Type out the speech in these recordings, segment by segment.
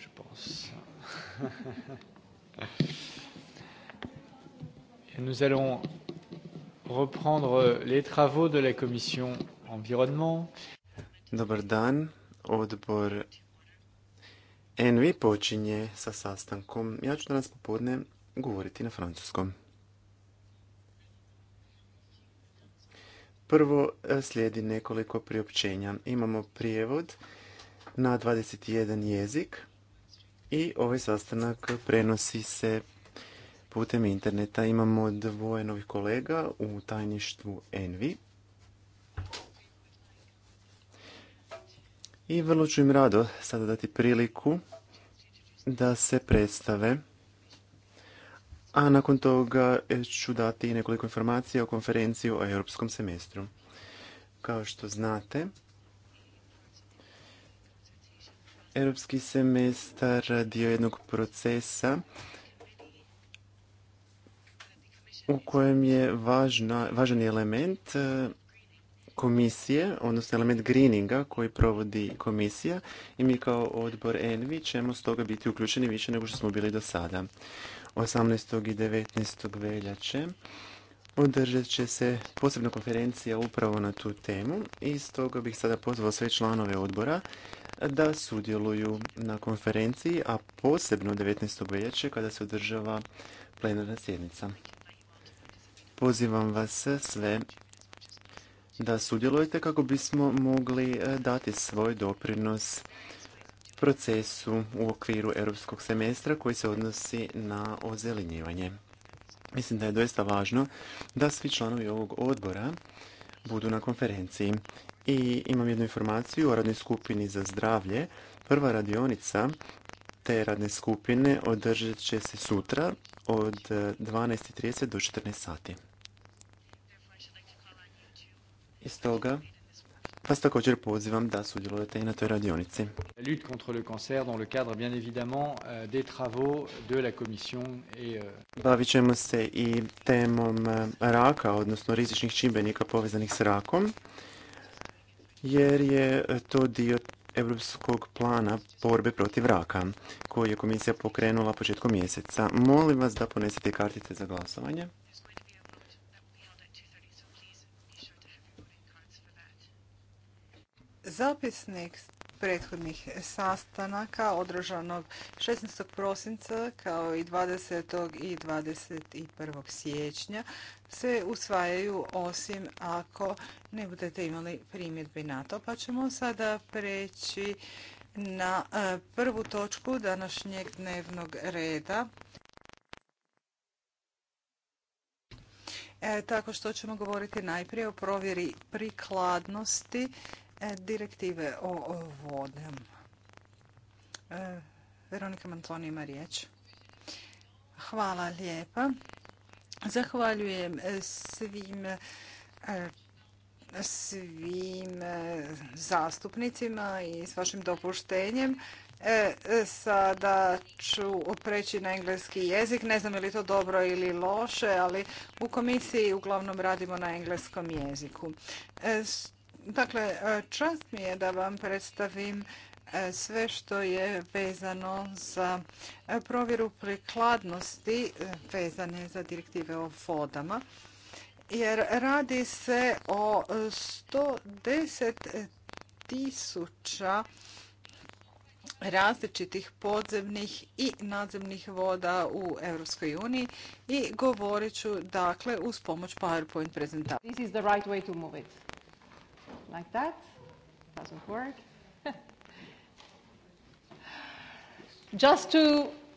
je pense. Et nous allons reprendre les travaux de la commission environnement. Dobar dan, odbor Envi počinje sa sastankom. Ja ću danas popodne govoriti na francuskom. Prvo e, slijedi nekoliko priopćenja. Imamo prijevod na 21 jezik. I ovaj sastanak prenosi se putem interneta. Imamo dvoje novih kolega u tajništvu Envi. I vrlo ću im rado sada dati priliku da se predstave. A nakon toga ću dati nekoliko informacija o konferenciji o europskom semestru. Kao što znate, Europski semestar dio jednog procesa u kojem je važna, važan element e, komisije, odnosno element greeninga koji provodi komisija i mi kao odbor ENVI ćemo stoga biti uključeni više nego što smo bili do sada. 18. i 19. veljače održat će se posebna konferencija upravo na tu temu i stoga bih sada pozvao sve članove odbora da sudjeluju na konferenciji, a posebno 19. veljače kada se održava plenarna sjednica. Pozivam vas sve da sudjelujete kako bismo mogli e, dati svoj doprinos procesu u okviru europskog semestra koji se odnosi na ozelenjivanje. Mislim da je doista važno da svi članovi ovog odbora budu na konferenciji. I imam jednu informaciju o radnoj skupini za zdravlje. Prva radionica te radne skupine održat će se sutra od 12.30 do 14 sati. Iz toga Vas također pozivam da sudjelujete i na toj radionici. Lut contre le cancer dans le cadre bien évidemment euh, des travaux de la commission et euh, Bavit ćemo se i temom e, raka, odnosno rizičnih čimbenika povezanih s rakom, jer je e, to dio Europskog plana borbe protiv raka, koji je komisija pokrenula početkom mjeseca. Molim vas da ponesete kartice za glasovanje. Zapisnik prethodnih sastanaka održanog 16. prosinca kao i 20. i 21. siječnja se usvajaju osim ako ne budete imali primjedbi na to. Pa ćemo sada preći na e, prvu točku današnjeg dnevnog reda. E, tako što ćemo govoriti najprije o provjeri prikladnosti E, direktive o vodama. E, Veronika Mantoni ima riječ. Hvala lijepa. Zahvaljujem e, svim svim zastupnicima i s vašim dopuštenjem. Sada ću preći na engleski jezik. Ne znam je li to dobro ili loše, ali u komisiji uglavnom radimo na engleskom jeziku. Dakle, e, čast mi je da vam predstavim e, sve što je vezano za e, provjeru prikladnosti vezane za direktive o vodama. Jer radi se o 110 tisuća različitih podzemnih i nadzemnih voda u Europskoj uniji i govorit ću dakle uz pomoć PowerPoint prezentacije like that. Doesn't work. Just to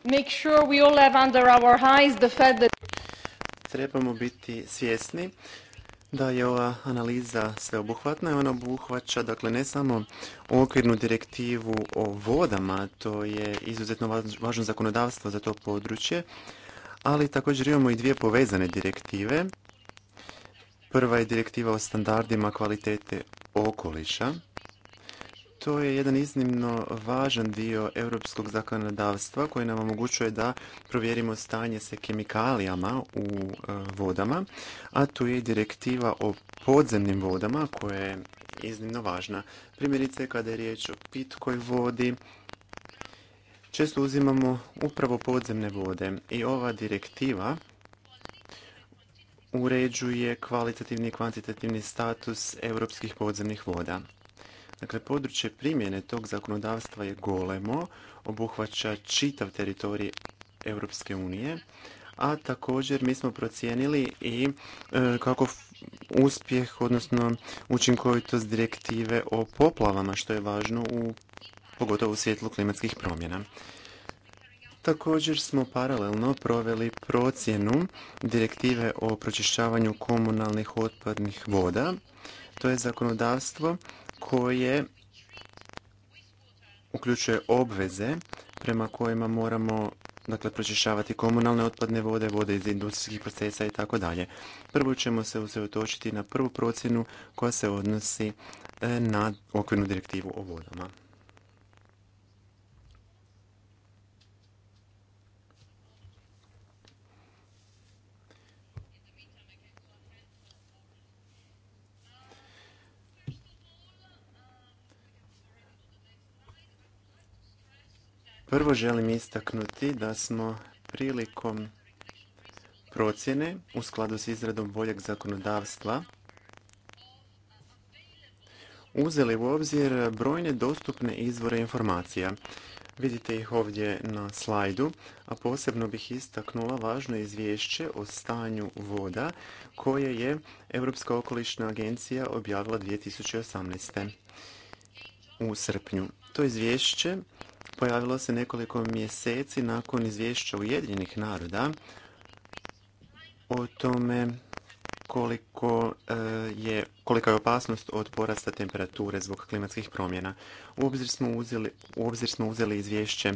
make sure we all have under our eyes the fact that trebamo biti svjesni da je ova analiza sveobuhvatna i ona obuhvaća dakle ne samo okvirnu direktivu o vodama, to je izuzetno važno zakonodavstvo za to područje, ali također imamo i dvije povezane direktive Prva je direktiva o standardima kvalitete okoliša. To je jedan iznimno važan dio europskog zakonodavstva koji nam omogućuje da provjerimo stanje se kemikalijama u e, vodama, a tu je direktiva o podzemnim vodama koja je iznimno važna. Primjerice kada je riječ o pitkoj vodi, često uzimamo upravo podzemne vode i ova direktiva uređuje kvalitativni i kvantitativni status europskih podzemnih voda. Dakle, područje primjene tog zakonodavstva je golemo, obuhvaća čitav teritorij Europske unije, a također mi smo procijenili i e, kako uspjeh, odnosno učinkovitost direktive o poplavama, što je važno u, pogotovo u svjetlu klimatskih promjena. Također smo paralelno proveli procjenu direktive o pročišćavanju komunalnih otpadnih voda. To je zakonodavstvo koje uključuje obveze prema kojima moramo dakle pročišćavati komunalne otpadne vode, vode iz industrijskih procesa i tako dalje. Prvo ćemo se usredotočiti na prvu procjenu koja se odnosi e, na okvirnu direktivu o vodama. Prvo želim istaknuti da smo prilikom procjene u skladu s izradom boljeg zakonodavstva uzeli u obzir brojne dostupne izvore informacija. Vidite ih ovdje na slajdu, a posebno bih istaknula važno izvješće o stanju voda koje je Europska okolišna agencija objavila 2018. u srpnju. To izvješće pojavilo se nekoliko mjeseci nakon izvješća Ujedinjenih naroda o tome koliko e, je, kolika je opasnost od porasta temperature zbog klimatskih promjena. U obzir smo uzeli, u uzeli izvješće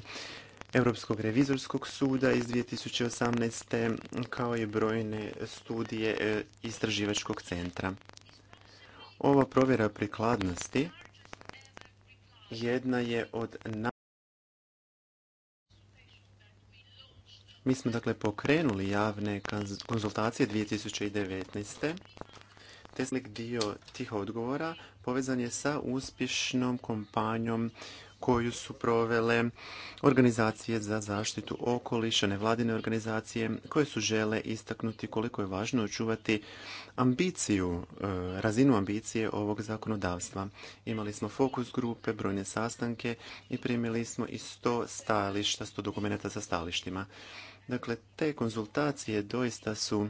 Europskog revizorskog suda iz 2018. kao i brojne studije e, istraživačkog centra. Ova provjera prikladnosti jedna je od Mi smo dakle pokrenuli javne konzultacije 2019. slik dio tih odgovora povezan je sa uspješnom kompanjom koju su provele organizacije za zaštitu okoliša, nevladine organizacije koje su žele istaknuti koliko je važno očuvati ambiciju, e, razinu ambicije ovog zakonodavstva. Imali smo fokus grupe, brojne sastanke i primili smo i sto stajališta, 100 dokumenta sa stajalištima. Dakle, te konzultacije doista su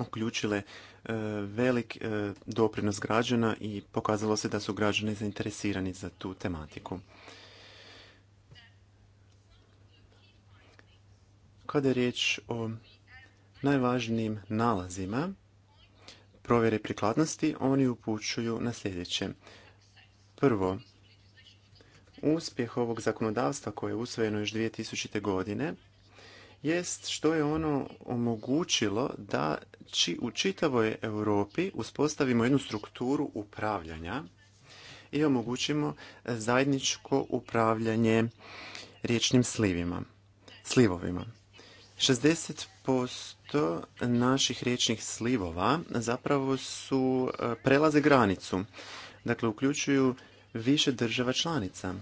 uključile e, velik e, doprinos građana i pokazalo se da su građani zainteresirani za tu tematiku. Kada je riječ o najvažnijim nalazima provjere prikladnosti, oni upućuju na sljedeće. Prvo, uspjeh ovog zakonodavstva koje je usvojeno još 2000. godine jest što je ono omogućilo da či, u čitavoj Europi uspostavimo jednu strukturu upravljanja i omogućimo e, zajedničko upravljanje riječnim slivima, slivovima. 60% naših riječnih slivova zapravo su e, prelaze granicu, dakle uključuju više država članica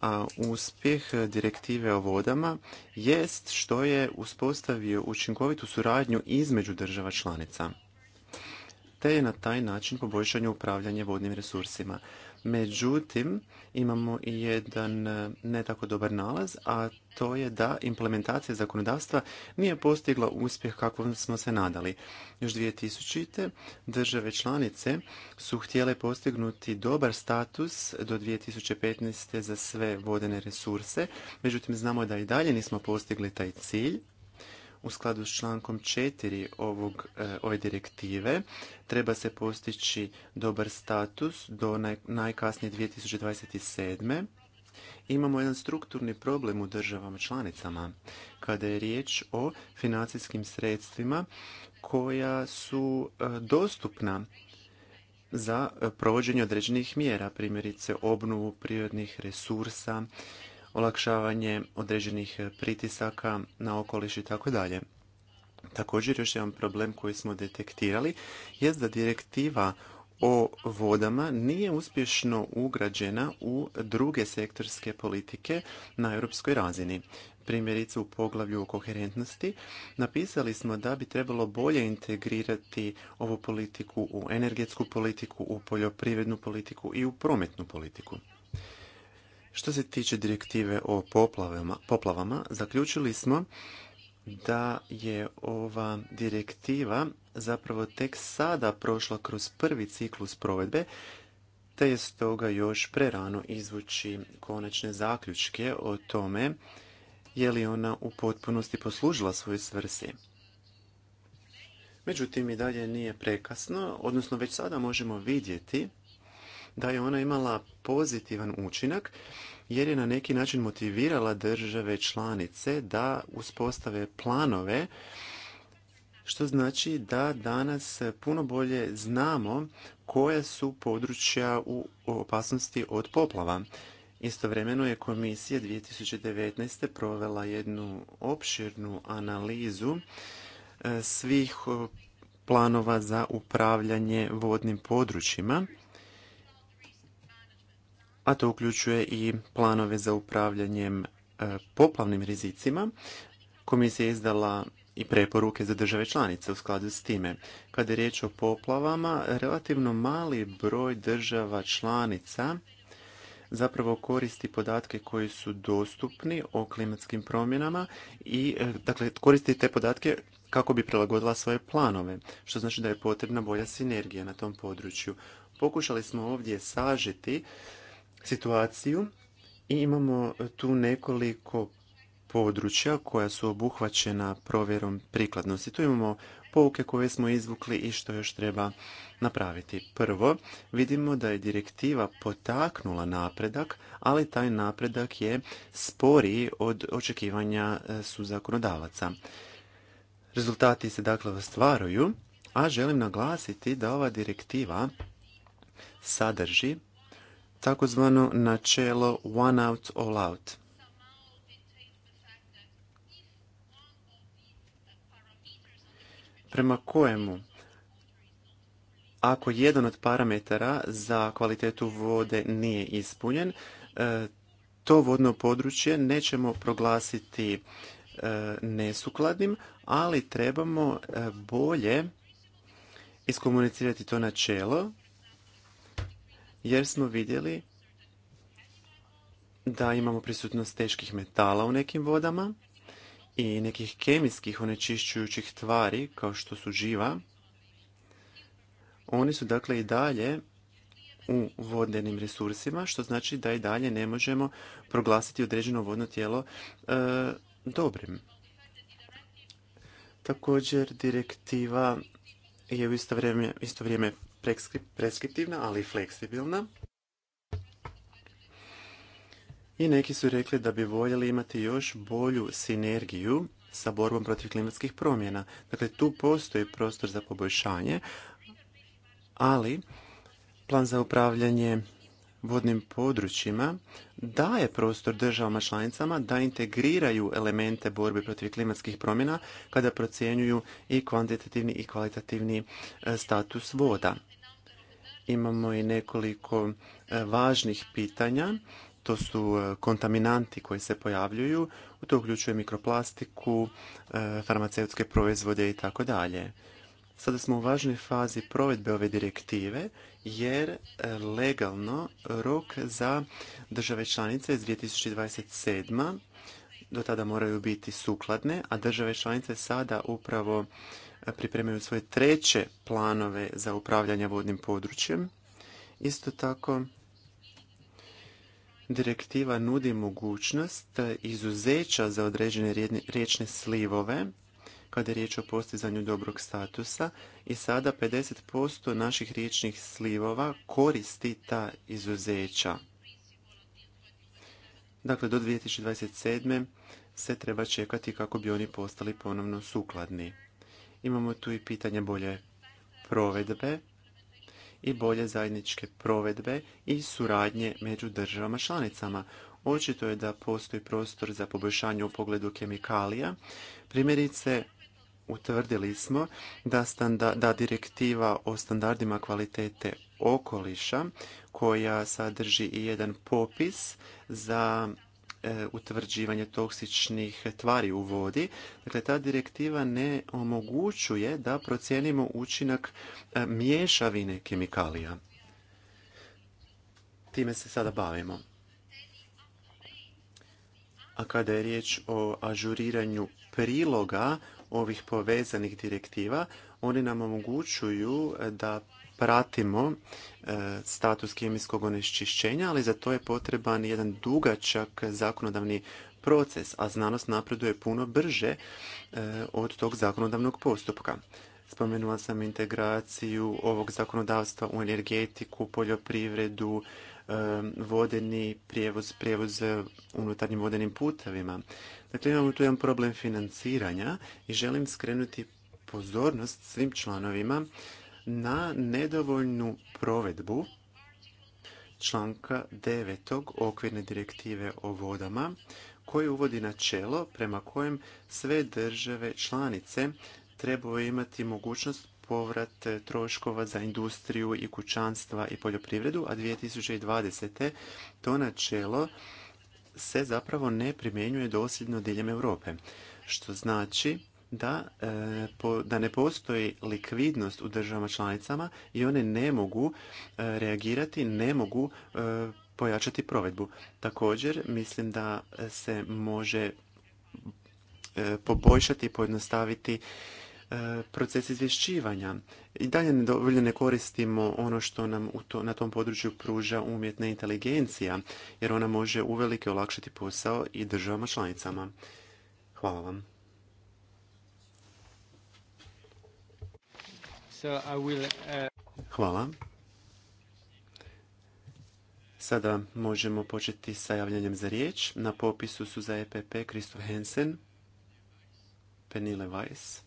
a uspjeh direktive o vodama jest što je uspostavio učinkovitu suradnju između država članica te je na taj način poboljšanje upravljanje vodnim resursima. Međutim, imamo i jedan e, ne tako dobar nalaz, a to je da implementacija zakonodavstva nije postigla uspjeh kako smo se nadali. Još 2000. države članice su htjele postignuti dobar status do 2015. za sve vodene resurse, međutim znamo da i dalje nismo postigli taj cilj u skladu s člankom 4 ovog, e, ove direktive treba se postići dobar status do najkasnije 2027. Imamo jedan strukturni problem u državama članicama kada je riječ o financijskim sredstvima koja su e, dostupna za e, provođenje određenih mjera, primjerice obnovu prirodnih resursa olakšavanje određenih pritisaka na okoliš i tako dalje. Također još jedan problem koji smo detektirali je da direktiva o vodama nije uspješno ugrađena u druge sektorske politike na europskoj razini. Primjerice u poglavlju o koherentnosti napisali smo da bi trebalo bolje integrirati ovu politiku u energetsku politiku, u poljoprivrednu politiku i u prometnu politiku. Što se tiče direktive o poplavama, poplavama, zaključili smo da je ova direktiva zapravo tek sada prošla kroz prvi ciklus provedbe, te je stoga još prerano izvući konačne zaključke o tome je li ona u potpunosti poslužila svojoj svrsi. Međutim, i dalje nije prekasno, odnosno već sada možemo vidjeti da je ona imala pozitivan učinak jer je na neki način motivirala države članice da uspostave planove što znači da danas puno bolje znamo koja su područja u opasnosti od poplava. Istovremeno je komisija 2019. provela jednu opširnu analizu e, svih planova za upravljanje vodnim područjima a to uključuje i planove za upravljanjem e, poplavnim rizicima. Komisija je izdala i preporuke za države članice u skladu s time. Kada je riječ o poplavama, relativno mali broj država članica zapravo koristi podatke koji su dostupni o klimatskim promjenama i e, dakle, koristi te podatke kako bi prilagodila svoje planove, što znači da je potrebna bolja sinergija na tom području. Pokušali smo ovdje sažeti situaciju i imamo tu nekoliko područja koja su obuhvaćena provjerom prikladnosti. Tu imamo pouke koje smo izvukli i što još treba napraviti. Prvo, vidimo da je direktiva potaknula napredak, ali taj napredak je sporiji od očekivanja e, su zakonodavaca. Rezultati se dakle ostvaruju, a želim naglasiti da ova direktiva sadrži takozvano načelo one out, all out. Prema kojemu ako jedan od parametara za kvalitetu vode nije ispunjen, e, to vodno područje nećemo proglasiti e, nesukladnim, ali trebamo e, bolje iskomunicirati to načelo jer smo vidjeli da imamo prisutnost teških metala u nekim vodama i nekih kemijskih onečišćujućih tvari kao što su živa. Oni su dakle i dalje u vodenim resursima, što znači da i dalje ne možemo proglasiti određeno vodno tijelo e, dobrim. Također direktiva je u isto vrijeme, isto vrijeme preskriptivna, ali i fleksibilna. I neki su rekli da bi voljeli imati još bolju sinergiju sa borbom protiv klimatskih promjena. Dakle, tu postoji prostor za poboljšanje, ali plan za upravljanje vodnim područjima daje prostor državama članicama da integriraju elemente borbe protiv klimatskih promjena kada procjenjuju i kvantitativni i kvalitativni e, status voda imamo i nekoliko e, važnih pitanja. To su e, kontaminanti koji se pojavljuju, u to uključuje mikroplastiku, e, farmaceutske proizvode i tako dalje. Sada smo u važnoj fazi provedbe ove direktive jer legalno rok za države članice iz 2027. do tada moraju biti sukladne, a države članice sada upravo pripremaju svoje treće planove za upravljanje vodnim područjem. Isto tako, direktiva nudi mogućnost izuzeća za određene riječne slivove kada je riječ o postizanju dobrog statusa i sada 50% naših riječnih slivova koristi ta izuzeća. Dakle, do 2027. se treba čekati kako bi oni postali ponovno sukladni. Imamo tu i pitanje bolje provedbe i bolje zajedničke provedbe i suradnje među državama članicama. Očito je da postoji prostor za poboljšanje u pogledu kemikalija. Primjerice, utvrdili smo da, da direktiva o standardima kvalitete okoliša koja sadrži i jedan popis za E, utvrđivanje toksičnih tvari u vodi. Dakle, ta direktiva ne omogućuje da procijenimo učinak e, miješavine kemikalija. Time se sada bavimo. A kada je riječ o ažuriranju priloga ovih povezanih direktiva, oni nam omogućuju da pratimo e, status kemijskog onečišćenja, ali za to je potreban jedan dugačak zakonodavni proces, a znanost napreduje puno brže e, od tog zakonodavnog postupka. Spomenula sam integraciju ovog zakonodavstva u energetiku, poljoprivredu, e, vodeni prijevoz, prijevoz unutarnjim vodenim putevima. Dakle, imamo tu jedan problem financiranja i želim skrenuti pozornost svim članovima na nedovoljnu provedbu članka 9. okvirne direktive o vodama koji uvodi načelo prema kojem sve države članice trebaju imati mogućnost povrat troškova za industriju i kućanstva i poljoprivredu, a 2020. to načelo se zapravo ne primjenjuje dosljedno diljem Europe, što znači da, e, da ne postoji likvidnost u državama članicama i one ne mogu e, reagirati, ne mogu e, pojačati provedbu. Također mislim da se može poboljšati i pojednostaviti proces izvješćivanja. I dalje dovoljno ne koristimo ono što nam u to, na tom području pruža umjetna inteligencija, jer ona može uvelike olakšati posao i državama članicama. Hvala vam. Uh, Hvala. Sada možemo početi sa javljanjem za riječ. Na popisu su za EPP Kristof Hensen, Penile Weiss.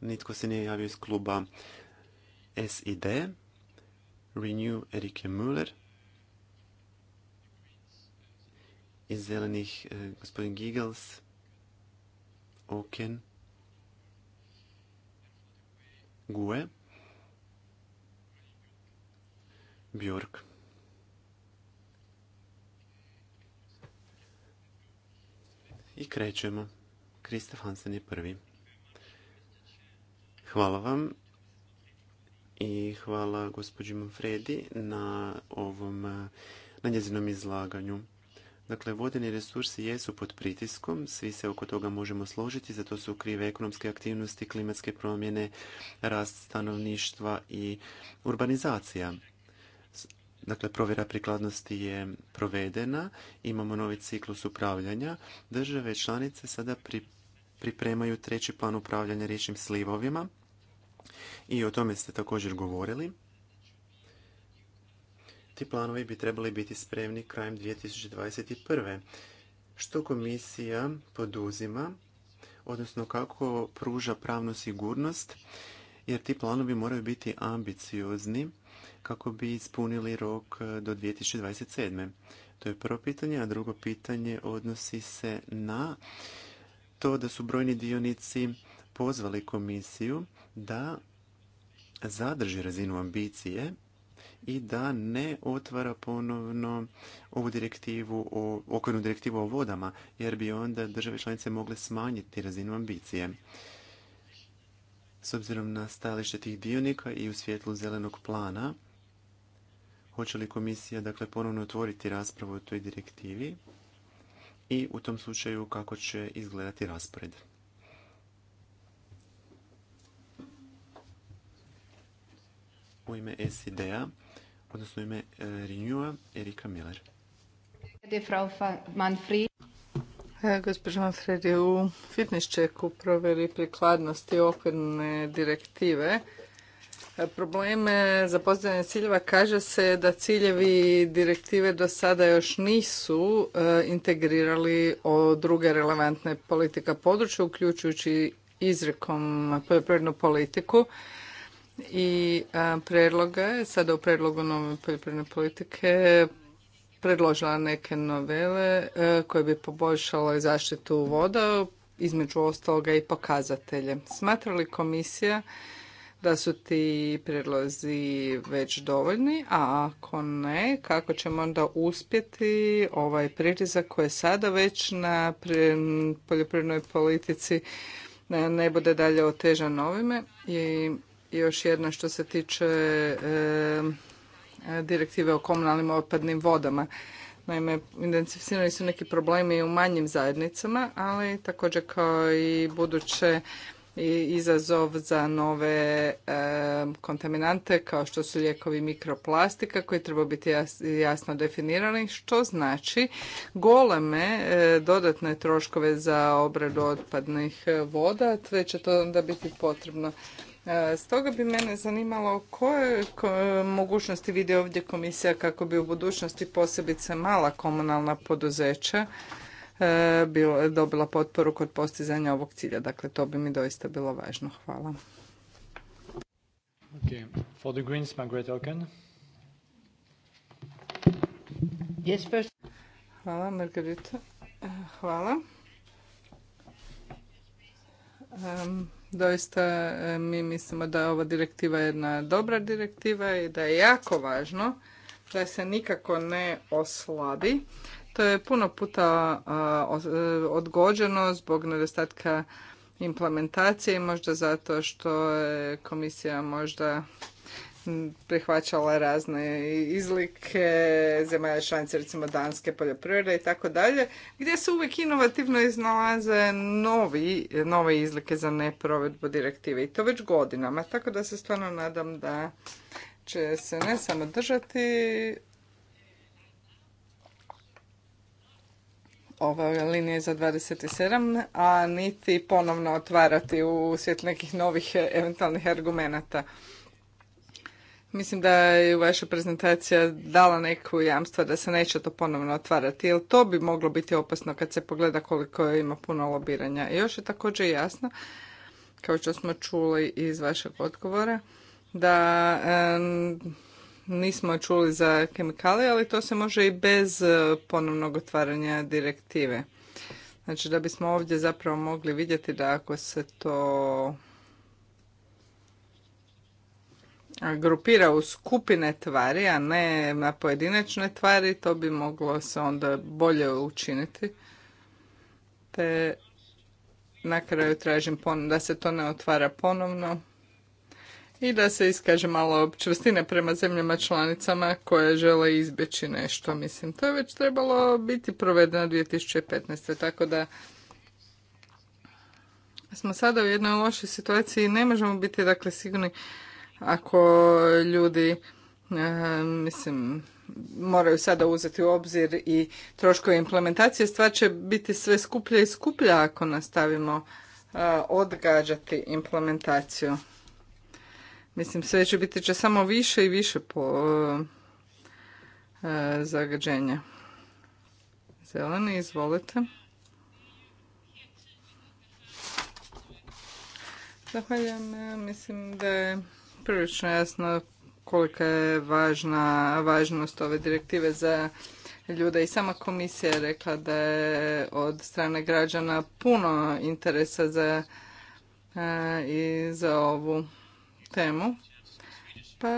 Nitko se nije javio iz kluba SID, Renew Erike Müller, iz zelenih eh, gospodin Giggles, Oken, Gue. Bjork. I krećemo. Kristof Hansen je prvi. Hvala vam i hvala gospođi Manfredi na ovom na njezinom izlaganju. Dakle, vodeni resursi jesu pod pritiskom, svi se oko toga možemo složiti, zato su krive ekonomske aktivnosti, klimatske promjene, rast stanovništva i urbanizacija. Dakle, provjera prikladnosti je provedena, imamo novi ciklus upravljanja. Države članice sada pripremaju treći plan upravljanja riječnim slivovima i o tome ste također govorili. Ti planovi bi trebali biti spremni krajem 2021. Što komisija poduzima, odnosno kako pruža pravnu sigurnost, jer ti planovi moraju biti ambiciozni kako bi ispunili rok e, do 2027. To je prvo pitanje, a drugo pitanje odnosi se na to da su brojni dionici pozvali komisiju da zadrži razinu ambicije i da ne otvara ponovno ovu direktivu o, okvirnu direktivu o vodama, jer bi onda države članice mogle smanjiti razinu ambicije. S obzirom na stajalište tih dionika i u svjetlu zelenog plana, hoće li komisija dakle, ponovno otvoriti raspravu o toj direktivi i u tom slučaju kako će izgledati raspored. U ime SID-a odnosno ime e, Renewa Erika Miller. E, Manfred je u fitness checku proveli prikladnosti okvirne direktive. E, probleme za postavljanje ciljeva kaže se da ciljevi direktive do sada još nisu integrirali o druge relevantne politika područja, uključujući izrekom poljoprivrednu politiku i predloga, sada u predlogu nove poljoprivredne politike predložila neke novele e, koje bi poboljšale zaštitu voda, između ostaloga i pokazatelje. Smatra li komisija da su ti predlozi već dovoljni, a ako ne, kako ćemo onda uspjeti ovaj pritisak koji je sada već na poljoprivrednoj politici ne bude dalje otežan ovime i još jedna što se tiče e, direktive o komunalnim otpadnim vodama. Naime, identificirani su neki problemi u manjim zajednicama, ali također kao i buduće i izazov za nove e, kontaminante kao što su lijekovi mikroplastika koji treba biti jasno definirani što znači goleme e, dodatne troškove za obradu otpadnih voda te će to onda biti potrebno E, stoga bi mene zanimalo koje mogućnosti vidi ovdje komisija kako bi u budućnosti posebice mala komunalna poduzeća e, dobila potporu kod postizanja ovog cilja. Dakle, to bi mi doista bilo važno. Hvala. Hvala, e, Hvala. Doista e, mi mislimo da je ova direktiva jedna dobra direktiva i da je jako važno da se nikako ne oslabi. To je puno puta e, odgođeno zbog nedostatka implementacije i možda zato što je komisija možda prihvaćala razne izlike zemalja članice, recimo danske poljoprivrede i tako dalje, gdje se uvijek inovativno iznalaze novi, nove izlike za neprovedbu direktive i to već godinama. Tako da se stvarno nadam da će se ne samo držati ove linije za 27, a niti ponovno otvarati u svijet nekih novih eventualnih argumenata. Mislim da je vaša prezentacija dala neku jamstva da se neće to ponovno otvarati, jer to bi moglo biti opasno kad se pogleda koliko ima puno lobiranja. I još je također jasno, kao što smo čuli iz vašeg odgovora, da nismo čuli za kemikalije, ali to se može i bez e, ponovnog otvaranja direktive. Znači da bismo ovdje zapravo mogli vidjeti da ako se to grupira u skupine tvari, a ne na pojedinačne tvari, to bi moglo se onda bolje učiniti. Te na kraju tražim da se to ne otvara ponovno i da se iskaže malo čvrstine prema zemljama članicama koje žele izbjeći nešto. Mislim, to je već trebalo biti provedeno 2015. Tako da smo sada u jednoj lošoj situaciji i ne možemo biti dakle sigurni ako ljudi e, mislim moraju sada uzeti u obzir i troškove implementacije, stvar će biti sve skuplja i skuplja ako nastavimo e, odgađati implementaciju. Mislim, sve će biti će samo više i više po e, zagađenja. Zeleni, izvolite. Zahvaljujem, mislim da je prilično jasno kolika je važna, važnost ove direktive za ljude i sama komisija je rekla da je od strane građana puno interesa za e, i za ovu temu. Pa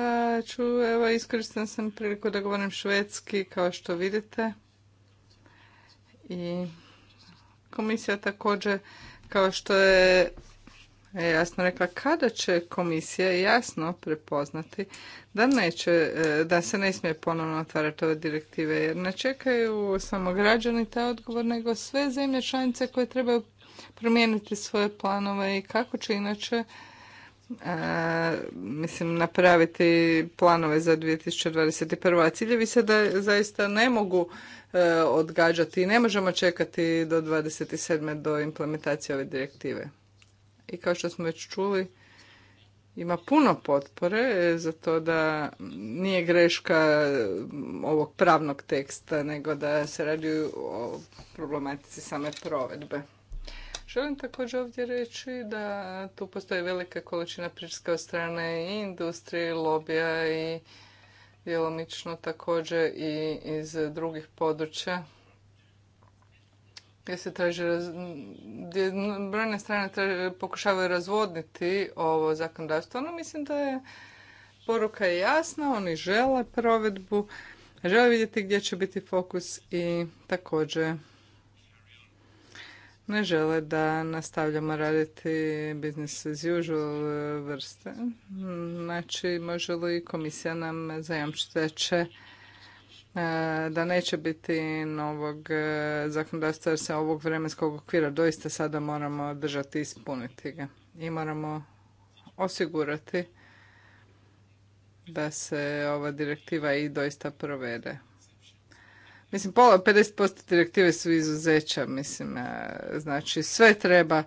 ću, evo, iskoristila sam priliku da govorim švedski, kao što vidite. I komisija također, kao što je E, ja jasno rekla kada će komisija jasno prepoznati da neće, e, da se ne smije ponovno otvarati ove direktive jer ne čekaju samo građani taj odgovor nego sve zemlje članice koje trebaju promijeniti svoje planove i kako će inače e, mislim napraviti planove za 2021. a ciljevi se da zaista ne mogu odgađati i ne možemo čekati do 27. do implementacije ove direktive i kao što smo već čuli, ima puno potpore za to da nije greška mm, ovog pravnog teksta, nego da se radi o problematici same provedbe. Želim također ovdje reći da tu postoji velika količina pritiska od strane i industrije, lobija i djelomično također i iz drugih područja gdje se traži, brojne strane pokušavaju razvodniti ovo zakonodavstvo. Ono mislim da je poruka je jasna, oni žele provedbu, žele vidjeti gdje će biti fokus i također ne žele da nastavljamo raditi business as usual vrste. Znači, može li komisija nam zajamčiti da će E, da neće biti novog e, zakonodavstva jer se ovog vremenskog okvira doista sada moramo držati i ispuniti ga. I moramo osigurati da se ova direktiva i doista provede. Mislim, pola, 50% direktive su izuzeća, mislim, e, znači sve treba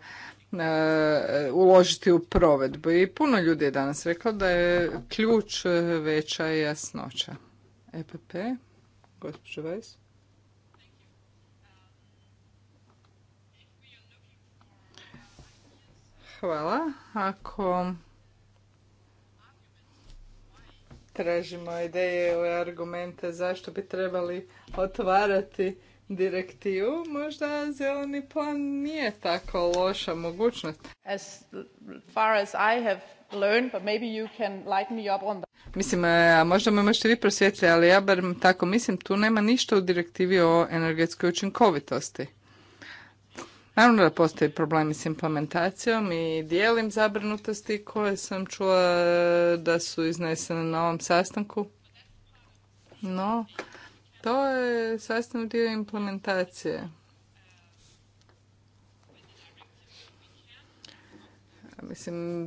uložiti u provedbu. I puno ljudi je danas rekao da je ključ veća jasnoća. EPP. Gospođo Vajs. Hvala. Ako tražimo ideje ili argumente zašto bi trebali otvarati direktivu, možda zeleni plan nije tako loša mogućnost. As far as I have learned, but maybe you can me up on Mislim, e, a možda me možete vi prosvjetiti ali ja bar tako mislim, tu nema ništa u direktivi o energetskoj učinkovitosti. Naravno da postoji problemi s implementacijom i dijelim zabrinutosti koje sam čula e, da su iznesene na ovom sastanku. No, to je sastavni dio implementacije. Mislim,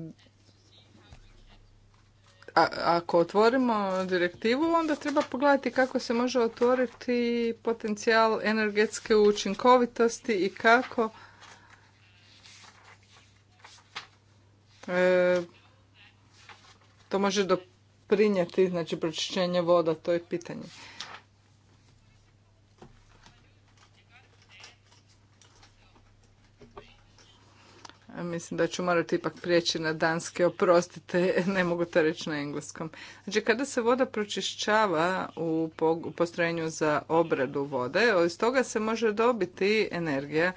ako otvorimo direktivu, onda treba pogledati kako se može otvoriti potencijal energetske učinkovitosti i kako e, to može doprinijeti, znači pročišćenje voda, to je pitanje. Mislim da ću morati ipak prijeći na danske, oprostite, ne mogu to reći na engleskom. Znači, kada se voda pročišćava u postrojenju za obradu vode, iz toga se može dobiti energija.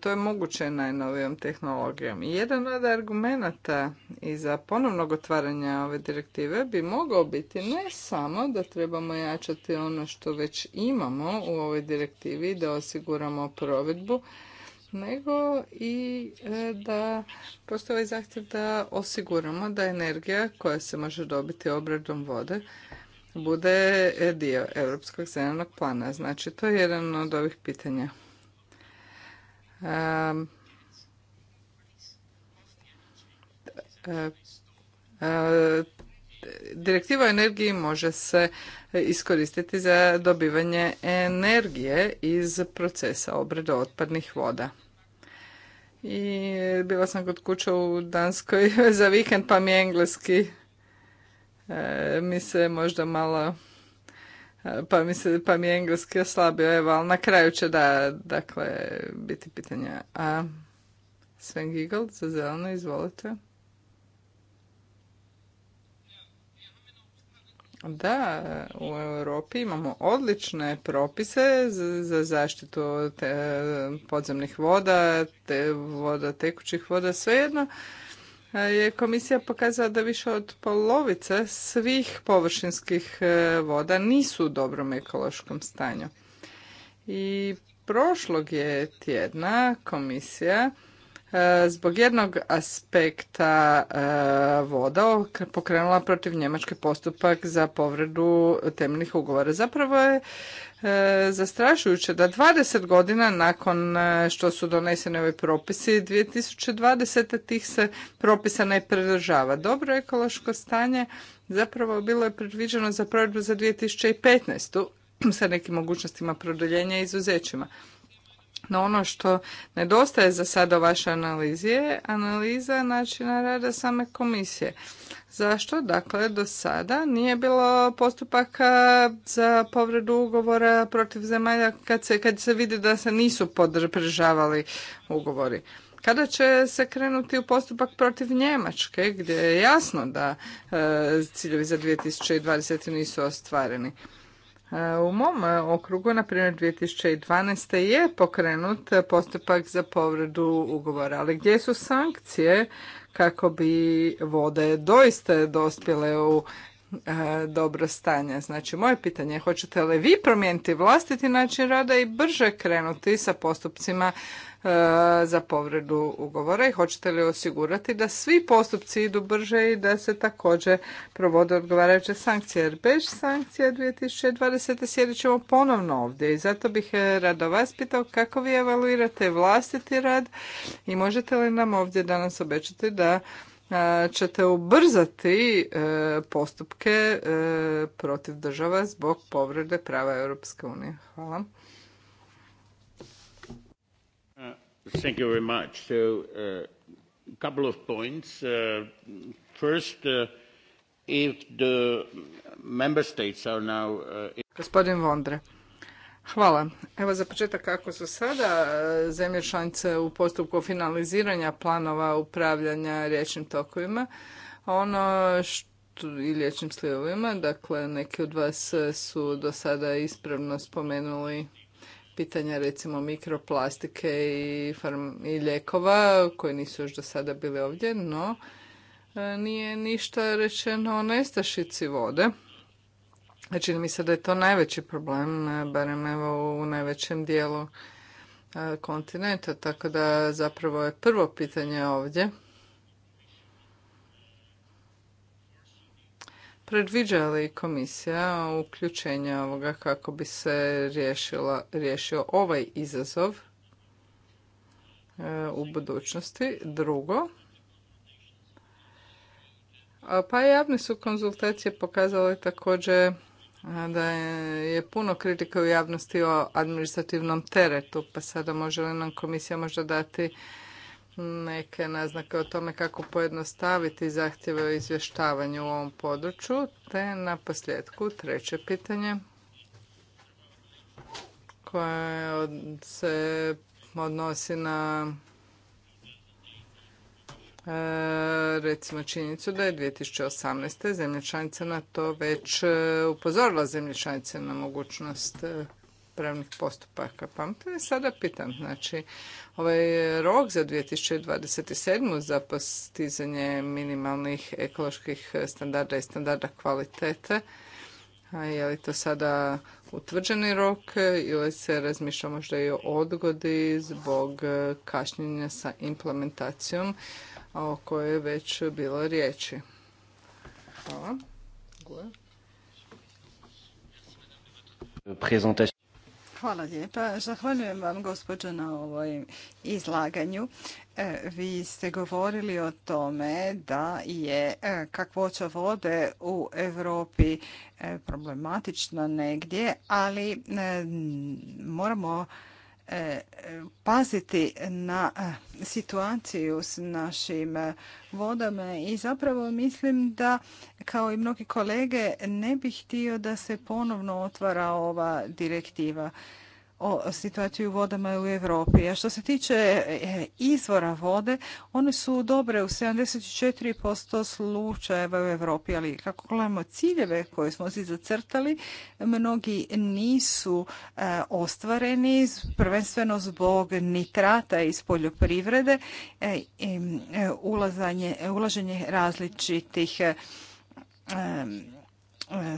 To je moguće najnovijom tehnologijom. I jedan od argumenata i za ponovnog otvaranja ove direktive bi mogao biti ne samo da trebamo jačati ono što već imamo u ovoj direktivi, da osiguramo provedbu, nego i e, da postoji ovaj zahtjev da osiguramo da energija koja se može dobiti obradom vode bude dio Europskog zelenog plana. Znači, to je jedan od ovih pitanja. E, e, direktiva o energiji može se iskoristiti za dobivanje energije iz procesa obrade otpadnih voda i bila sam kod kuće u Danskoj za vikend pa mi engleski e, mi se možda malo e, pa mi, se, pa mi je engleski oslabio, evo, ali na kraju će da, dakle, biti pitanja. A Sven Giggle za zeleno, izvolite. Da, u Europi imamo odlične propise za zaštitu e, podzemnih voda, te voda, tekućih voda, svejedno e, je komisija pokazala da više od polovice svih površinskih e, voda nisu u dobrom ekološkom stanju. I prošlog je tjedna komisija zbog jednog aspekta e, voda pokrenula protiv Njemačke postupak za povredu temeljnih ugovora. Zapravo je e, zastrašujuće da 20 godina nakon e, što su doneseni ovi propisi, 2020. tih se propisa ne pridržava. Dobro ekološko stanje zapravo bilo je predviđeno za provedbu za 2015. sa nekim mogućnostima produljenja i izuzećima. No ono što nedostaje za sada u vašoj analizi je analiza načina rada same komisije. Zašto? Dakle, do sada nije bilo postupaka za povredu ugovora protiv zemalja kad se, kad se vidi da se nisu podržavali ugovori. Kada će se krenuti u postupak protiv Njemačke, gdje je jasno da e, ciljevi za 2020. nisu ostvareni? U mom e, okrugu, na primjer 2012. je pokrenut postupak za povredu ugovora, ali gdje su sankcije kako bi vode doista dospjele u e, dobro stanje. Znači, moje pitanje je hoćete li vi promijeniti vlastiti način rada i brže krenuti sa postupcima E, za povredu ugovora i hoćete li osigurati da svi postupci idu brže i da se također provode odgovarajuće sankcije. Jer bez sankcija 2020. sjedit ćemo ponovno ovdje i zato bih e, rado vas pitao kako vi evaluirate vlastiti rad i možete li nam ovdje danas obećati da e, ćete ubrzati postupke protiv država zbog povrede prava Europske unije. Hvala. Thank you very much. a uh, couple of points. Uh, first, uh, if the member states are now... Gospodin Vondre. Hvala. Evo za početak kako su sada zemlje članice u postupku finaliziranja planova upravljanja riječnim tokovima. Ono što i riječnim slivovima, dakle neki od vas su do sada ispravno spomenuli pitanja recimo mikroplastike i, farm i lijekova koji nisu još do sada bili ovdje, no e, nije ništa rečeno o nestašici vode. E, čini mi se da je to najveći problem, e, barem evo u najvećem dijelu kontinenta, tako da zapravo je prvo pitanje ovdje Predviđa li komisija uključenja ovoga kako bi se riješila, riješio ovaj izazov e, u budućnosti? Drugo, pa javne su konzultacije pokazale također da je puno kritika u javnosti o administrativnom teretu, pa sada može li nam komisija možda dati neke naznake o tome kako pojednostaviti zahtjeve o izvještavanju u ovom području, te na posljedku treće pitanje koje se odnosi na e, recimo činjenicu da je 2018. zemlje na to već e, upozorila zemlje na mogućnost e, pravnih postupaka. Pamtim sada pitam, znači ovaj rok za 2027. za postizanje minimalnih ekoloških standarda i standarda kvalitete, je li to sada utvrđeni rok ili se razmišlja možda i o odgodi zbog kašnjenja sa implementacijom o kojoj je već bilo riječi? Hvala. Hvala lijepa. Zahvaljujem vam, gospođo, na ovoj izlaganju. E, vi ste govorili o tome da je e, kakvoća vode u Europi e, problematična negdje, ali moramo E, e, paziti na e, situaciju s našim vodama i zapravo mislim da kao i mnogi kolege ne bih htio da se ponovno otvara ova direktiva o situaciji u vodama u Europi. A što se tiče e, izvora vode, one su dobre u 74% slučajeva u Europi, ali kako gledamo ciljeve koje smo si zacrtali, mnogi nisu e, ostvareni, prvenstveno zbog nitrata iz poljoprivrede, e, ulazanje, ulaženje različitih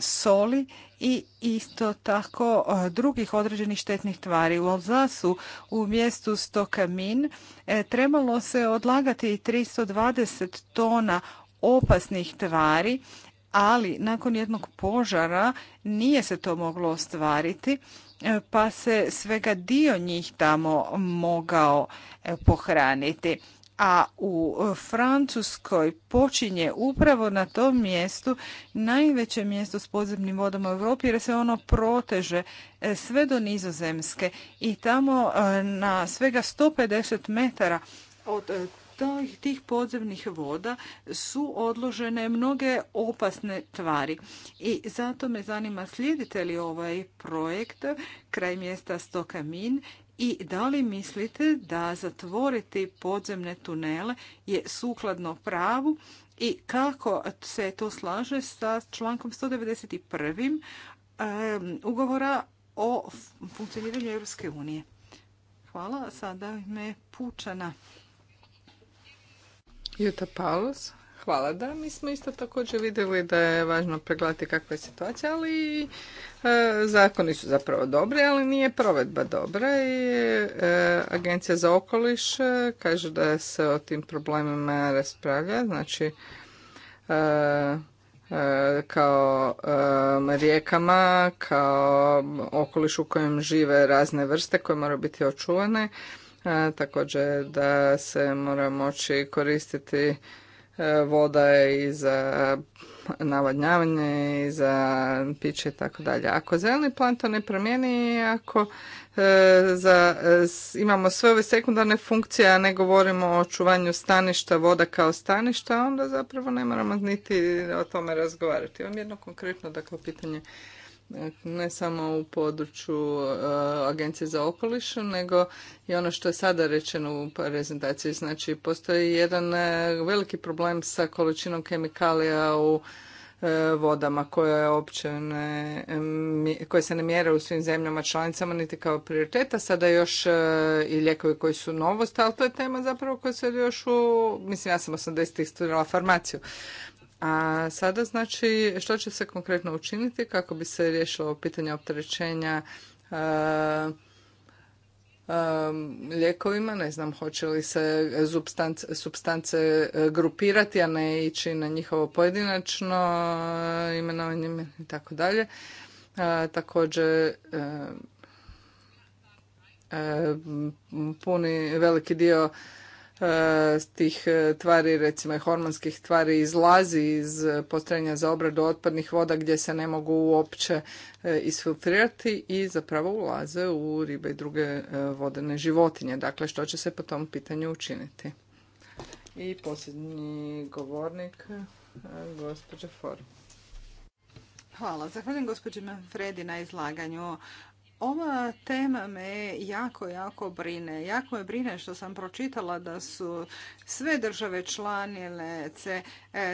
soli i isto tako e, drugih određenih štetnih tvari. U Alzasu u mjestu Stokamin e, trebalo se odlagati 320 tona opasnih tvari, ali nakon jednog požara nije se to moglo ostvariti, e, pa se svega dio njih tamo mogao pohraniti a u e, Francuskoj počinje upravo na tom mjestu najveće mjesto s podzemnim vodama u Europi jer se ono proteže e, sve do Nizozemske i tamo e, na svega 150 metara od tih podzemnih voda su odložene mnoge opasne tvari. I zato me zanima slijedite li ovaj projekt kraj mjesta Stokamin i da li mislite da zatvoriti podzemne tunele je sukladno pravu i kako se to slaže sa člankom 191. ugovora o funkcioniranju Europske unije? Hvala. Sada me pučana. Juta Paulus. Hvala. Da, mi smo isto također vidjeli da je važno pregledati kakva je situacija, ali e, zakoni su zapravo dobri, ali nije provedba dobra i e, Agencija za okoliš e, kaže da se o tim problemima raspravlja, znači kao rijekama, kao okoliš u kojem žive razne vrste koje moraju biti očuvane, također da se mora moći koristiti E, voda je i za navodnjavanje i za piće i tako dalje. Ako zeleni plan to ne promijeni, ako e, za, e, imamo sve ove sekundarne funkcije, a ne govorimo o čuvanju staništa, voda kao staništa, onda zapravo ne moramo niti o tome razgovarati. Imam jedno konkretno dakle, pitanje ne samo u području e, Agencije za okoliš, nego i ono što je sada rečeno u prezentaciji. Znači, postoji jedan e, veliki problem sa količinom kemikalija u e, vodama koje, opće ne, koje se ne mjere u svim zemljama članicama niti kao prioriteta. Sada još i lijekovi koji su novost, ali to je tema zapravo koja se još u... Mislim, ja sam 80-ih studirala farmaciju. A sada znači što će se konkretno učiniti kako bi se riješilo pitanje opterećenja e, e lijekovima, ne znam hoće li se substance, substance grupirati, a ne ići na njihovo pojedinačno e, imenovanje i tako dalje. E, također puni veliki dio E, tih e, tvari, recimo i hormonskih tvari, izlazi iz postrojenja za obradu otpadnih voda gdje se ne mogu uopće e, isfiltrirati i zapravo ulaze u ribe i druge vodene životinje. Dakle, što će se po tom pitanju učiniti? I posljednji govornik, gospođa Forum. Hvala. Zahvaljujem gospođi Fredi na izlaganju. Ova tema me jako, jako brine. Jako me brine što sam pročitala da su sve države članice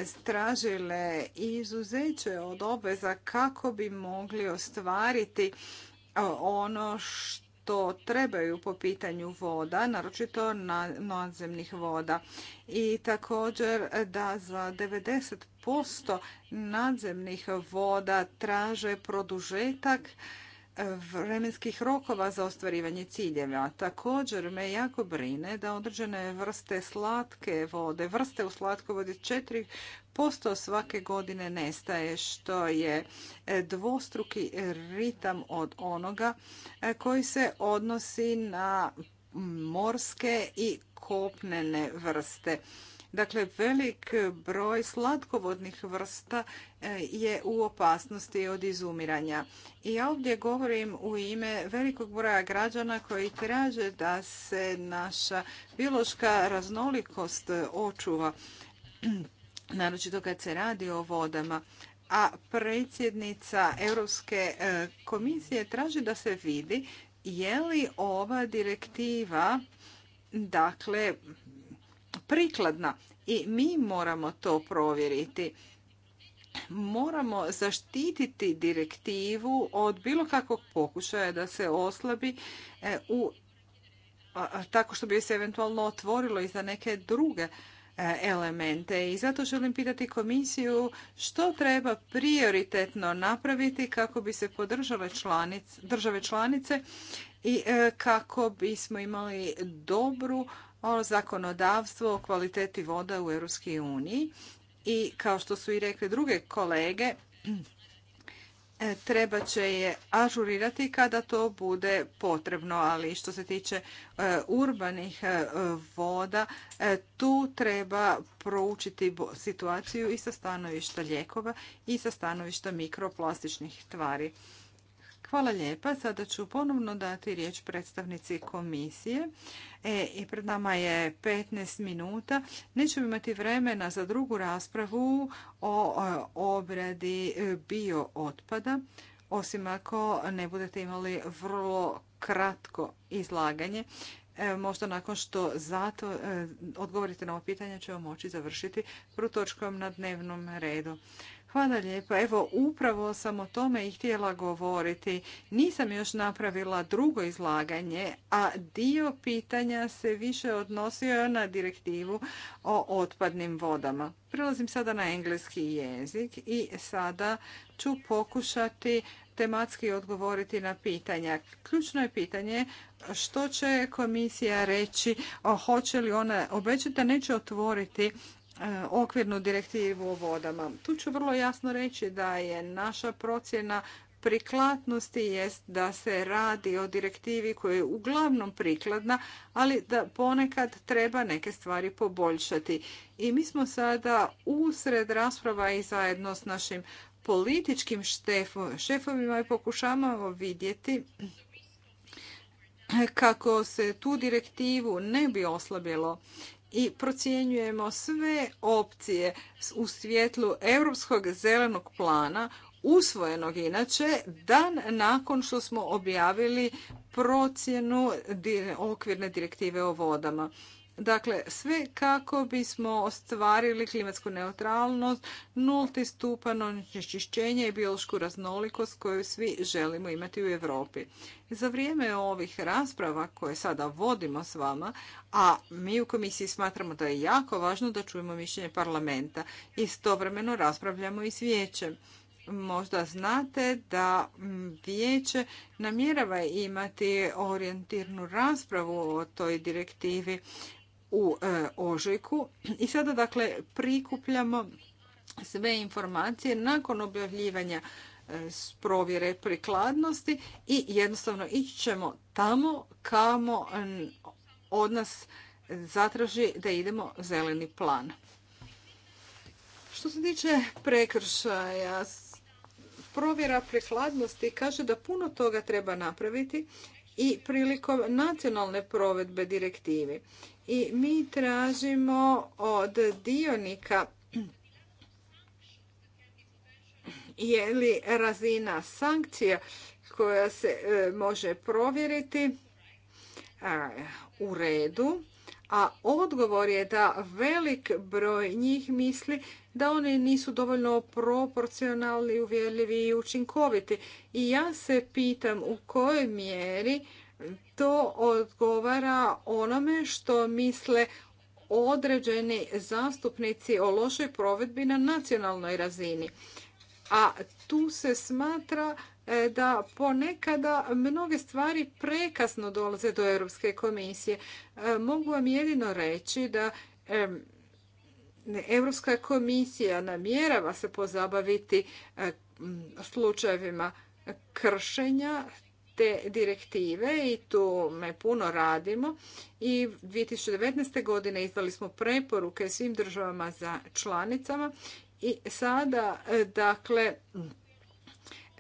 stražile e, izuzeće od obveza kako bi mogli ostvariti e, ono što trebaju po pitanju voda, naročito nadzemnih voda. I također da za 90% nadzemnih voda traže produžetak vremenskih rokova za ostvarivanje ciljeva. Također me jako brine da određene vrste slatke vode, vrste u slatkovodi 4% svake godine nestaje, što je e, dvostruki ritam od onoga e, koji se odnosi na morske i kopnene vrste. Dakle, velik broj slatkovodnih vrsta eh, je u opasnosti od izumiranja. I ja ovdje govorim u ime velikog broja građana koji traže da se naša biološka raznolikost očuva, naročito kad se radi o vodama a predsjednica Europske eh, komisije traži da se vidi je li ova direktiva dakle prikladna i mi moramo to provjeriti. Moramo zaštititi direktivu od bilo kakvog pokušaja da se oslabi e, u tako što bi se eventualno otvorilo i za neke druge e, elemente. I zato želim pitati komisiju što treba prioritetno napraviti kako bi se podržale države članice i e, kako bismo imali dobru o zakonodavstvu o kvaliteti voda u EU i kao što su i rekli druge kolege, e, treba će je ažurirati kada to bude potrebno, ali što se tiče e, urbanih e, voda, tu treba proučiti situaciju i sa stanovišta lijekova i sa stanovišta mikroplastičnih tvari. Hvala lijepa. Sada ću ponovno dati riječ predstavnici komisije. E, I pred nama je 15 minuta. Nećemo imati vremena za drugu raspravu o obradi biootpada, osim ako ne budete imali vrlo kratko izlaganje. E, možda nakon što zato e, odgovorite na ovo pitanje ćemo moći završiti prvu točkom na dnevnom redu. Hvala lijepa. Evo, upravo sam o tome i htjela govoriti. Nisam još napravila drugo izlaganje, a dio pitanja se više odnosio na direktivu o otpadnim vodama. Prelazim sada na engleski jezik i sada ću pokušati tematski odgovoriti na pitanja. Ključno je pitanje što će komisija reći, hoće li ona obećati da neće otvoriti E, okvirnu direktivu o vodama. Tu ću vrlo jasno reći da je naša procjena prikladnosti jest da se radi o direktivi koja je uglavnom prikladna, ali da ponekad treba neke stvari poboljšati. I mi smo sada usred rasprava i zajedno s našim političkim šefovima i pokušavamo vidjeti kako se tu direktivu ne bi oslabilo i procjenjujemo sve opcije u svjetlu Europskog zelenog plana usvojenog inače dan nakon što smo objavili procjenu okvirne direktive o vodama. Dakle, sve kako bismo ostvarili klimatsku neutralnost, nulti stupan onečišćenja i biološku raznolikost koju svi želimo imati u Europi. Za vrijeme ovih rasprava koje sada vodimo s vama, a mi u komisiji smatramo da je jako važno da čujemo mišljenje parlamenta, istovremeno raspravljamo i s vijećem. Možda znate da vijeće namjerava imati orijentirnu raspravu o toj direktivi u e, ožujku i sada dakle prikupljamo sve informacije nakon objavljivanja e, s provjere prikladnosti i jednostavno ići ćemo tamo kamo od nas zatraži da idemo zeleni plan. Što se tiče prekršaja, provjera prikladnosti kaže da puno toga treba napraviti i prilikom nacionalne provedbe direktivi i mi tražimo od dionika je li razina sankcija koja se e, može provjeriti e, u redu, a odgovor je da velik broj njih misli da oni nisu dovoljno proporcionalni, uvjerljivi i učinkoviti. I ja se pitam u kojoj mjeri to odgovara onome što misle određeni zastupnici o lošoj provedbi na nacionalnoj razini. A tu se smatra e, da ponekada mnoge stvari prekasno dolaze do Europske komisije. E, mogu vam jedino reći da Europska komisija namjerava se pozabaviti e, slučajevima kršenja te direktive i tu me puno radimo i 2019. godine izdali smo preporuke svim državama za članicama i sada e, dakle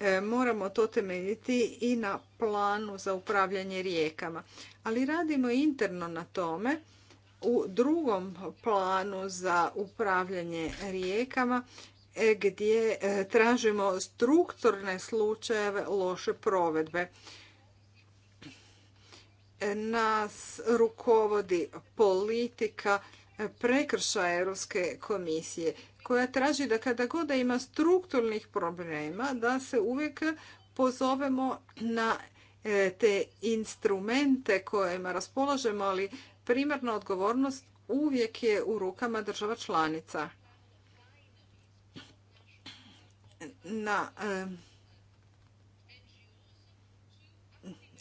e, moramo to temeljiti i na planu za upravljanje rijekama. Ali radimo interno na tome u drugom planu za upravljanje rijekama E, gdje e, tražimo strukturne slučajeve loše provedbe. Nas rukovodi politika prekršaja Europske komisije koja traži da kada god da ima strukturnih problema da se uvijek pozovemo na e, te instrumente kojima raspolažemo, ali primarna odgovornost uvijek je u rukama država članica na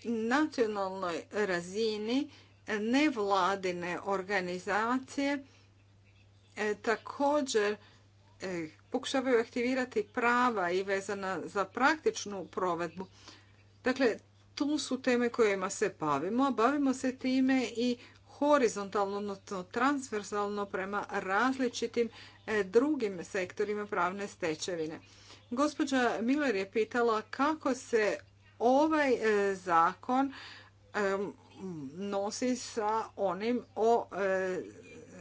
nacionalnoj razini nevladine organizacije e, također e, pokušavaju aktivirati prava i vezana za praktičnu provedbu. Dakle, tu su teme kojima se bavimo, bavimo se time i horizontalno, odnosno transversalno prema različitim e, drugim sektorima pravne stečevine. Gospođa Miller je pitala kako se ovaj e, zakon e, nosi sa onim o e,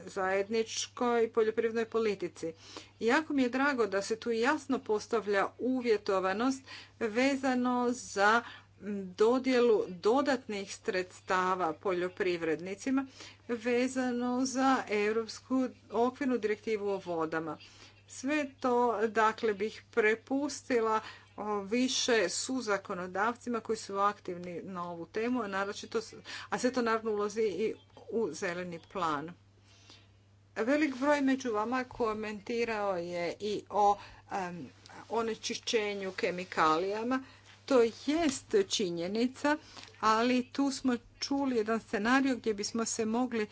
zajedničkoj poljoprivrednoj politici. Jako mi je drago da se tu jasno postavlja uvjetovanost vezano za dodjelu dodatnih sredstava poljoprivrednicima vezano za Europsku okvirnu direktivu o vodama. Sve to dakle bih prepustila više su zakonodavcima koji su aktivni na ovu temu, a, a sve to naravno ulazi i u zeleni plan. Velik broj među vama komentirao je i o onečišćenju kemikalijama. To jest činjenica, ali tu smo čuli jedan scenarij gdje bismo se mogli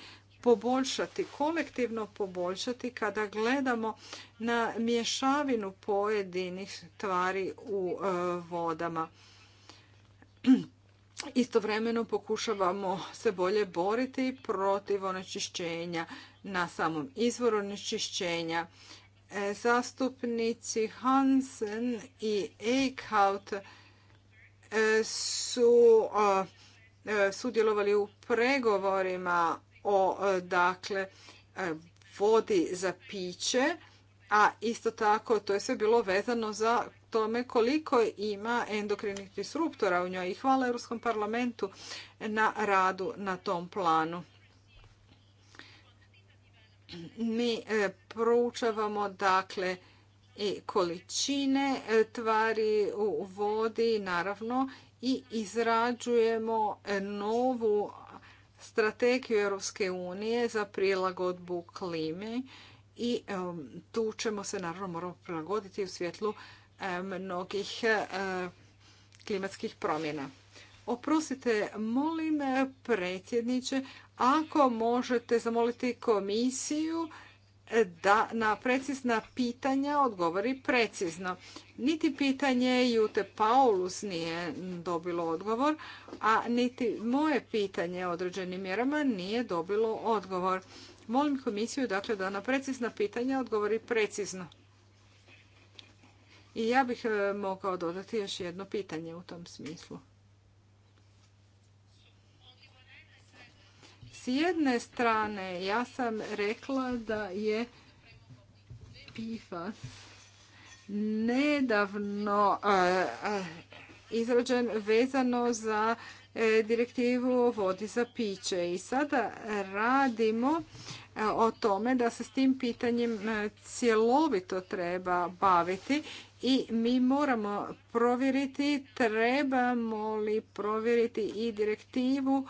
poboljšati, kolektivno poboljšati kada gledamo na mješavinu pojedinih tvari u e, vodama. Istovremeno pokušavamo se bolje boriti protiv onečišćenja na samom izvoru onečišćenja. E, zastupnici Hansen i Eichhout e, su sudjelovali u pregovorima o e, dakle e, vodi za piće, a isto tako to je sve bilo vezano za tome koliko ima endokrinih disruptora u njoj i hvala Europskom parlamentu na radu na tom planu. Mi e, proučavamo dakle i količine tvari u vodi naravno i izrađujemo novu strategiju Europske unije za prilagodbu klime i tu ćemo se naravno moramo prilagoditi u svjetlu mnogih eh, klimatskih promjena. Oprostite, molim eh, predsjedniče, ako možete zamoliti komisiju da na precizna pitanja odgovori precizno. Niti pitanje Jute Paulus nije dobilo odgovor, a niti moje pitanje o određenim mjerama nije dobilo odgovor. Molim komisiju dakle, da na precizna pitanja odgovori precizno. I ja bih e, mogao dodati još jedno pitanje u tom smislu. jedne strane ja sam rekla da je PIFA nedavno izrađen vezano za e, direktivu o vodi za piće i sada radimo e, o tome da se s tim pitanjem e, cjelovito treba baviti i mi moramo provjeriti trebamo li provjeriti i direktivu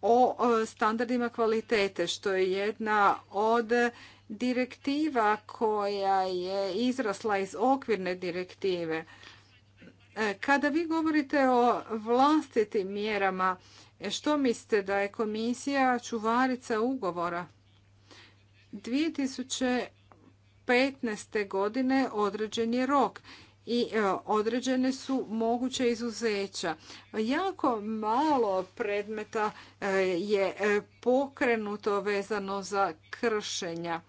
o standardima kvalitete, što je jedna od direktiva koja je izrasla iz okvirne direktive. E, kada vi govorite o vlastitim mjerama, što mislite da je komisija čuvarica ugovora? 2015. godine određen je rok i e, određene su moguće izuzeća. Jako malo predmeta e, je e, pokrenuto vezano za kršenja.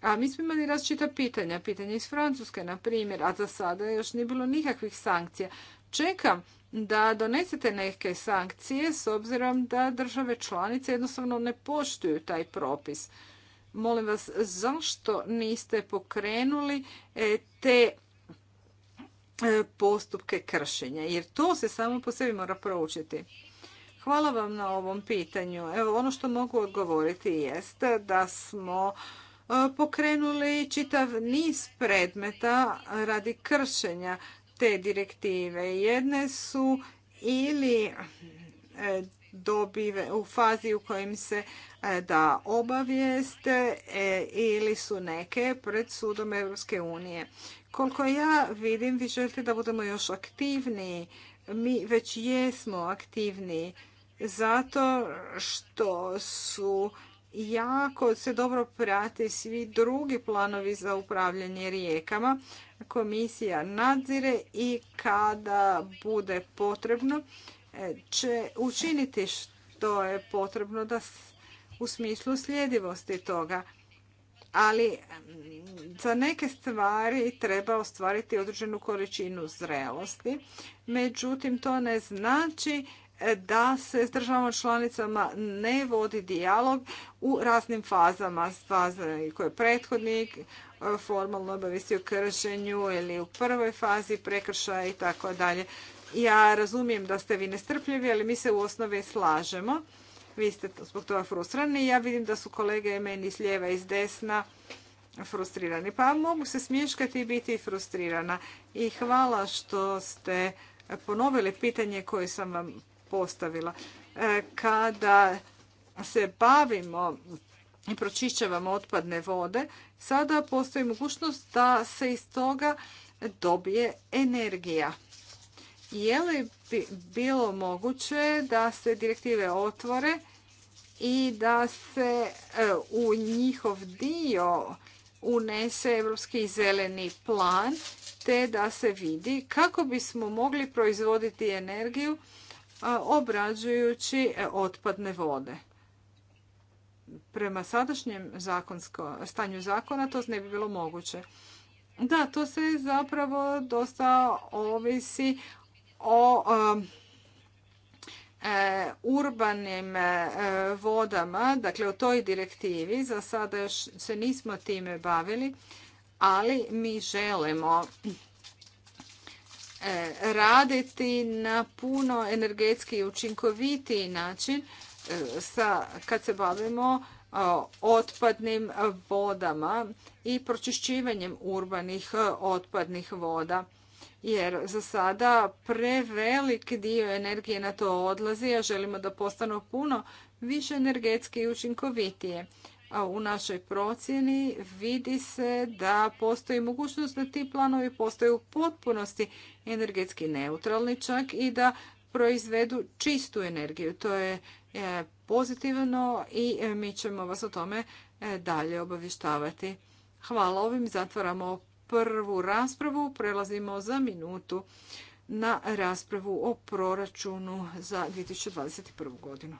A mi smo imali različita pitanja, pitanje iz Francuske, na primjer, a za sada još nije bilo nikakvih sankcija. Čekam da donesete neke sankcije s obzirom da države članice jednostavno ne poštuju taj propis. Molim vas, zašto niste pokrenuli te E, postupke kršenja, jer to se samo po sebi mora proučiti. Hvala vam na ovom pitanju. Evo, ono što mogu odgovoriti jeste da smo e, pokrenuli čitav niz predmeta radi kršenja te direktive. Jedne su ili e, dobive u fazi u kojim se da obavijeste ili su neke pred sudom Europske unije. Koliko ja vidim, vi želite da budemo još aktivniji. Mi već jesmo aktivni zato što su jako se dobro prate svi drugi planovi za upravljanje rijekama. Komisija nadzire i kada bude potrebno e, će učiniti što je potrebno da u smislu sljedivosti toga ali mm, za neke stvari treba ostvariti određenu količinu zrelosti. Međutim, to ne znači e, da se s državama članicama ne vodi dijalog u raznim fazama, faze koje je prethodnik e, formalno obavisi o kršenju ili u prvoj fazi prekršaja i tako dalje. Ja razumijem da ste vi nestrpljivi, ali mi se u osnovi slažemo vi ste zbog toga frustrani. Ja vidim da su kolege meni s lijeva i s desna frustrirani. Pa mogu se smješkati i biti frustrirana. I hvala što ste ponovili pitanje koje sam vam postavila. E, kada se bavimo i pročišćavamo otpadne vode, sada postoji mogućnost da se iz toga dobije energija. Je li bi bilo moguće da se direktive otvore i da se e, u njihov dio unese Europski zeleni plan te da se vidi kako bismo mogli proizvoditi energiju obrađujući e, otpadne vode. Prema sadašnjem zakonsko, stanju zakona to ne bi bilo moguće. Da, to se zapravo dosta ovisi o um, e, urbanim e, vodama, dakle o toj direktivi, za sada još se nismo time bavili, ali mi želimo e, raditi na puno energetski učinkovitiji način kad se bavimo otpadnim vodama i pročišćivanjem urbanih otpadnih voda jer za sada prevelik dio energije na to odlazi, a želimo da postanu puno više energetski i učinkovitije. A u našoj procjeni vidi se da postoji mogućnost da ti planovi postaju u potpunosti energetski neutralni čak i da proizvedu čistu energiju. To je e, pozitivno i e, mi ćemo vas o tome e, dalje obavještavati. Hvala ovim zatvaramo prvu raspravu. Prelazimo za minutu na raspravu o proračunu za 2021. godinu.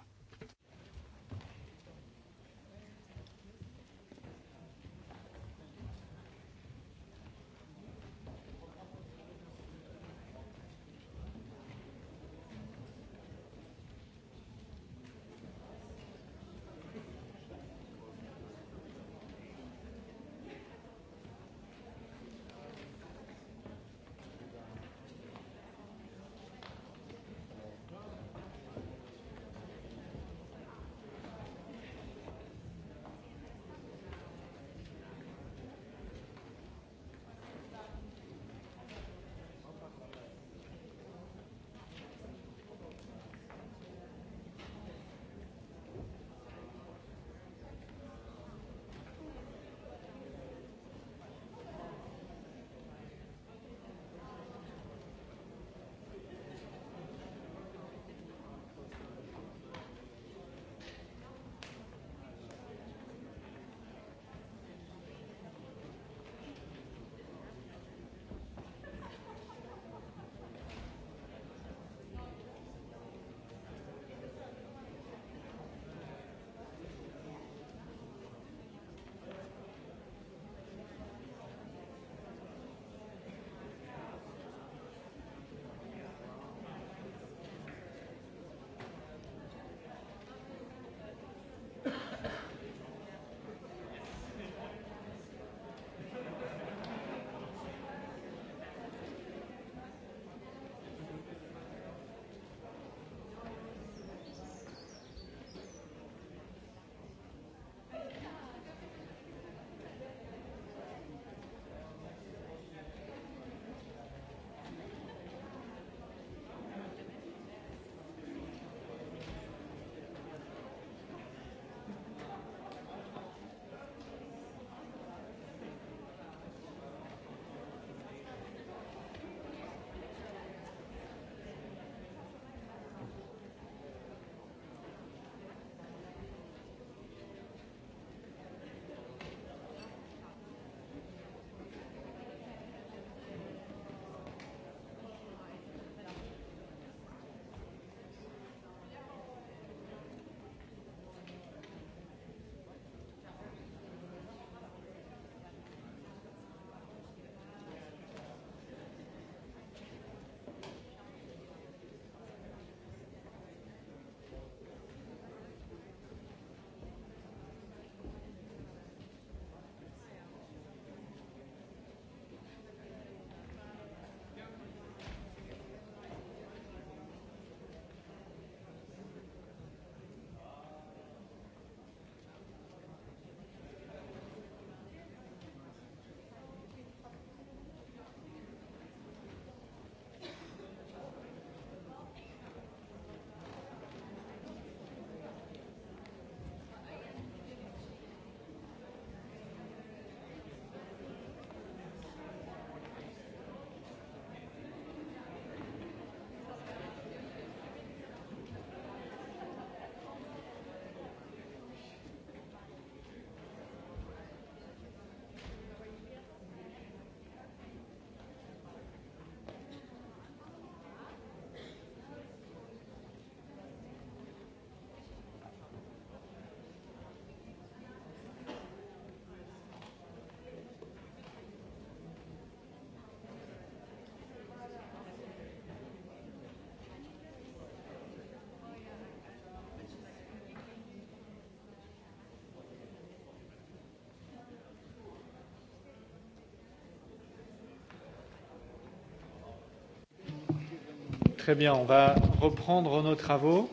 Très bien, on va reprendre nos travaux.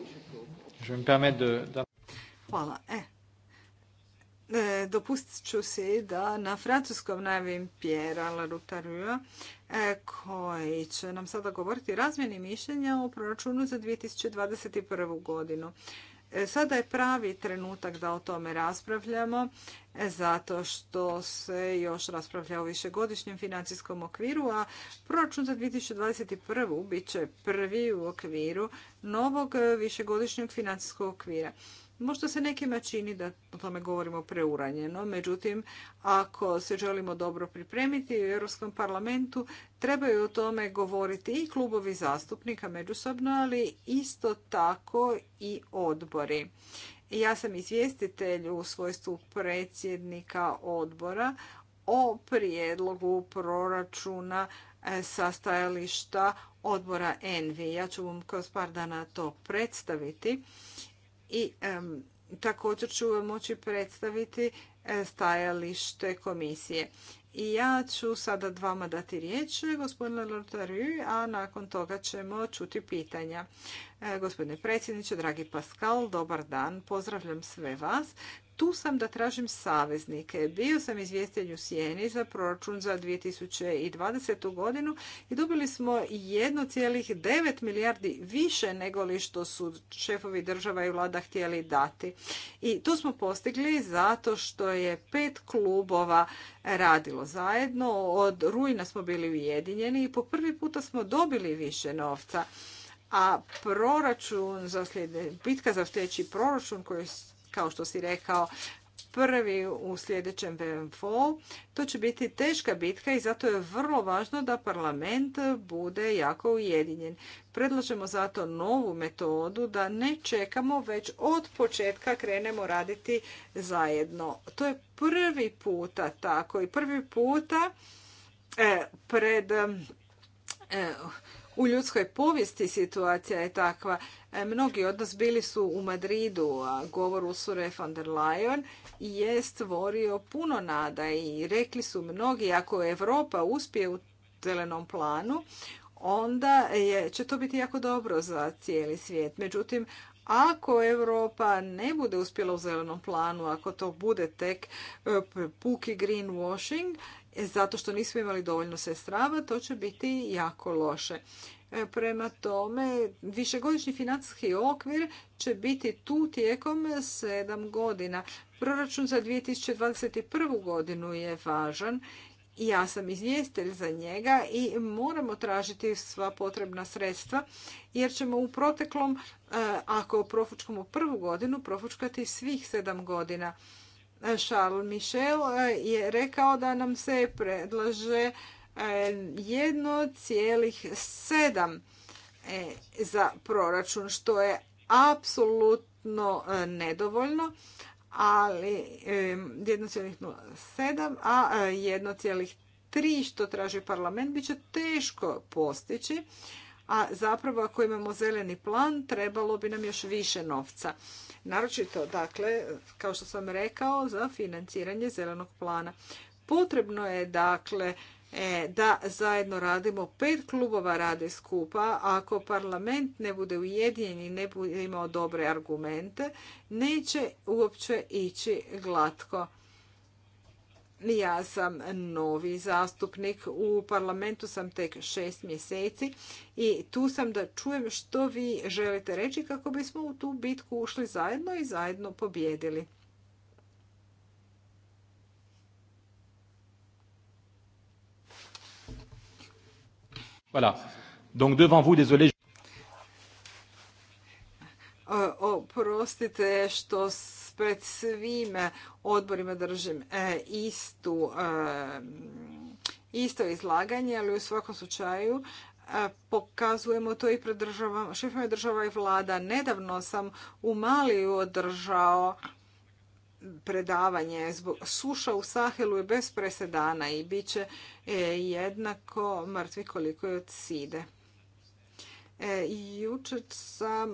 Je vais me permettre de... Voilà. Eh. E, dopustit ću se da na francuskom najavim Pierre Larutarua e, koji će nam sada govoriti razmjeni mišljenja o proračunu za 2021. godinu. E, sada je pravi trenutak da o tome raspravljamo, e, zato što se još raspravlja o višegodišnjem financijskom okviru, a proračun za 2021. bit će prvi u okviru novog višegodišnjeg financijskog okvira. Možda se nekima čini da o tome govorimo preuranjeno, međutim, ako se želimo dobro pripremiti u Europskom parlamentu, trebaju o tome govoriti i klubovi zastupnika međusobno, ali isto tako i odbori. Ja sam izvjestitelj u svojstvu predsjednika odbora o prijedlogu proračuna e, sa stajališta odbora Envi. Ja ću vam kroz par dana to predstaviti i također ću vam moći predstaviti e, stajalište komisije. I ja ću sada dvama dati riječ, e, gospodine Lortariju, a nakon toga ćemo čuti pitanja. E, gospodine predsjedniče, dragi Pascal, dobar dan, pozdravljam sve vas tu sam da tražim saveznike. Bio sam izvjestitelj u Sjeni za proračun za 2020. godinu i dobili smo 1,9 milijardi više nego li što su šefovi država i vlada htjeli dati. I to smo postigli zato što je pet klubova radilo zajedno. Od rujna smo bili ujedinjeni i po prvi puta smo dobili više novca a proračun za bitka za sljedeći proračun koji kao što si rekao, prvi u sljedećem BMFO. To će biti teška bitka i zato je vrlo važno da parlament bude jako ujedinjen. Predlažemo zato novu metodu da ne čekamo, već od početka krenemo raditi zajedno. To je prvi puta tako i prvi puta e, pred e, u ljudskoj povijesti situacija je takva. E, mnogi od nas bili su u Madridu, a govor Usure von der Leyen je stvorio puno nada i rekli su mnogi ako Europa uspije u zelenom planu, onda je, će to biti jako dobro za cijeli svijet. Međutim, ako Europa ne bude uspjela u zelenom planu, ako to bude tek e, puki greenwashing, zato što nismo imali dovoljno sestrava, to će biti jako loše. E, prema tome, višegodišnji financijski okvir će biti tu tijekom sedam godina. Proračun za 2021. godinu je važan. Ja sam izvijestelj za njega i moramo tražiti sva potrebna sredstva jer ćemo u proteklom, e, ako profučkamo prvu godinu, profučkati svih sedam godina. Charles Michel je rekao da nam se predlaže 1,7 e, e, za proračun, što je apsolutno e, nedovoljno, ali 1,07, a 1,3 što traži parlament, bit će teško postići a zapravo ako imamo zeleni plan trebalo bi nam još više novca. Naročito, dakle, kao što sam rekao, za financiranje zelenog plana. Potrebno je, dakle, e, da zajedno radimo, pet klubova rade skupa, a ako parlament ne bude ujedinjen i ne bude imao dobre argumente, neće uopće ići glatko. Ja sam novi zastupnik, u parlamentu sam tek šest mjeseci i tu sam da čujem što vi želite reći kako bismo u tu bitku ušli zajedno i zajedno pobjedili. Voilà. Donc devant vous, désolé. Oprostite što pred svim odborima držim e, istu, e, isto izlaganje, ali u svakom slučaju e, pokazujemo to i pred državama, šefima država i vlada. Nedavno sam u Maliju održao predavanje. Suša u Sahelu je bez presedana i bit će jednako mrtvi koliko je od side. Jučer sam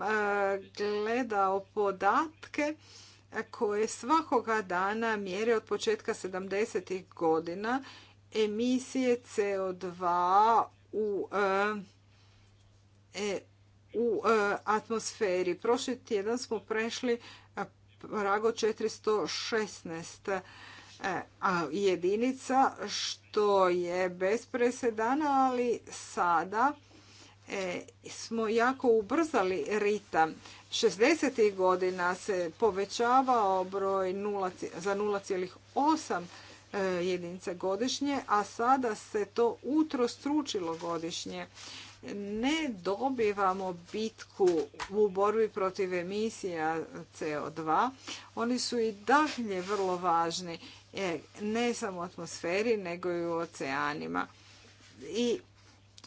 gledao podatke koje svakoga dana mjere od početka 70. godina emisije CO2 u, eh, e, u eh, atmosferi. Prošli tjedan smo prešli eh, rago 416 jedinica, što je bez presedana, ali sada smo jako ubrzali ritam. 60. godina se povećavao broj za 0,8 e, jedinica godišnje, a sada se to utrostručilo godišnje. Ne dobivamo bitku u borbi protiv emisija CO2. Oni su i dalje vrlo važni, e, ne samo u atmosferi, nego i u oceanima. I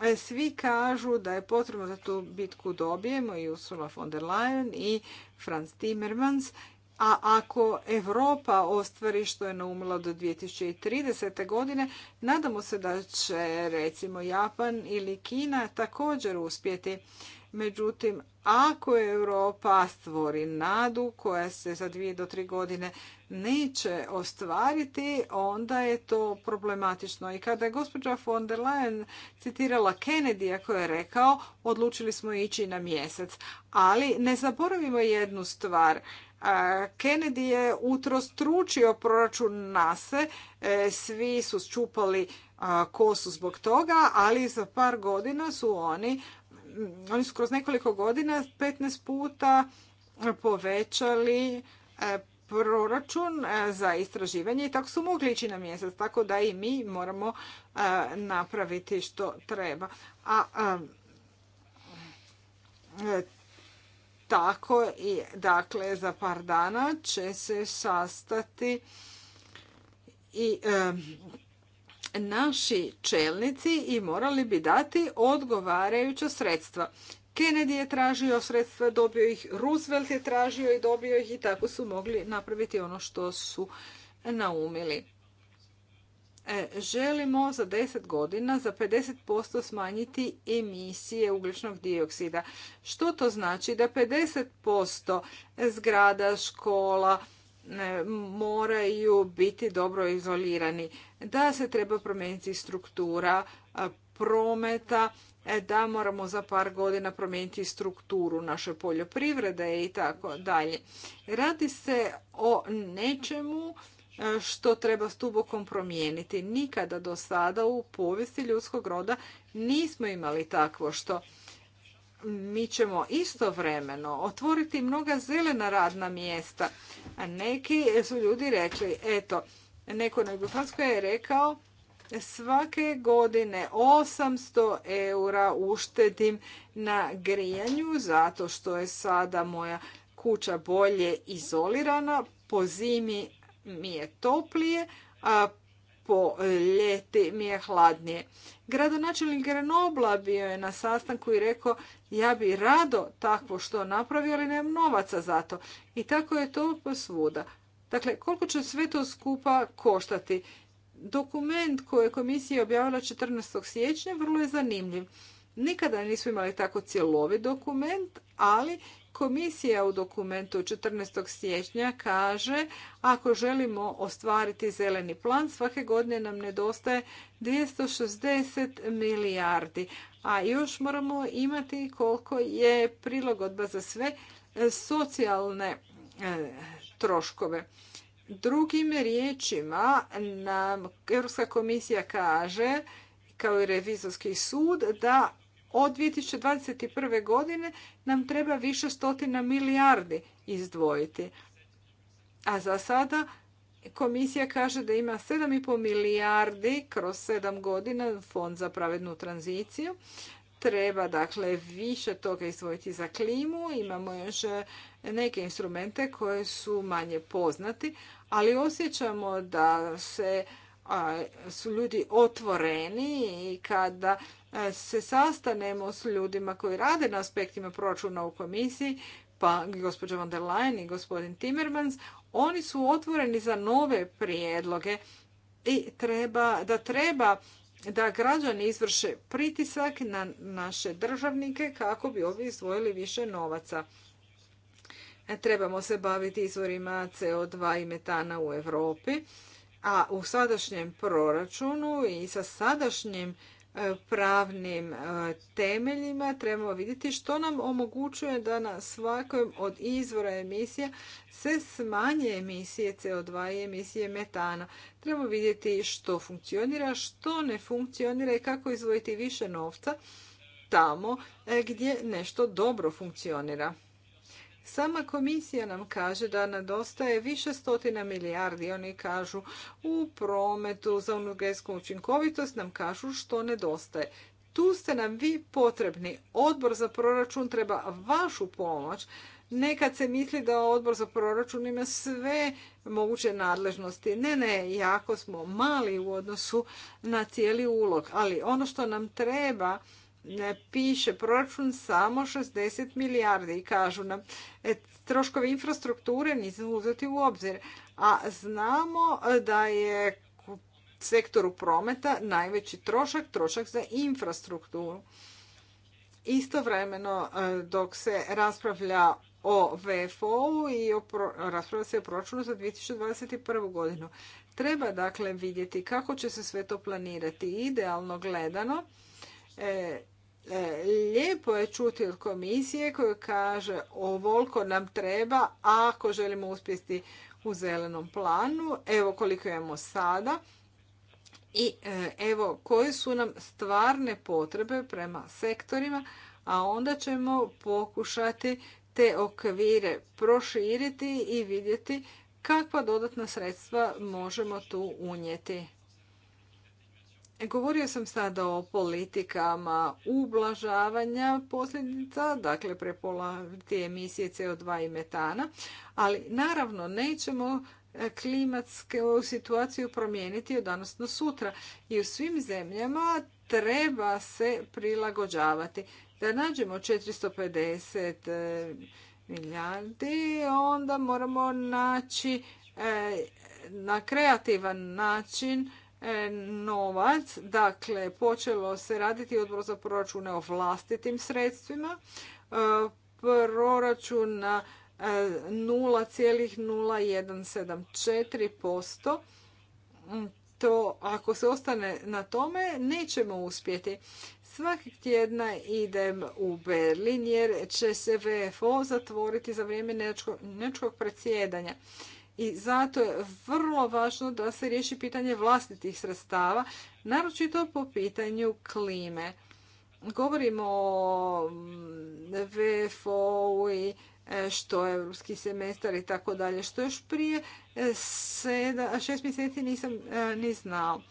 E, svi kažu da je potrebno da tu bitku dobijemo i Ursula von der Leyen i Franz Timmermans. A ako Europa ostvari što je naumila do 2030. godine, nadamo se da će recimo Japan ili Kina također uspjeti. Međutim, ako Europa stvori nadu koja se za dvije do tri godine neće ostvariti, onda je to problematično. I kada je gospođa von der Leyen citirala Kennedyja koji je rekao odlučili smo ići na mjesec. Ali ne zaboravimo jednu stvar. Kennedy je utrostručio proračun nase, e, svi su čupali kosu zbog toga, ali za par godina su oni Mm, oni su kroz nekoliko godina 15 puta povećali e, proračun e, za istraživanje i tako su mogli ići na mjesec, tako da i mi moramo e, napraviti što treba. A, tako i dakle za par dana će se sastati i naši čelnici i morali bi dati odgovarajuća sredstva. Kennedy je tražio sredstva, dobio ih, Roosevelt je tražio i dobio ih i tako su mogli napraviti ono što su naumili. E, želimo za 10 godina za 50% smanjiti emisije ugljičnog dioksida. Što to znači? Da 50% zgrada, škola e, moraju biti dobro izolirani da se treba promijeniti struktura prometa, e, da moramo za par godina promijeniti strukturu naše poljoprivrede i tako dalje. Radi se o nečemu e, što treba stubokom promijeniti. Nikada do sada u povijesti ljudskog roda nismo imali takvo što mi ćemo istovremeno otvoriti mnoga zelena radna mjesta. A neki su ljudi rekli, eto, Neko na Francuskoj je rekao svake godine 800 eura uštedim na grijanju zato što je sada moja kuća bolje izolirana. Po zimi mi je toplije, a po ljeti mi je hladnije. Gradonačelnik Grenobla bio je na sastanku i rekao ja bi rado takvo što napravio, ali nemam novaca za to. I tako je to posvuda. Dakle, koliko će sve to skupa koštati? Dokument koji je komisija objavila 14. siječnja vrlo je zanimljiv. Nikada nismo imali tako cjelovit dokument, ali komisija u dokumentu 14. siječnja kaže ako želimo ostvariti zeleni plan, svake godine nam nedostaje 260 milijardi. A još moramo imati koliko je prilagodba za sve socijalne eh, troškove. Drugim riječima nam Europska komisija kaže kao i revizorski sud da od 2021. godine nam treba više stotina milijardi izdvojiti. A za sada komisija kaže da ima 7,5 milijardi kroz 7 godina fond za pravednu tranziciju, treba dakle više toga izdvojiti za klimu. Imamo još e, neke instrumente koje su manje poznati, ali osjećamo da se su ljudi otvoreni i kada e, se sastanemo s ljudima koji rade na aspektima proračuna u komisiji, pa gospođa von der Leyen i gospodin Timmermans, oni su otvoreni za nove prijedloge i treba, da treba da građani izvrše pritisak na naše državnike kako bi ovi izdvojili više novaca. E, trebamo se baviti izvorima CO2 i metana u Europi, a u sadašnjem proračunu i sa sadašnjim pravnim e, temeljima trebamo vidjeti što nam omogućuje da na svakom od izvora emisija se smanje emisije CO2 i emisije metana. Trebamo vidjeti što funkcionira, što ne funkcionira i kako izvojiti više novca tamo e, gdje nešto dobro funkcionira. Sama komisija nam kaže da nadostaje više stotina milijardi. Oni kažu u prometu za energetsku učinkovitost nam kažu što nedostaje. Tu ste nam vi potrebni. Odbor za proračun treba vašu pomoć. Nekad se misli da odbor za proračun ima sve moguće nadležnosti. Ne, ne, jako smo mali u odnosu na cijeli ulog. Ali ono što nam treba piše proračun samo 60 milijardi i kažu nam e, troškovi infrastrukture nisu uzeti u obzir. A znamo da je u sektoru prometa najveći trošak, trošak za infrastrukturu. Istovremeno e, dok se raspravlja o VFO-u i o raspravlja se o proračunu za 2021. godinu. Treba dakle vidjeti kako će se sve to planirati. Idealno gledano, e, Lijepo je čuti od komisije koja kaže ovoliko nam treba ako želimo uspjeti u zelenom planu. Evo koliko imamo sada i e, evo koje su nam stvarne potrebe prema sektorima, a onda ćemo pokušati te okvire proširiti i vidjeti kakva dodatna sredstva možemo tu unijeti. Govorio sam sada o politikama ublažavanja posljedica, dakle prepolaviti emisije CO2 i metana, ali naravno nećemo e, klimatsku situaciju promijeniti od danas do sutra. I u svim zemljama treba se prilagođavati. Da nađemo 450 e, milijardi, onda moramo naći e, na kreativan način E, novac. Dakle, počelo se raditi odbor za proračune o vlastitim sredstvima, e, proračuna 0,0174%. E, to, ako se ostane na tome, nećemo uspjeti. Svakih tjedna idem u Berlin jer će se VFO zatvoriti za vrijeme nečkog predsjedanja i zato je vrlo važno da se riješi pitanje vlastitih sredstava, naročito po pitanju klime. Govorimo o mm, VFO i e, što je europski semestar i tako dalje, što još prije e, šest mjeseci nisam e, ni znao.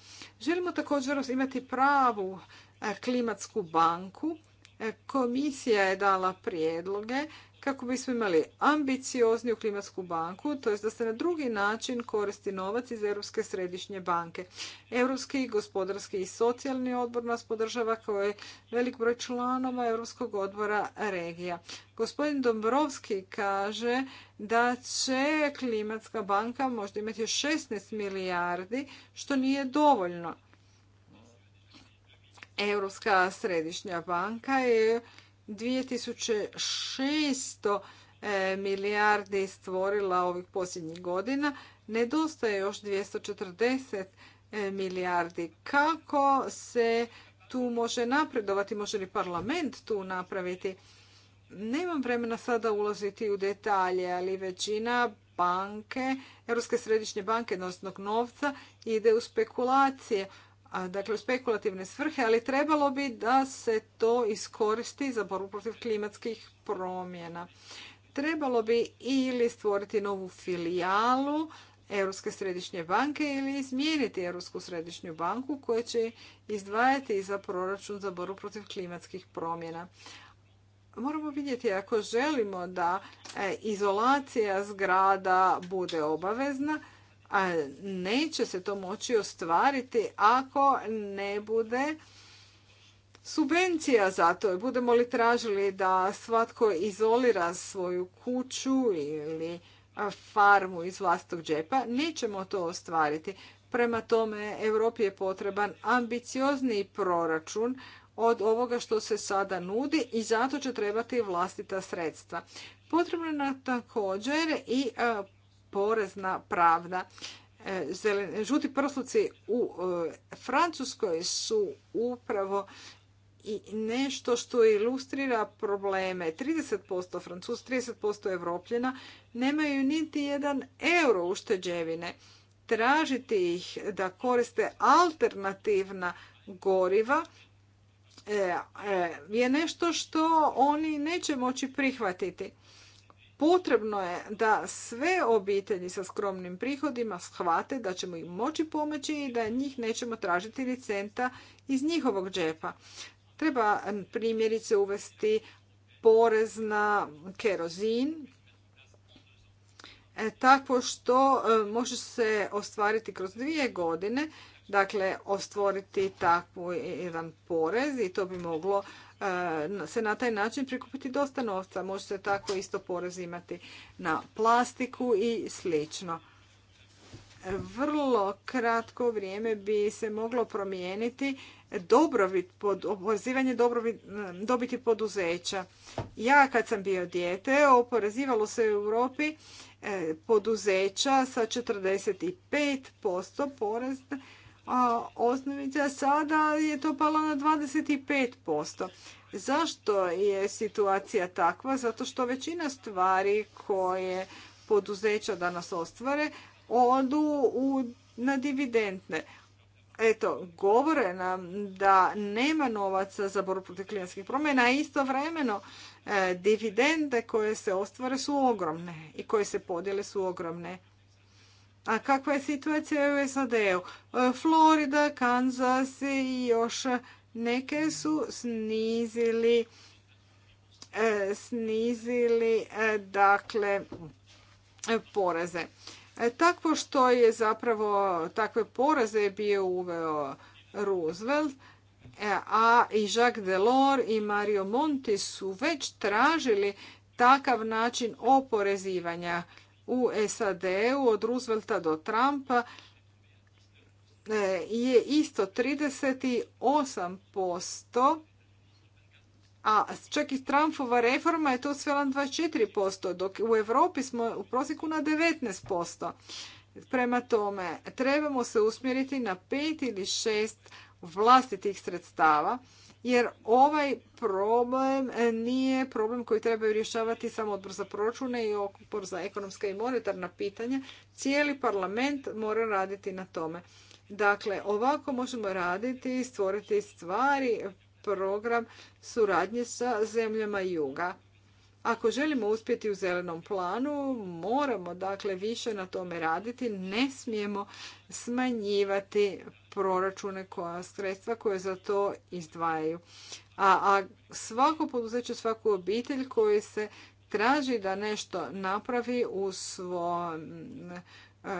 Želimo također imati pravu klimatsku banku. Komisija je dala prijedloge kako bismo imali ambiciozniju klimatsku banku, to jest da se na drugi način koristi novac iz Europske središnje banke. Europski gospodarski i socijalni odbor nas podržava kao velik broj članova Europskog odbora regija. Gospodin Dombrovski kaže da će klimatska banka možda imati 16 milijardi, što nije dovoljno. Europska središnja banka je 2600 e, milijardi stvorila ovih posljednjih godina, nedostaje još 240 e, milijardi. Kako se tu može napredovati, može li parlament tu napraviti? Nemam vremena sada ulaziti u detalje, ali većina banke, Europske središnje banke, odnosno novca, ide u spekulacije dakle u spekulativne svrhe, ali trebalo bi da se to iskoristi za borbu protiv klimatskih promjena. Trebalo bi ili stvoriti novu filijalu Europske središnje banke ili izmijeniti Europsku središnju banku koja će izdvajati za proračun za borbu protiv klimatskih promjena. Moramo vidjeti ako želimo da e, izolacija zgrada bude obavezna, a neće se to moći ostvariti ako ne bude subvencija za to. Budemo li tražili da svatko izolira svoju kuću ili farmu iz vlastog džepa, nećemo to ostvariti. Prema tome, Europi je potreban ambiciozni proračun od ovoga što se sada nudi i zato će trebati vlastita sredstva. Potrebno je također i porezna pravda. E, žuti prsluci u e, Francuskoj su upravo i nešto što ilustrira probleme. 30% Francus, 30% Evropljena nemaju niti jedan euro ušteđevine. Tražiti ih da koriste alternativna goriva e, je nešto što oni neće moći prihvatiti. Potrebno je da sve obitelji sa skromnim prihodima shvate da ćemo im moći pomoći i da njih nećemo tražiti licenta iz njihovog džepa. Treba primjerice uvesti porez na kerozin, e, tako što e, može se ostvariti kroz dvije godine, dakle ostvoriti takvu e, jedan porez i to bi moglo se na taj način prikupiti dosta novca. Može se tako isto porez imati na plastiku i slično. Vrlo kratko vrijeme bi se moglo promijeniti dobrobit, oporezivanje dobiti poduzeća. Ja kad sam bio dijete, oporezivalo se u Europi e, poduzeća sa 45% porez osnovica, sada je to pala na 25%. Zašto je situacija takva? Zato što većina stvari koje poduzeća danas ostvare odu na dividendne. Eto, govore nam da nema novaca za borbu protiv klimatskih promjena, a istovremeno e, dividende koje se ostvare su ogromne i koje se podjele su ogromne. A kakva je situacija u SAD-u? E, Florida, Kansas i još neke su snizili e, snizili e, dakle poreze. Takvo što je zapravo takve poreze je bio uveo Roosevelt, a i Jacques Delors i Mario Monti su već tražili takav način oporezivanja u SAD-u od Roosevelta do Trumpa e, je isto 38%, a čak i Trumpova reforma je to svela na 24%, dok u Europi smo u prosjeku na 19%. Prema tome, trebamo se usmjeriti na pet ili šest vlastitih sredstava jer ovaj problem e, nije problem koji trebaju rješavati samo odbor za proračune i odbor za ekonomska i monetarna pitanja. Cijeli parlament mora raditi na tome. Dakle, ovako možemo raditi i stvoriti stvari, program suradnje sa zemljama juga. Ako želimo uspjeti u zelenom planu, moramo dakle više na tome raditi, ne smijemo smanjivati proračune koja sredstva koje za to izdvajaju. A, a svako poduzeće, svaku obitelj koji se traži da nešto napravi u svo e,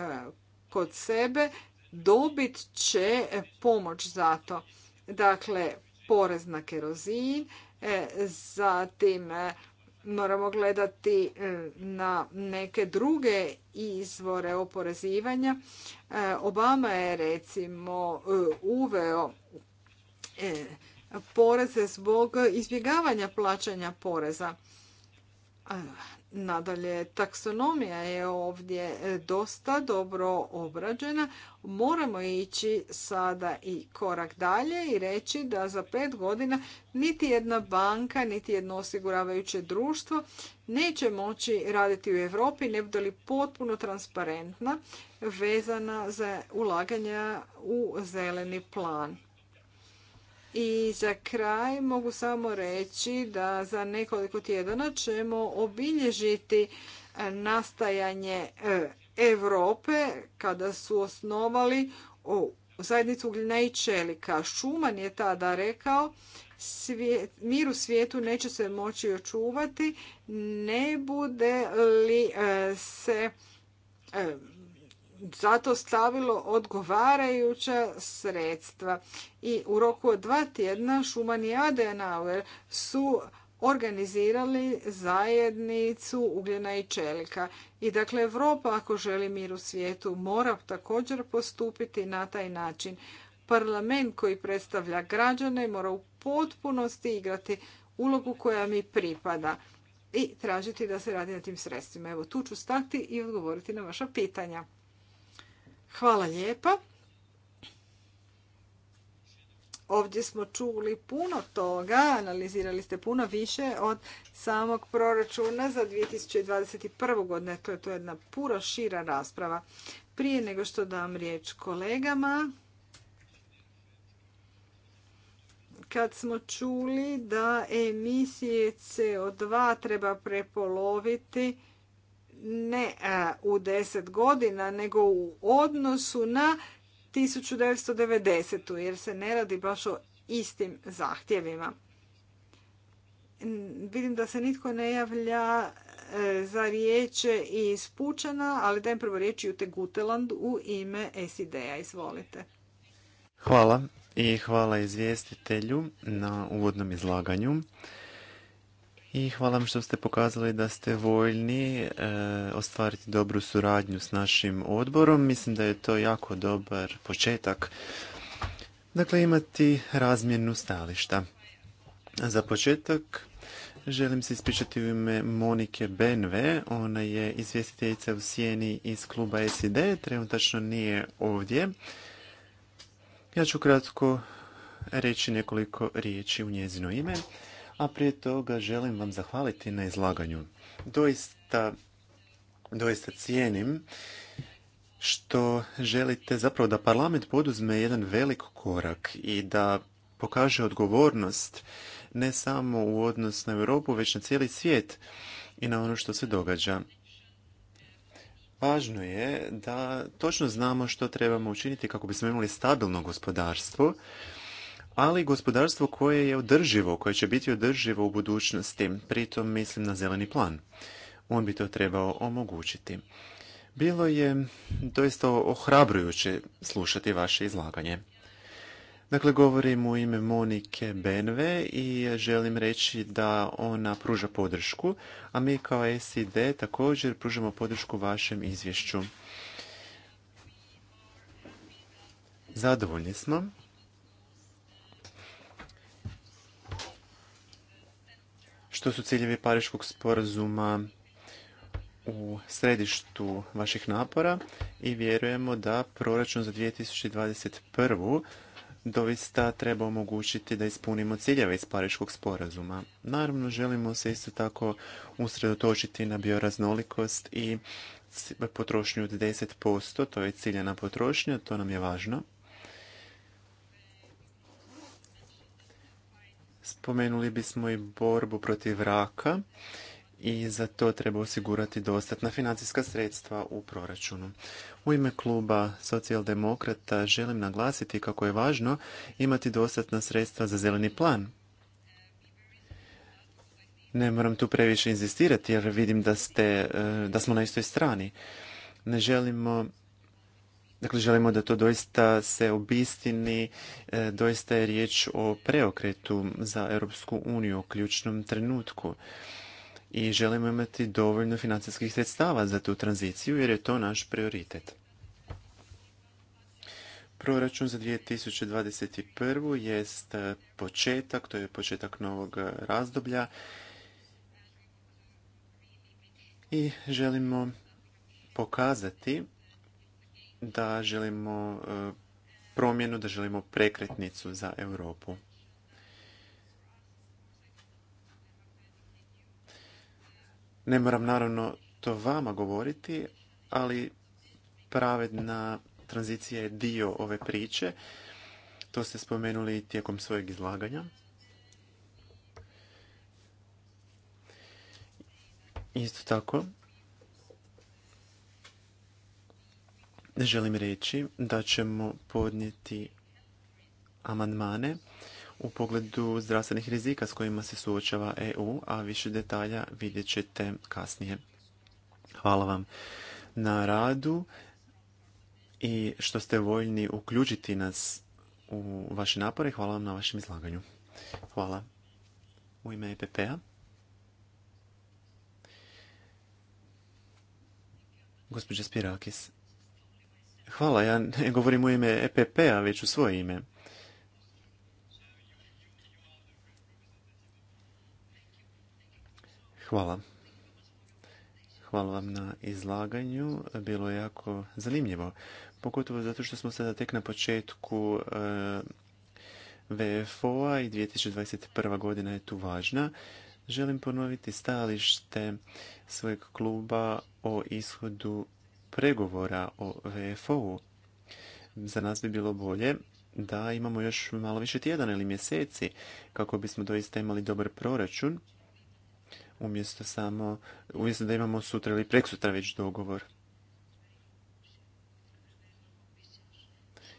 kod sebe, dobit će pomoć za to. Dakle, porez na kerozin, e, zatim e, moramo gledati e, na neke druge izvore oporezivanja. E, Obama je recimo e, uveo poreze zbog izbjegavanja plaćanja poreza. Nadalje, taksonomija je ovdje e, dosta dobro obrađena. Moramo ići sada i korak dalje i reći da za pet godina niti jedna banka, niti jedno osiguravajuće društvo neće moći raditi u Europi, ne bude li potpuno transparentna vezana za ulaganja u zeleni plan. I za kraj mogu samo reći da za nekoliko tjedana ćemo obilježiti e, nastajanje e, Europe kada su osnovali zajednicu ugljena i čelika. Šuman je tada rekao svijet, mir u svijetu neće se moći očuvati ne bude li e, se zato stavilo odgovarajuća sredstva. I u roku od dva tjedna Schumann i Adenauer su organizirali zajednicu ugljena i čelika. I dakle, Europa ako želi mir u svijetu mora također postupiti na taj način. Parlament koji predstavlja građane mora u potpunosti igrati ulogu koja mi pripada i tražiti da se radi na tim sredstvima. Evo tu ću stati i odgovoriti na vaša pitanja. Hvala lijepa. Ovdje smo čuli puno toga, analizirali ste puno više od samog proračuna za 2021. godine. To je to jedna puro šira rasprava. Prije nego što dam riječ kolegama, kad smo čuli da emisije CO2 treba prepoloviti ne e, u deset godina, nego u odnosu na 1990. jer se ne radi baš o istim zahtjevima. Vidim da se nitko ne javlja e, za riječe iz Pučana, ali dajem prvo riječ u Guteland u ime SID-a. Izvolite. Hvala i hvala izvjestitelju na uvodnom izlaganju i hvala vam što ste pokazali da ste voljni e, ostvariti dobru suradnju s našim odborom. Mislim da je to jako dobar početak. Dakle, imati razmjenu stališta. Za početak želim se ispričati u ime Monike Benve. Ona je izvjestiteljica u Sijeni iz kluba SID. Trenutačno nije ovdje. Ja ću kratko reći nekoliko riječi u njezino ime a prije toga želim vam zahvaliti na izlaganju. Doista, doista cijenim što želite zapravo da parlament poduzme jedan velik korak i da pokaže odgovornost ne samo u odnos na Europu, već na cijeli svijet i na ono što se događa. Važno je da točno znamo što trebamo učiniti kako bismo imali stabilno gospodarstvo, ali gospodarstvo koje je održivo, koje će biti održivo u budućnosti, pritom mislim na zeleni plan. On bi to trebao omogućiti. Bilo je doista ohrabrujuće slušati vaše izlaganje. Dakle, govorim u ime Monike Benve i želim reći da ona pruža podršku, a mi kao SID također pružamo podršku vašem izvješću. Zadovoljni smo što su ciljevi Pariškog sporazuma u središtu vaših napora i vjerujemo da proračun za 2021. doista treba omogućiti da ispunimo ciljeve iz Pariškog sporazuma. Naravno, želimo se isto tako usredotočiti na bioraznolikost i potrošnju od 10%, to je ciljena potrošnja, to nam je važno. Spomenuli bismo i borbu protiv raka i za to treba osigurati dostatna financijska sredstva u proračunu. U ime kluba socijaldemokrata želim naglasiti kako je važno imati dostatna sredstva za zeleni plan. Ne moram tu previše inzistirati jer vidim da, ste, eh, da smo na istoj strani. Ne želimo Dakle, želimo da to doista se obistini, e, doista je riječ o preokretu za Europsku uniju, o ključnom trenutku. I želimo imati dovoljno financijskih sredstava za tu tranziciju jer je to naš prioritet. Proračun za 2021. jest e, početak, to je početak novog razdoblja i želimo pokazati da želimo e, promjenu, da želimo prekretnicu za Europu. Ne moram naravno to vama govoriti, ali pravedna tranzicija je dio ove priče. To ste spomenuli tijekom svojeg izlaganja. Isto tako, želim reći da ćemo podnijeti amandmane u pogledu zdravstvenih rizika s kojima se suočava EU, a više detalja vidjet ćete kasnije. Hvala vam na radu i što ste voljni uključiti nas u vaše napore. Hvala vam na vašem izlaganju. Hvala. U ime EPP-a. Gospođa Spirakis. Hvala, ja ne govorim u ime EPP-a, već u svoje ime. Hvala. Hvala vam na izlaganju. Bilo je jako zanimljivo. Pogotovo zato što smo sada tek na početku e, VFO-a i 2021. godina je tu važna. Želim ponoviti stajalište svojeg kluba o ishodu pregovora o VFO-u. Za nas bi bilo bolje da imamo još malo više tjedana ili mjeseci kako bismo doista imali dobar proračun umjesto samo umjesto da imamo sutra ili preksutra već dogovor.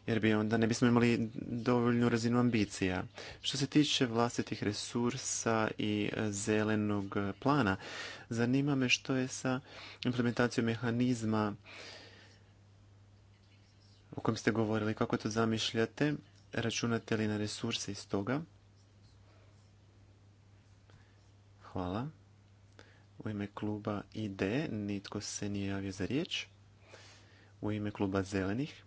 jer bi onda ne bismo imali dovoljnu razinu ambicija. Što se tiče vlastitih resursa i e, zelenog plana, zanima me što je sa implementacijom mehanizma o kojem ste govorili, kako to zamišljate, računate li na resurse iz toga? Hvala. U ime kluba ID nitko se nije javio za riječ. U ime kluba zelenih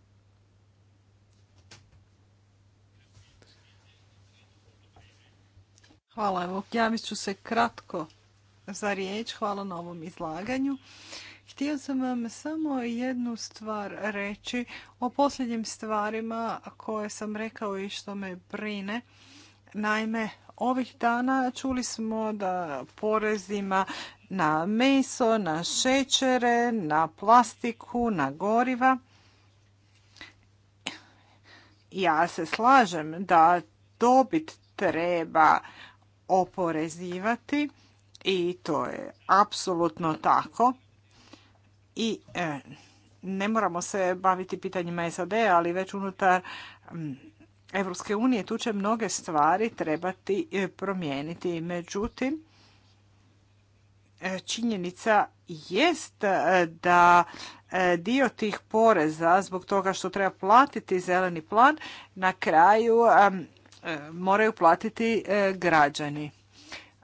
Hvala, evo, javit ću se kratko za riječ. Hvala na ovom izlaganju. Htio sam vam samo jednu stvar reći o posljednjim stvarima koje sam rekao i što me brine. Naime, ovih dana čuli smo da porezima na meso, na šećere, na plastiku, na goriva. Ja se slažem da dobit treba oporezivati i to je apsolutno tako. I e, ne moramo se baviti pitanjima SAD, ali već unutar Evropske unije tu će mnoge stvari trebati e, promijeniti. Međutim, e, činjenica jest da dio tih poreza zbog toga što treba platiti zeleni plan na kraju E, moraju platiti e, građani.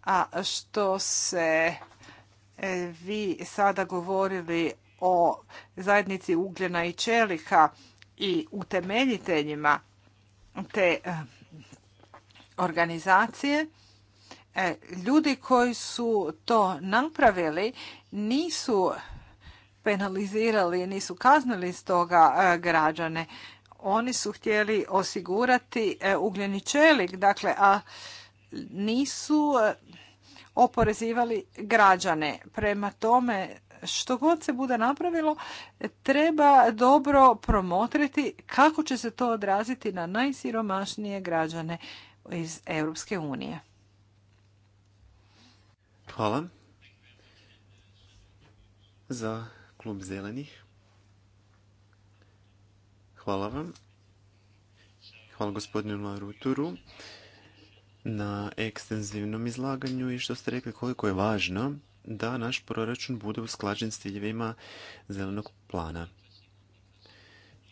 A što se e, vi sada govorili o zajednici ugljena i čelika i utemeljiteljima te organizacije, ljudi koji su to napravili nisu penalizirali, nisu kaznili stoga građane oni su htjeli osigurati e, ugljeni čelik, dakle, a nisu e, oporezivali građane. Prema tome, što god se bude napravilo, treba dobro promotriti kako će se to odraziti na najsiromašnije građane iz Europske unije. Hvala. Za klub zelenih. Hvala vam. Hvala gospodinu Maruturu na ekstenzivnom izlaganju i što ste rekli koliko je važno da naš proračun bude usklađen s ciljevima zelenog plana.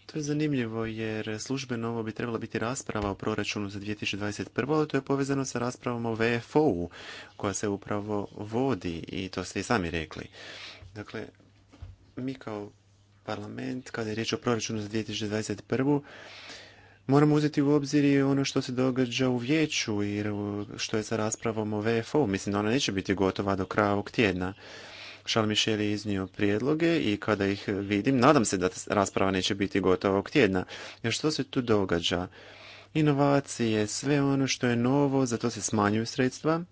To je zanimljivo jer službeno ovo bi trebala biti rasprava o proračunu za 2021. ali to je povezano sa raspravom o VFO-u koja se upravo vodi i to ste i sami rekli. Dakle, mi kao parlament, kada je riječ o proračunu za 2021. Moramo uzeti u obzir i ono što se događa u vijeću i što je sa raspravom o VFO. Mislim da ona neće biti gotova do kraja ovog tjedna. Charles Michel je iznio prijedloge i kada ih vidim, nadam se da rasprava neće biti gotova ovog tjedna. Jer što se tu događa? Inovacije, sve ono što je novo, za to se smanjuju sredstva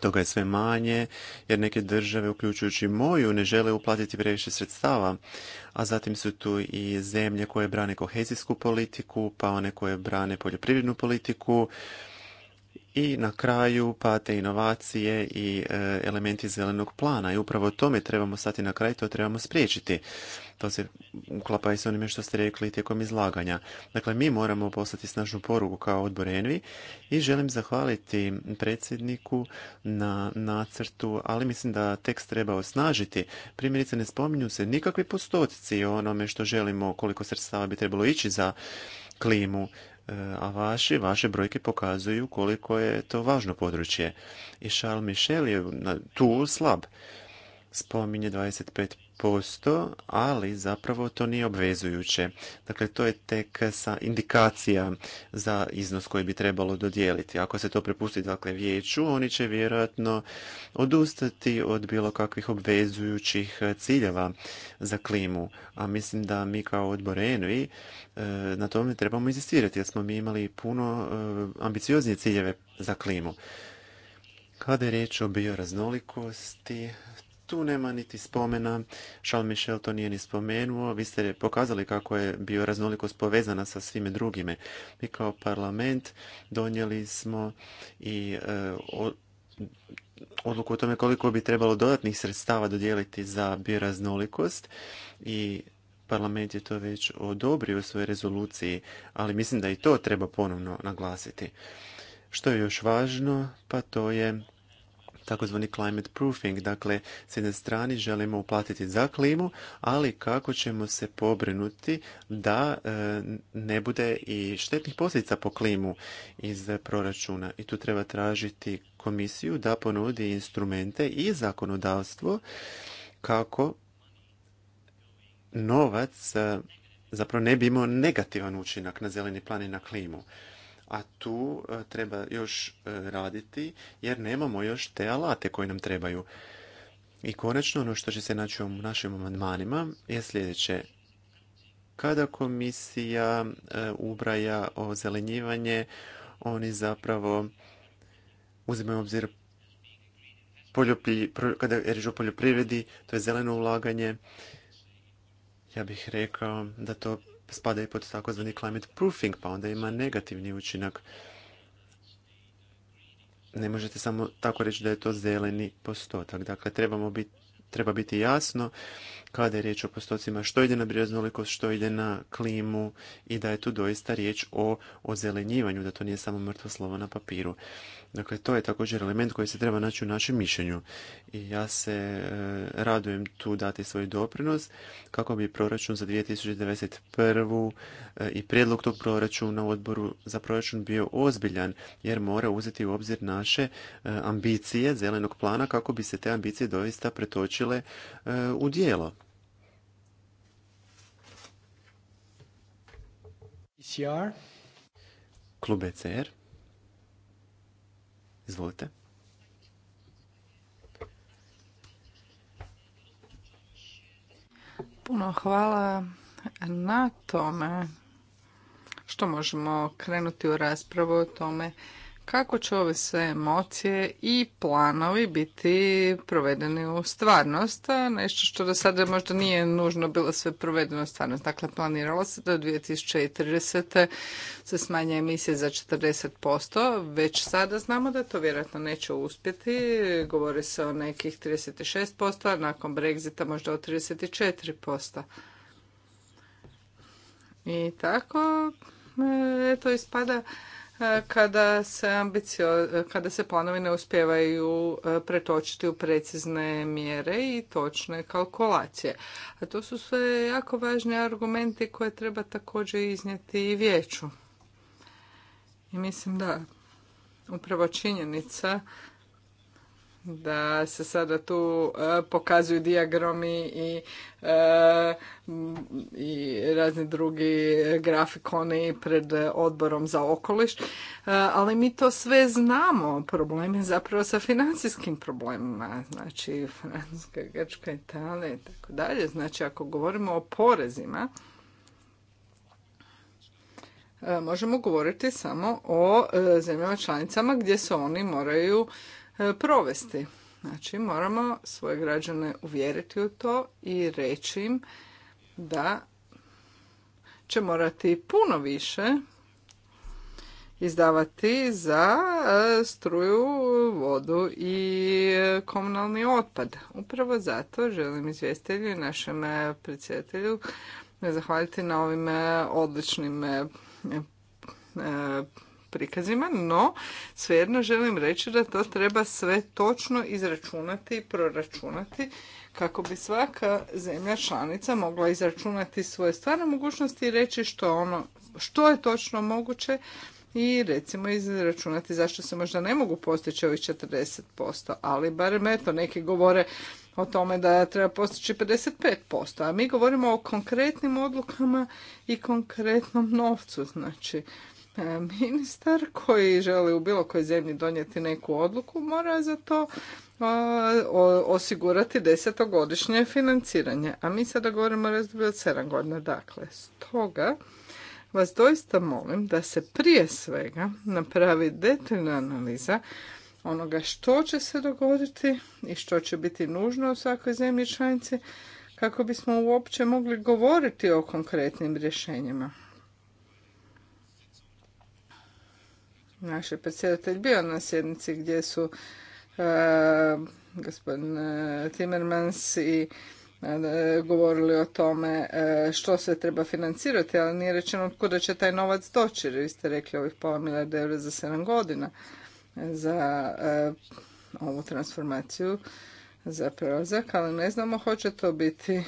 toga je sve manje, jer neke države, uključujući moju, ne žele uplatiti previše sredstava. A zatim su tu i zemlje koje brane kohezijsku politiku, pa one koje brane poljoprivrednu politiku, i na kraju pate inovacije i e, elementi zelenog plana. I upravo tome trebamo stati na kraj, to trebamo spriječiti. To se uklapa i s onime što ste rekli tijekom izlaganja. Dakle, mi moramo poslati snažnu poruku kao odbor Envi i želim zahvaliti predsjedniku na nacrtu, ali mislim da tekst treba osnažiti. Primjerice, ne spominju se nikakvi postotici o onome što želimo, koliko sredstava bi trebalo ići za klimu E, a vaše, vaše brojke pokazuju koliko je to važno područje. I Charles Michel je tu slab. Spominje posto, ali zapravo to nije obvezujuće. Dakle, to je tek sa indikacija za iznos koji bi trebalo dodijeliti. Ako se to prepusti dakle, vijeću, oni će vjerojatno odustati od bilo kakvih obvezujućih ciljeva za klimu. A mislim da mi kao odbor ENVI e, na tome trebamo insistirati jer smo mi imali puno e, ambicioznije ciljeve za klimu. Kada je riječ o bioraznolikosti, tu nema niti spomena. šal Michel to nije ni spomenuo. Vi ste pokazali kako je bioraznolikost povezana sa svime drugime. Mi kao parlament donijeli smo i e, odluku o tome koliko bi trebalo dodatnih sredstava dodijeliti za bioraznolikost i parlament je to već odobrio u svojoj rezoluciji, ali mislim da i to treba ponovno naglasiti. Što je još važno? Pa to je takozvani climate proofing. Dakle, s jedne strane želimo uplatiti za klimu, ali kako ćemo se pobrinuti da e, ne bude i štetnih posljedica po klimu iz proračuna. I tu treba tražiti komisiju da ponudi instrumente i zakonodavstvo kako novac e, zapravo ne bi imao negativan učinak na zeleni plan i na klimu a tu e, treba još e, raditi jer nemamo još te alate koji nam trebaju. I konačno ono što će se naći u našim amandmanima je sljedeće. Kada komisija e, ubraja zelenjivanje, oni zapravo uzimaju obzir kada je riječ o poljoprivredi, to je zeleno ulaganje. Ja bih rekao da to spada i pod takozvani climate proofing, pa onda ima negativni učinak. Ne možete samo tako reći da je to zeleni postotak. Dakle, trebamo biti, treba biti jasno kada je riječ o postocima što ide na bioraznolikost, što ide na klimu i da je tu doista riječ o ozelenjivanju, da to nije samo mrtvo slovo na papiru. Dakle, to je također element koji se treba naći u našem mišljenju i ja se e, radujem tu dati svoj doprinos kako bi proračun za 2021. E, i prijedlog tog proračuna u odboru za proračun bio ozbiljan jer mora uzeti u obzir naše e, ambicije zelenog plana kako bi se te ambicije doista pretočile e, u dijelo. ECR. Klub ECR. Izvolite. Puno hvala na tome što možemo krenuti u raspravu o tome kako će ove sve emocije i planovi biti provedeni u stvarnost, nešto što do sada možda nije nužno bilo sve provedeno u stvarnost. Dakle, planiralo se da do 2030. se smanje emisije za 40%, već sada znamo da to vjerojatno neće uspjeti, govori se o nekih 36%, a nakon Brexita možda o 34%. I tako, e, to ispada E, kada se, ambicio, kada se planovi ne uspjevaju e, pretočiti u precizne mjere i točne kalkulacije. A to su sve jako važni argumenti koje treba također iznijeti i vijeću. I mislim da upravo činjenica da se sada tu e, pokazuju diagrami i, e, i razni drugi grafikoni pred odborom za okoliš. E, ali mi to sve znamo. probleme zapravo sa financijskim problemima. Znači, Francuska, Grčka, Italija i tako dalje. Znači, ako govorimo o porezima, možemo govoriti samo o zemljama članicama gdje se oni moraju E, provesti. Znači moramo svoje građane uvjeriti u to i reći im da će morati puno više izdavati za e, struju, vodu i e, komunalni otpad. Upravo zato želim izvjestelju i našem predsjedatelju zahvaliti na ovim odličnim prikazima, no svejedno želim reći da to treba sve točno izračunati i proračunati kako bi svaka zemlja članica mogla izračunati svoje stvarne mogućnosti i reći što, ono, što je točno moguće i recimo izračunati zašto se možda ne mogu postići ovih 40%, ali barem eto neki govore o tome da treba postići 55%, a mi govorimo o konkretnim odlukama i konkretnom novcu, znači E, ministar koji želi u bilo kojoj zemlji donijeti neku odluku mora za to osigurati desetogodišnje financiranje. A mi sada govorimo o razdoblju od sedam godina. Dakle, stoga vas doista molim da se prije svega napravi detaljna analiza onoga što će se dogoditi i što će biti nužno u svakoj zemlji članici kako bismo uopće mogli govoriti o konkretnim rješenjima. naš je predsjedatelj bio na sjednici gdje su e, gospodin e, Timmermans i e, govorili o tome što se treba financirati, ali nije rečeno od kuda će taj novac doći. Vi ste rekli ovih pola milijarda eura za 7 godina za ovu transformaciju za prelazak, ali ne znamo hoće to biti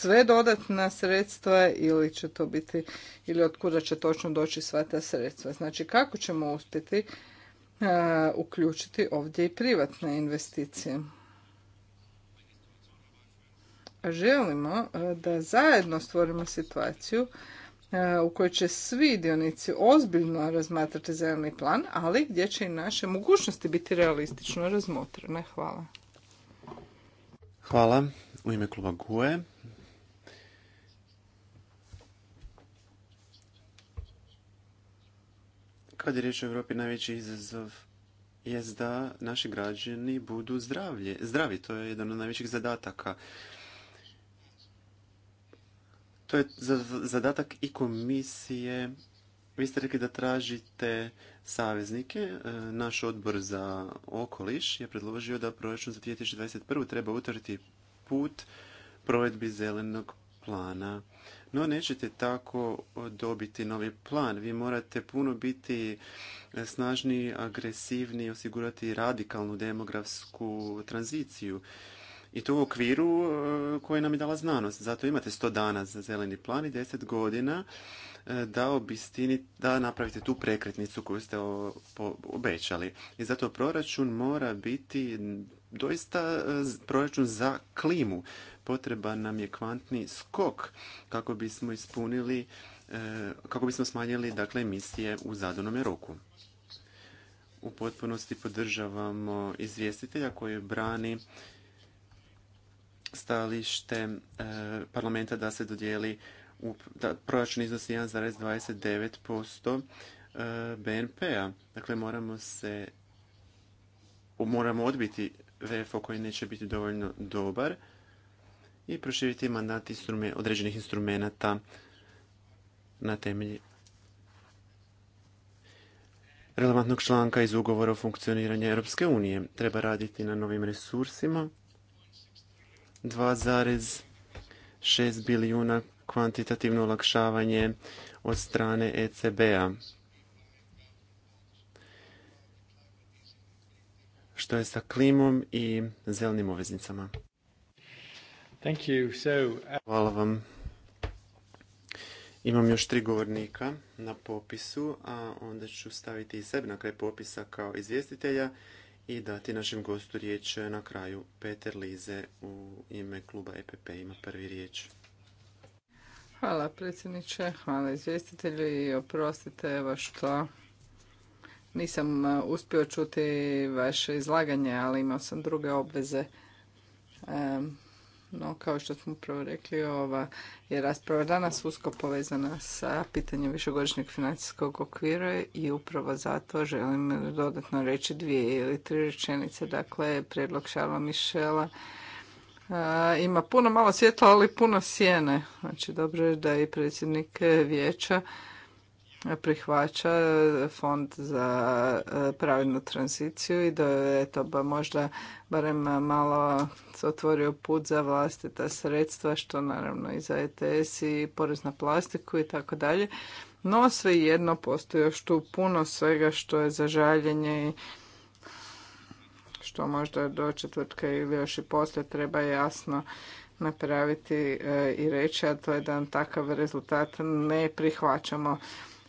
sve dodatna sredstva ili će to biti, ili od kuda će točno doći sva ta sredstva. Znači kako ćemo uspjeti e, uključiti ovdje i privatne investicije. Želimo e, da zajedno stvorimo situaciju e, u kojoj će svi dionici ozbiljno razmatrati zeleni plan, ali gdje će i naše mogućnosti biti realistično razmotrene. Hvala. Hvala. U ime kluba GUE, Kad je riječ o Europi, najveći izazov je da naši građani budu zdravlje. zdravi. To je jedan od najvećih zadataka. To je zadatak i komisije. Vi ste rekli da tražite saveznike. E, naš odbor za okoliš je predložio da proračun za 2021. treba utvrti put provedbi zelenog plana. No nećete tako dobiti novi plan. Vi morate puno biti snažni, agresivni, osigurati radikalnu demografsku tranziciju. I to u okviru e, koje nam je dala znanost. Zato imate 100 dana za zeleni plan i 10 godina e, da obistini, da napravite tu prekretnicu koju ste obećali. I zato proračun mora biti doista e, proračun za klimu potreban nam je kvantni skok kako bismo ispunili, e, kako bismo smanjili dakle, emisije u zadanome roku. U potpunosti podržavamo izvjestitelja koji brani stalište e, parlamenta da se dodijeli u, da proračun iznosi 1,29% e, BNP-a. Dakle, moramo se moramo odbiti VFO koji neće biti dovoljno dobar i proširiti mandat određenih instrumenata na temelji relevantnog članka iz ugovora o funkcioniranju Europske unije. Treba raditi na novim resursima. 2,6 bilijuna kvantitativno olakšavanje od strane ECB-a. Što je sa klimom i zelenim obveznicama? Uh, hvala vam. Imam još tri govornika na popisu, a onda ću staviti i sebe na kraj popisa kao izvjestitelja i dati našem gostu riječ na kraju. Peter Lize u ime kluba EPP ima prvi riječ. Hvala predsjedniče, hvala izvjestitelju i oprostite evo što nisam uh, uspio čuti vaše izlaganje, ali imao sam druge obveze. Um, no kao što smo upravo rekli, ova je rasprava danas usko povezana sa pitanjem višegodišnjeg financijskog okvira i upravo zato želim dodatno reći dvije ili tri rečenice. Dakle, prijedlog Šarla Mišela ima puno malo svjetla, ali puno sjene. Znači, dobro je da i predsjednik vijeća prihvaća fond za e, pravilnu tranziciju i da je to možda barem malo otvorio put za vlastita sredstva što naravno i za ETS i porez na plastiku i tako dalje. No svejedno postoji još tu puno svega što je za žaljenje i što možda do četvrtka ili još i poslije treba jasno napraviti e, i reći, a to je da takav rezultat ne prihvaćamo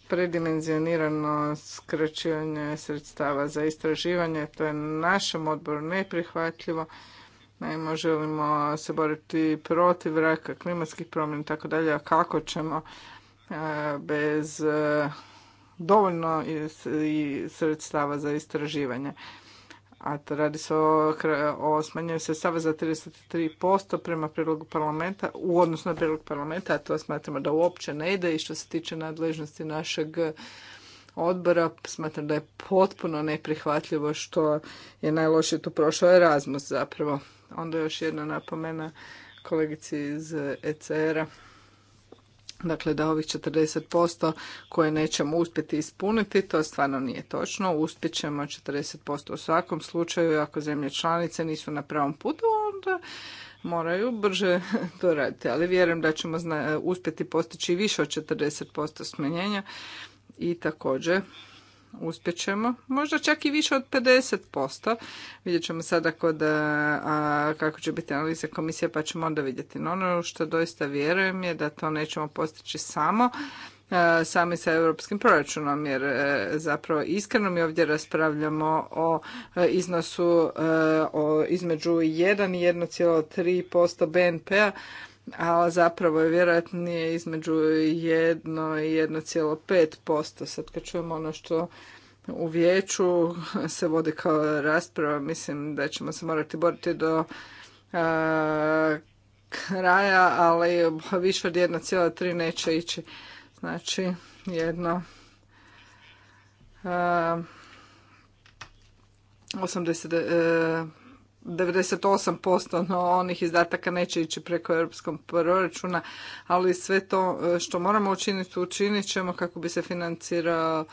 predimenzionirano skraćivanje sredstava za istraživanje. To je našem odboru neprihvatljivo. Naime, želimo se boriti protiv raka, klimatskih promjena i tako dalje. A kako ćemo e, bez e, dovoljno sredstava za istraživanje? a radi se o, o se sredstava za 33% prema prijedlogu parlamenta, u odnosu na prijedlog parlamenta, a to smatramo da uopće ne ide i što se tiče nadležnosti našeg odbora, smatram da je potpuno neprihvatljivo što je najlošije tu prošao Erasmus zapravo. Onda još jedna napomena kolegici iz ECR-a Dakle, da ovih 40% koje nećemo uspjeti ispuniti, to stvarno nije točno. Uspjet ćemo 40% u svakom slučaju. Ako zemlje članice nisu na pravom putu, onda moraju brže to raditi. Ali vjerujem da ćemo uspjeti postići više od 40% smanjenja i također uspjećemo, možda čak i više od 50%. Vidjet ćemo sada kod, kako će biti analiza komisije pa ćemo onda vidjeti. No ono što doista vjerujem je da to nećemo postići samo sami sa europskim proračunom jer e, zapravo iskreno mi ovdje raspravljamo o e, iznosu e, o, između 1 i 1,3% BNP-a a zapravo je vjerojatnije između 1 i 1,5%. Sad kad čujemo ono što u vijeću se vodi kao rasprava, mislim da ćemo se morati boriti do kraja, ali više od 1,3 neće ići. Znači, jedno a, 98% onih izdataka neće ići preko europskog proračuna, ali sve to e, što moramo učiniti, učinit ćemo kako bi se financirao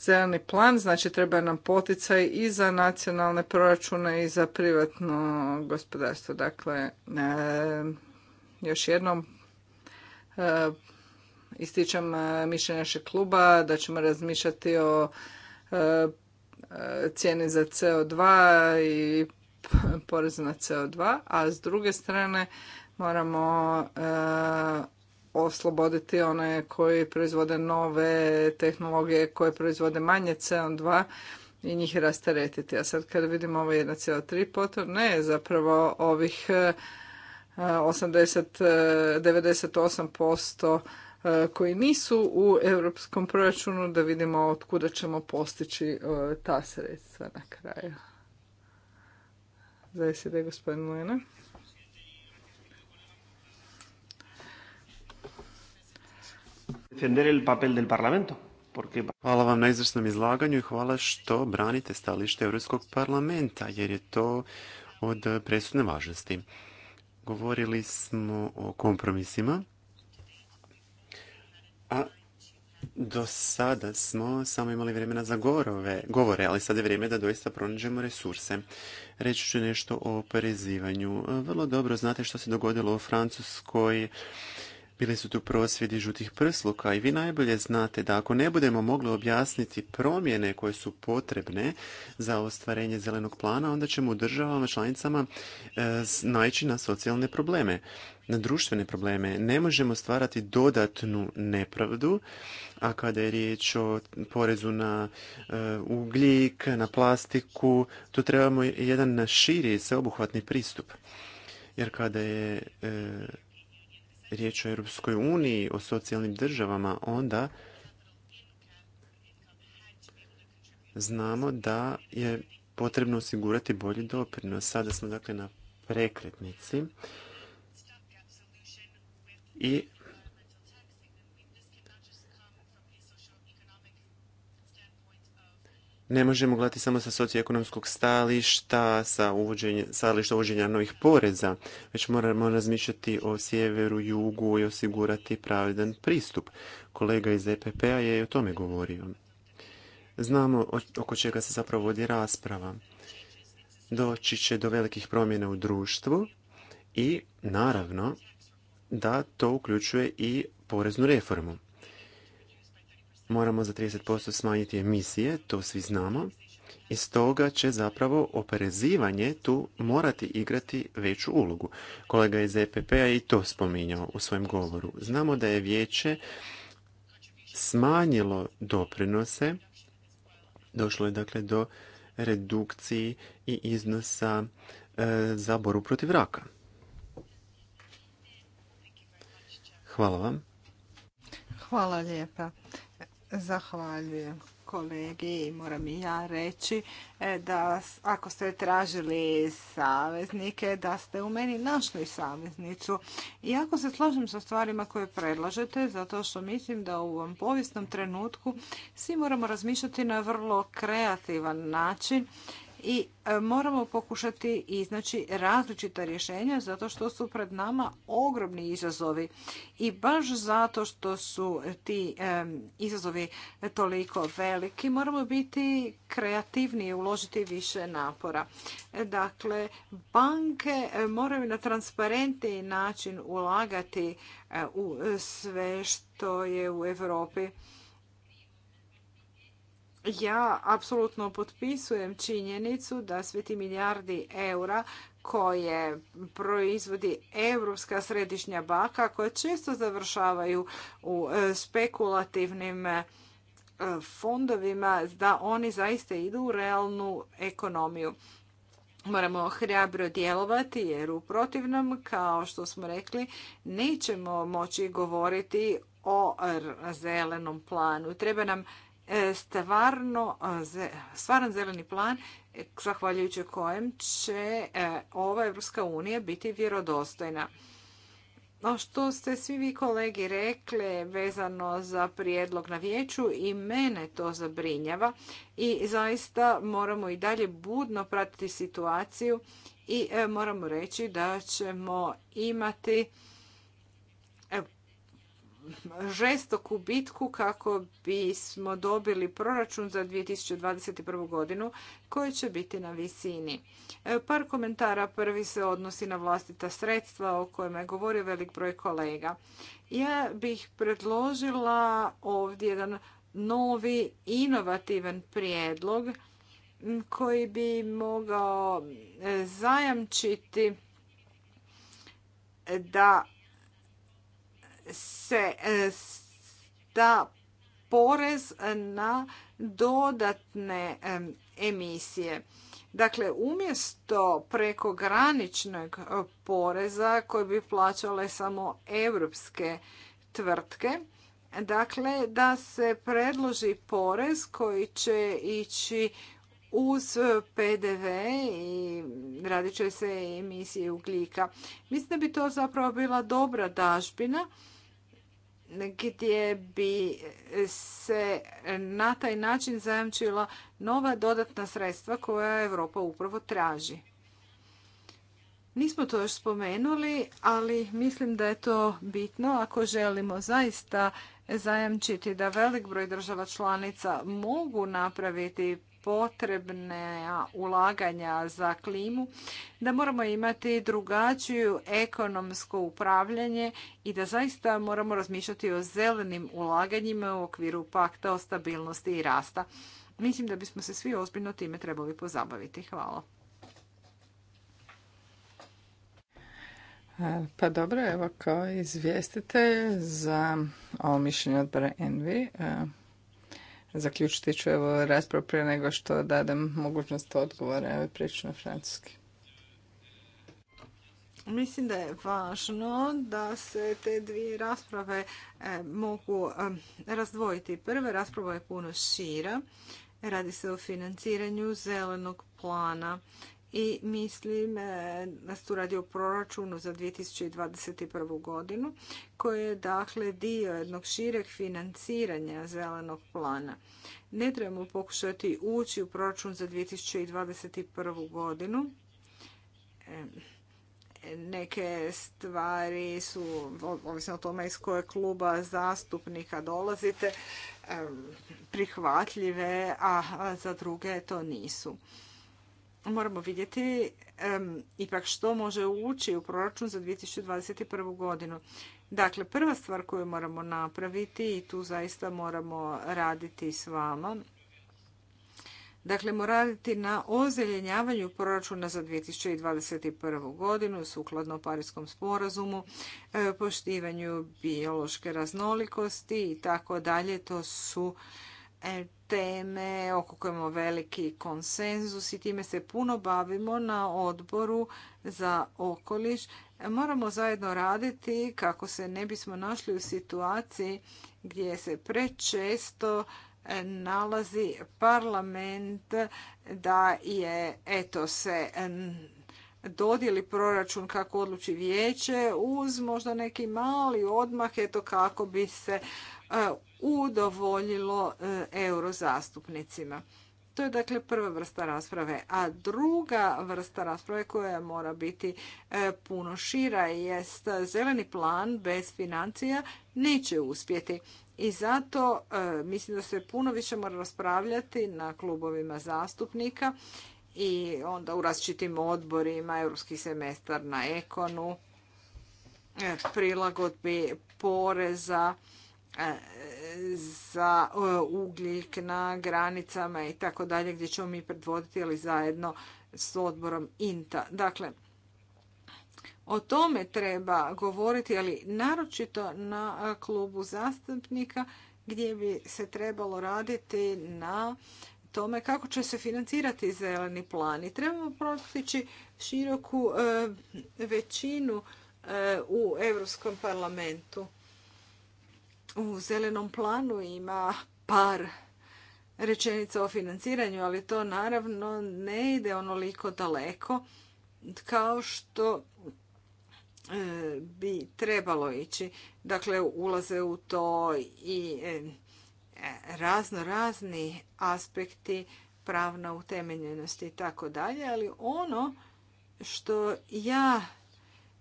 zeleni plan, znači treba nam poticaj i za nacionalne proračune i za privatno gospodarstvo. Dakle, e, još jednom e, ističem mišljenje našeg kluba da ćemo razmišljati o cijene za CO2 i porez na CO2, a s druge strane moramo e, osloboditi one koji proizvode nove tehnologije koje proizvode manje CO2 i njih rasteretiti. A sad kad vidimo ovo 1,3 potom, ne, zapravo ovih 80, e, 98% E, koji nisu u europskom proračunu da vidimo od kuda ćemo postići e, ta sredstva na kraju. se da je gospodin Lena. defender el papel del Parlamento. Pa- hvala vam na izvrsnom izlaganju i hvala što branite stalište Europskog parlamenta, jer je to od presudne važnosti. Govorili smo o kompromisima a do sada smo samo imali vremena za govore, ali sada je vrijeme da doista pronađemo resurse. Reći ću nešto o oporezivanju. Vrlo dobro znate što se dogodilo u Francuskoj bili su tu prosvjedi žutih prsluka i vi najbolje znate da ako ne budemo mogli objasniti promjene koje su potrebne za ostvarenje zelenog plana, onda ćemo u državama članicama e, naići na socijalne probleme, na društvene probleme. Ne možemo stvarati dodatnu nepravdu, a kada je riječ o porezu na e, ugljik, na plastiku, tu trebamo jedan širi, sveobuhvatni pristup. Jer kada je e, riječ o Europskoj uniji, o socijalnim državama, onda znamo da je potrebno osigurati bolji doprinos. Sada smo dakle na prekretnici i ne možemo gledati samo sa socioekonomskog stajališta, sa stališta stajališta uvođenja novih poreza, već moramo razmišljati o sjeveru, jugu i osigurati pravedan pristup. Kolega iz EPP-a je i o tome govorio. Znamo oko čega se zapravo vodi rasprava. Doći će do velikih promjena u društvu i naravno da to uključuje i poreznu reformu moramo za 30% smanjiti emisije, to svi znamo. I stoga će zapravo oporezivanje tu morati igrati veću ulogu. Kolega iz EPP-a je i to spominjao u svojem govoru. Znamo da je vijeće smanjilo doprinose, došlo je dakle do redukciji i iznosa e, za boru protiv raka. Hvala vam. Hvala lijepa. Zahvaljujem kolegi i moram i ja reći e, da ako ste tražili saveznike, da ste u meni našli saveznicu. Iako se slažem sa stvarima koje predlažete, zato što mislim da u ovom povijesnom trenutku svi moramo razmišljati na vrlo kreativan način i e, moramo pokušati iznaći različita rješenja zato što su pred nama ogromni izazovi i baš zato što su ti e, izazovi toliko veliki moramo biti kreativniji i uložiti više napora. E, dakle, banke moraju na transparentniji način ulagati u sve što je u Europi ja apsolutno potpisujem činjenicu da svi ti milijardi eura koje proizvodi Europska središnja banka koje često završavaju u e, spekulativnim e, fondovima da oni zaista idu u realnu ekonomiju. Moramo hrabro djelovati jer u protivnom, kao što smo rekli, nećemo moći govoriti o zelenom planu. Treba nam E, stvarno, e, stvaran zeleni plan e, zahvaljujući kojem će ova Europska unija biti vjerodostojna. No što ste svi vi kolegi rekli vezano za prijedlog na vijeću i mene to zabrinjava i zaista moramo i dalje budno pratiti situaciju i moramo reći da ćemo imati žestoku bitku kako bismo dobili proračun za 2021. godinu koji će biti na visini. E, par komentara prvi se odnosi na vlastita sredstva o kojima je govorio velik broj kolega. Ja bih predložila ovdje jedan novi inovativan prijedlog koji bi mogao e, zajamčiti da se da e, porez na dodatne e, emisije. Dakle, umjesto prekograničnog poreza koji bi plaćale samo europske tvrtke, dakle, da se predloži porez koji će ići uz PDV i radit će se emisije ugljika. Mislim da bi to zapravo bila dobra dažbina gdje bi se na taj način zajamčila nova dodatna sredstva koja Europa upravo traži. Nismo to još spomenuli, ali mislim da je to bitno ako želimo zaista zajamčiti da velik broj država članica mogu napraviti potrebne ulaganja za klimu, da moramo imati drugačiju ekonomsko upravljanje i da zaista moramo razmišljati o zelenim ulaganjima u okviru pakta o stabilnosti i rasta. Mislim da bismo se svi ozbiljno time trebali pozabaviti. Hvala. E, pa dobro, evo kao izvjestitelj za ovo mišljenje odbora Envi, zaključiti ću evo raspravu prije nego što dadem mogućnost odgovora. Evo priču na francuski. Mislim da je važno da se te dvije rasprave e, mogu e, razdvojiti. Prva rasprava je puno šira. Radi se o financiranju zelenog plana i mislim da se tu radi o proračunu za 2021. godinu koji je dakle dio jednog šireg financiranja zelenog plana. Ne trebamo pokušati ući u proračun za 2021. godinu. E, neke stvari su, ovisno o tome iz kojeg kluba zastupnika dolazite, e, prihvatljive, a za druge to nisu moramo vidjeti ipak što može ući u proračun za 2021. godinu. Dakle, prva stvar koju moramo napraviti i tu zaista moramo raditi s vama, Dakle, moramo raditi na ozeljenjavanju proračuna za 2021. godinu sukladno Parijskom sporazumu, e, poštivanju biološke raznolikosti i tako dalje. To su teme, oko imamo veliki konsenzus i time se puno bavimo na odboru za okoliš. Moramo zajedno raditi kako se ne bismo našli u situaciji gdje se prečesto nalazi parlament da je eto se dodijeli proračun kako odluči vijeće uz možda neki mali odmah eto kako bi se e, udovoljilo e, eurozastupnicima. To je dakle prva vrsta rasprave. A druga vrsta rasprave koja mora biti e, puno šira jest zeleni plan bez financija neće uspjeti. I zato mislim da se puno više mora raspravljati na klubovima zastupnika i onda u različitim odborima, europski semestar na ekonu, e, prilagodbi poreza e, za e, ugljik na granicama i tako dalje, gdje ćemo mi predvoditi ali zajedno s odborom INTA. Dakle, o tome treba govoriti, ali naročito na klubu zastupnika gdje bi se trebalo raditi na tome kako će se financirati zeleni plan i trebamo proći široku e, većinu e, u Europskom parlamentu. U zelenom planu ima par rečenica o financiranju, ali to naravno ne ide onoliko daleko kao što e, bi trebalo ići. Dakle, ulaze u to i razno razni aspekti pravna utemeljenosti i tako dalje, ali ono što ja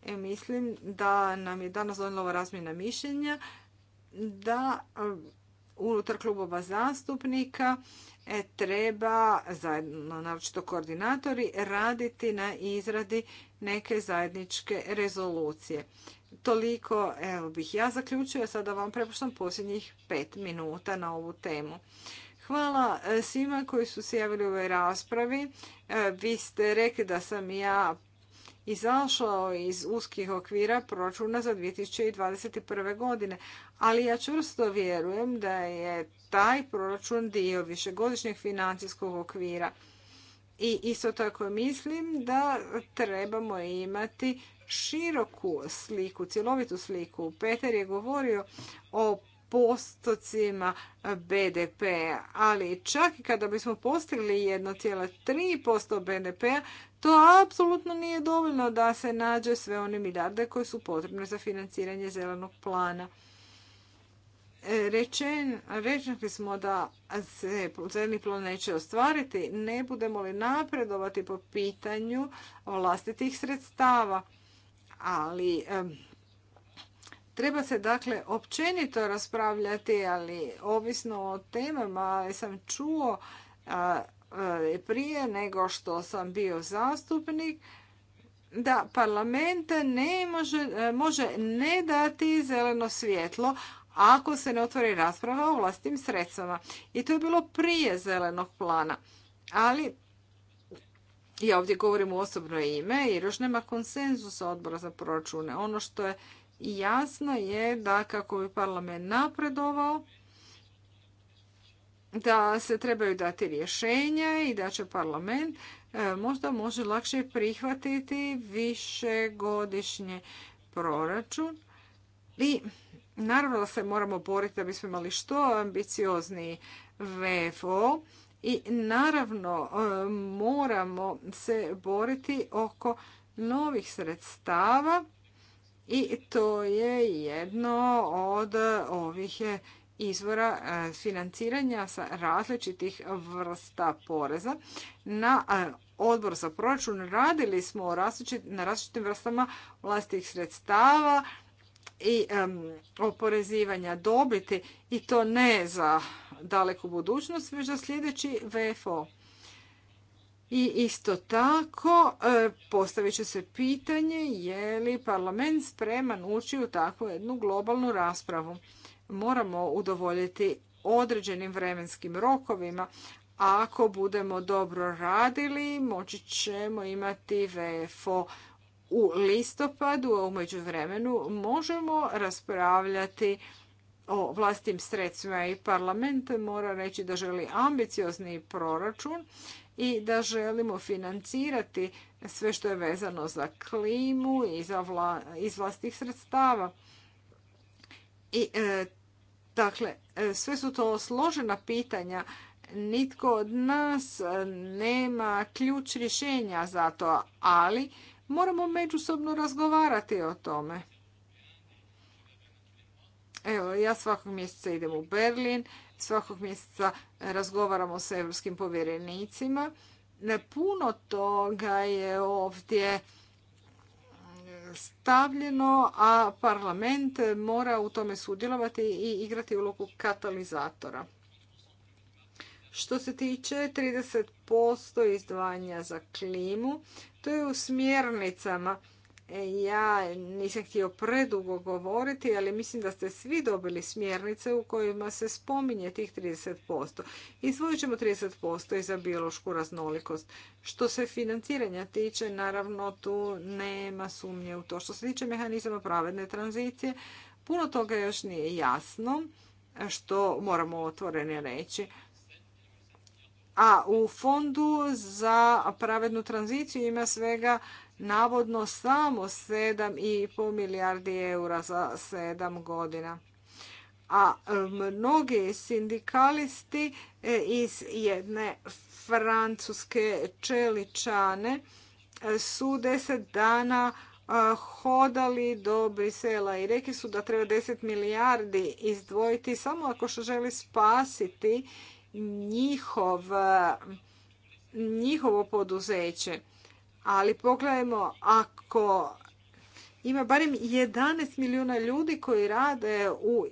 e, mislim da nam je danas donijela ova razmjena mišljenja da e, unutar klubova zastupnika e, treba zajedno, naročito koordinatori, raditi na izradi neke zajedničke rezolucije. Toliko evo, bih ja zaključio, sada vam prepuštam posljednjih pet minuta na ovu temu. Hvala e, svima koji su se javili u ovoj raspravi. E, vi ste rekli da sam ja izašao iz uskih okvira proračuna za 2021. godine, ali ja čvrsto vjerujem da je taj proračun dio višegodišnjeg financijskog okvira. I isto tako mislim da trebamo imati široku sliku, cjelovitu sliku. Peter je govorio o postocima BDP, p-a, ali čak i kada bismo postigli 1,3% BDP, p-a, to apsolutno nije dovoljno da se nađe sve one milijarde koje su potrebne za financiranje zelenog plana. E, rečen, rečeni smo da se zeleni plan neće ostvariti, ne budemo li napredovati po pitanju vlastitih sredstava ali treba se dakle općenito raspravljati, ali ovisno o temama sam čuo e, prije nego što sam bio zastupnik, da parlament ne može, e, može ne dati zeleno svjetlo ako se ne otvori rasprava o vlastim sredstvama. I to je bilo prije zelenog plana. Ali ja ovdje govorim u osobno ime jer još nema konsenzusa odbora za proračune. Ono što je jasno je da kako bi parlament napredovao, da se trebaju dati rješenja i da će parlament e, možda može lakše prihvatiti višegodišnji proračun. I naravno da se moramo boriti da bismo imali što ambiciozniji VFO i naravno e, moramo se boriti oko novih sredstava i to je jedno od ovih izvora e, financiranja sa različitih vrsta poreza. Na e, odbor za proračun radili smo na različitim vrstama vlastitih sredstava, i oporezivanja dobiti i to ne za daleku budućnost, već za sljedeći VFO. I isto tako e, postavit će se pitanje je li parlament spreman ući u takvu jednu globalnu raspravu. Moramo udovoljiti određenim vremenskim rokovima, ako budemo dobro radili, moći ćemo imati VFO u listopadu, a umeđu vremenu možemo raspravljati o vlastim sredstvima i parlament mora reći da želi ambiciozni proračun i da želimo financirati sve što je vezano za klimu i iz vlastih sredstava. I, e, dakle, e, sve su to složena pitanja. Nitko od nas e, nema ključ rješenja za to, ali Moramo međusobno razgovarati o tome. Evo, ja svakog mjeseca idem u Berlin, svakog mjeseca razgovaramo s evropskim povjerenicima. Puno toga je ovdje stavljeno, a parlament mora u tome sudjelovati i igrati ulogu katalizatora. Što se tiče 30% izdvajanja za klimu, to je u smjernicama. E, ja nisam htio predugo govoriti, ali mislim da ste svi dobili smjernice u kojima se spominje tih 30%. Izvojit ćemo 30% i za biološku raznolikost. Što se financiranja tiče, naravno tu nema sumnje u to. Što se tiče mehanizama pravedne tranzicije, puno toga još nije jasno, što moramo otvoreno reći a u fondu za pravednu tranziciju ima svega navodno samo 7,5 milijardi eura za 7 godina. A mnogi sindikalisti e, iz jedne francuske čeličane e, su deset dana e, hodali do Brisela i rekli su da treba 10 milijardi izdvojiti samo ako se želi spasiti njihov, njihovo poduzeće. Ali pogledajmo, ako ima barem 11 milijuna ljudi koji rade u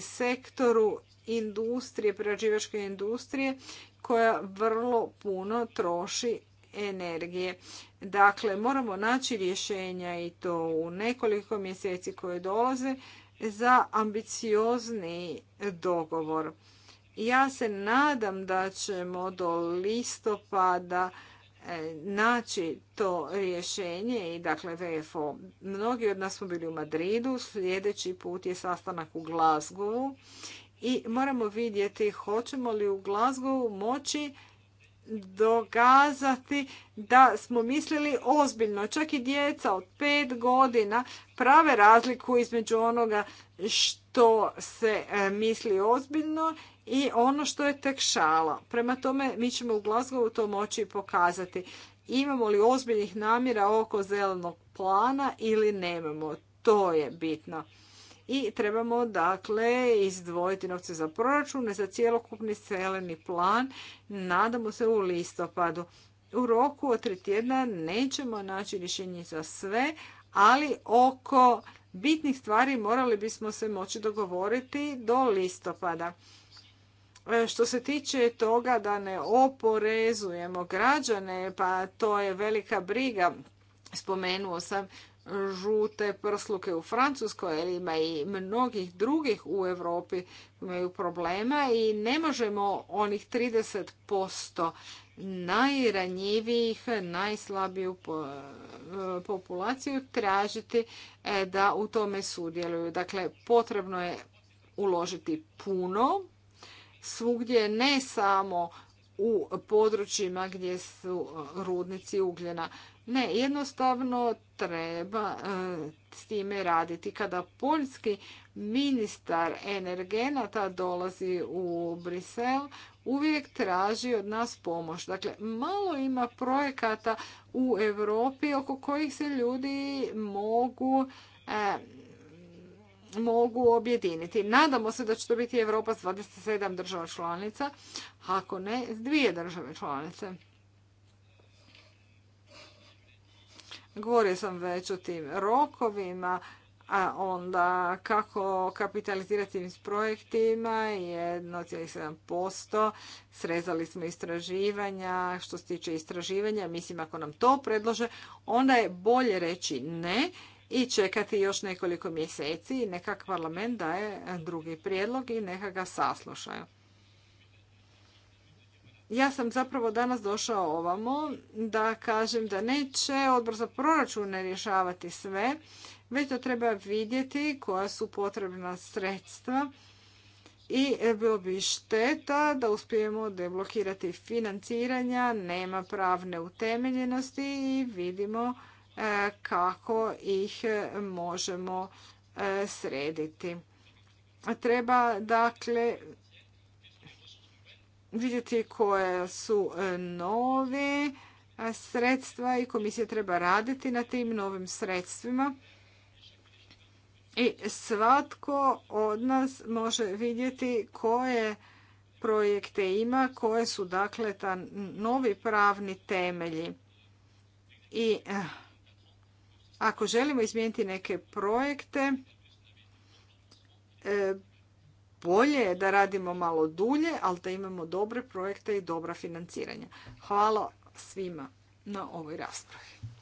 sektoru industrije, prerađivačke industrije, koja vrlo puno troši energije. Dakle, moramo naći rješenja i to u nekoliko mjeseci koje dolaze za ambiciozni dogovor. Ja se nadam da ćemo do listopada e, naći to rješenje i dakle VFO. Mnogi od nas smo bili u Madridu, sljedeći put je sastanak u Glasgowu. i moramo vidjeti hoćemo li u Glazgovu moći dokazati da smo mislili ozbiljno. Čak i djeca od pet godina prave razliku između onoga što se e, misli ozbiljno i ono što je tek šala. Prema tome, mi ćemo u Glasgowu to moći pokazati. Imamo li ozbiljnih namjera oko zelenog plana ili nemamo? To je bitno. I trebamo dakle izdvojiti novce za proračune, za cjelokupni zeleni plan. Nadamo se u listopadu. U roku od tri tjedna nećemo naći rješenje za sve, ali oko bitnih stvari morali bismo se moći dogovoriti do listopada. E, što se tiče toga da ne oporezujemo građane, pa to je velika briga. Spomenuo sam žute prsluke u Francuskoj, ali ima i mnogih drugih u Europi imaju problema i ne možemo onih 30% najranjivijih, najslabiju e, populaciju tražiti e, da u tome sudjeluju. Dakle, potrebno je uložiti puno svugdje, ne samo u područjima gdje su e, rudnici ugljena. Ne, jednostavno treba e, s time raditi. Kada poljski ministar energenata dolazi u Brisel, uvijek traži od nas pomoć. Dakle, malo ima projekata u Europi oko kojih se ljudi mogu e, mogu objediniti. Nadamo se da će to biti Europa s 27 država članica, ako ne s dvije države članice. Govorio sam već o tim rokovima, a onda kako kapitalizirati s projektima 1,7%. Srezali smo istraživanja. Što se tiče istraživanja, mislim ako nam to predlože, onda je bolje reći ne i čekati još nekoliko mjeseci i nekak parlament daje drugi prijedlog i neka ga saslušaju. Ja sam zapravo danas došao ovamo da kažem da neće odbor za proračune rješavati sve, već da treba vidjeti koja su potrebna sredstva i bilo bi šteta da uspijemo deblokirati financiranja, nema pravne utemeljenosti i vidimo E, kako ih možemo e, srediti. Treba dakle vidjeti koje su e, nove sredstva i komisija treba raditi na tim novim sredstvima. I svatko od nas može vidjeti koje projekte ima, koje su dakle ta novi pravni temelji. I eh, ako želimo izmijeniti neke projekte, e, bolje je da radimo malo dulje, ali da imamo dobre projekte i dobra financiranja. Hvala svima na ovoj raspravi.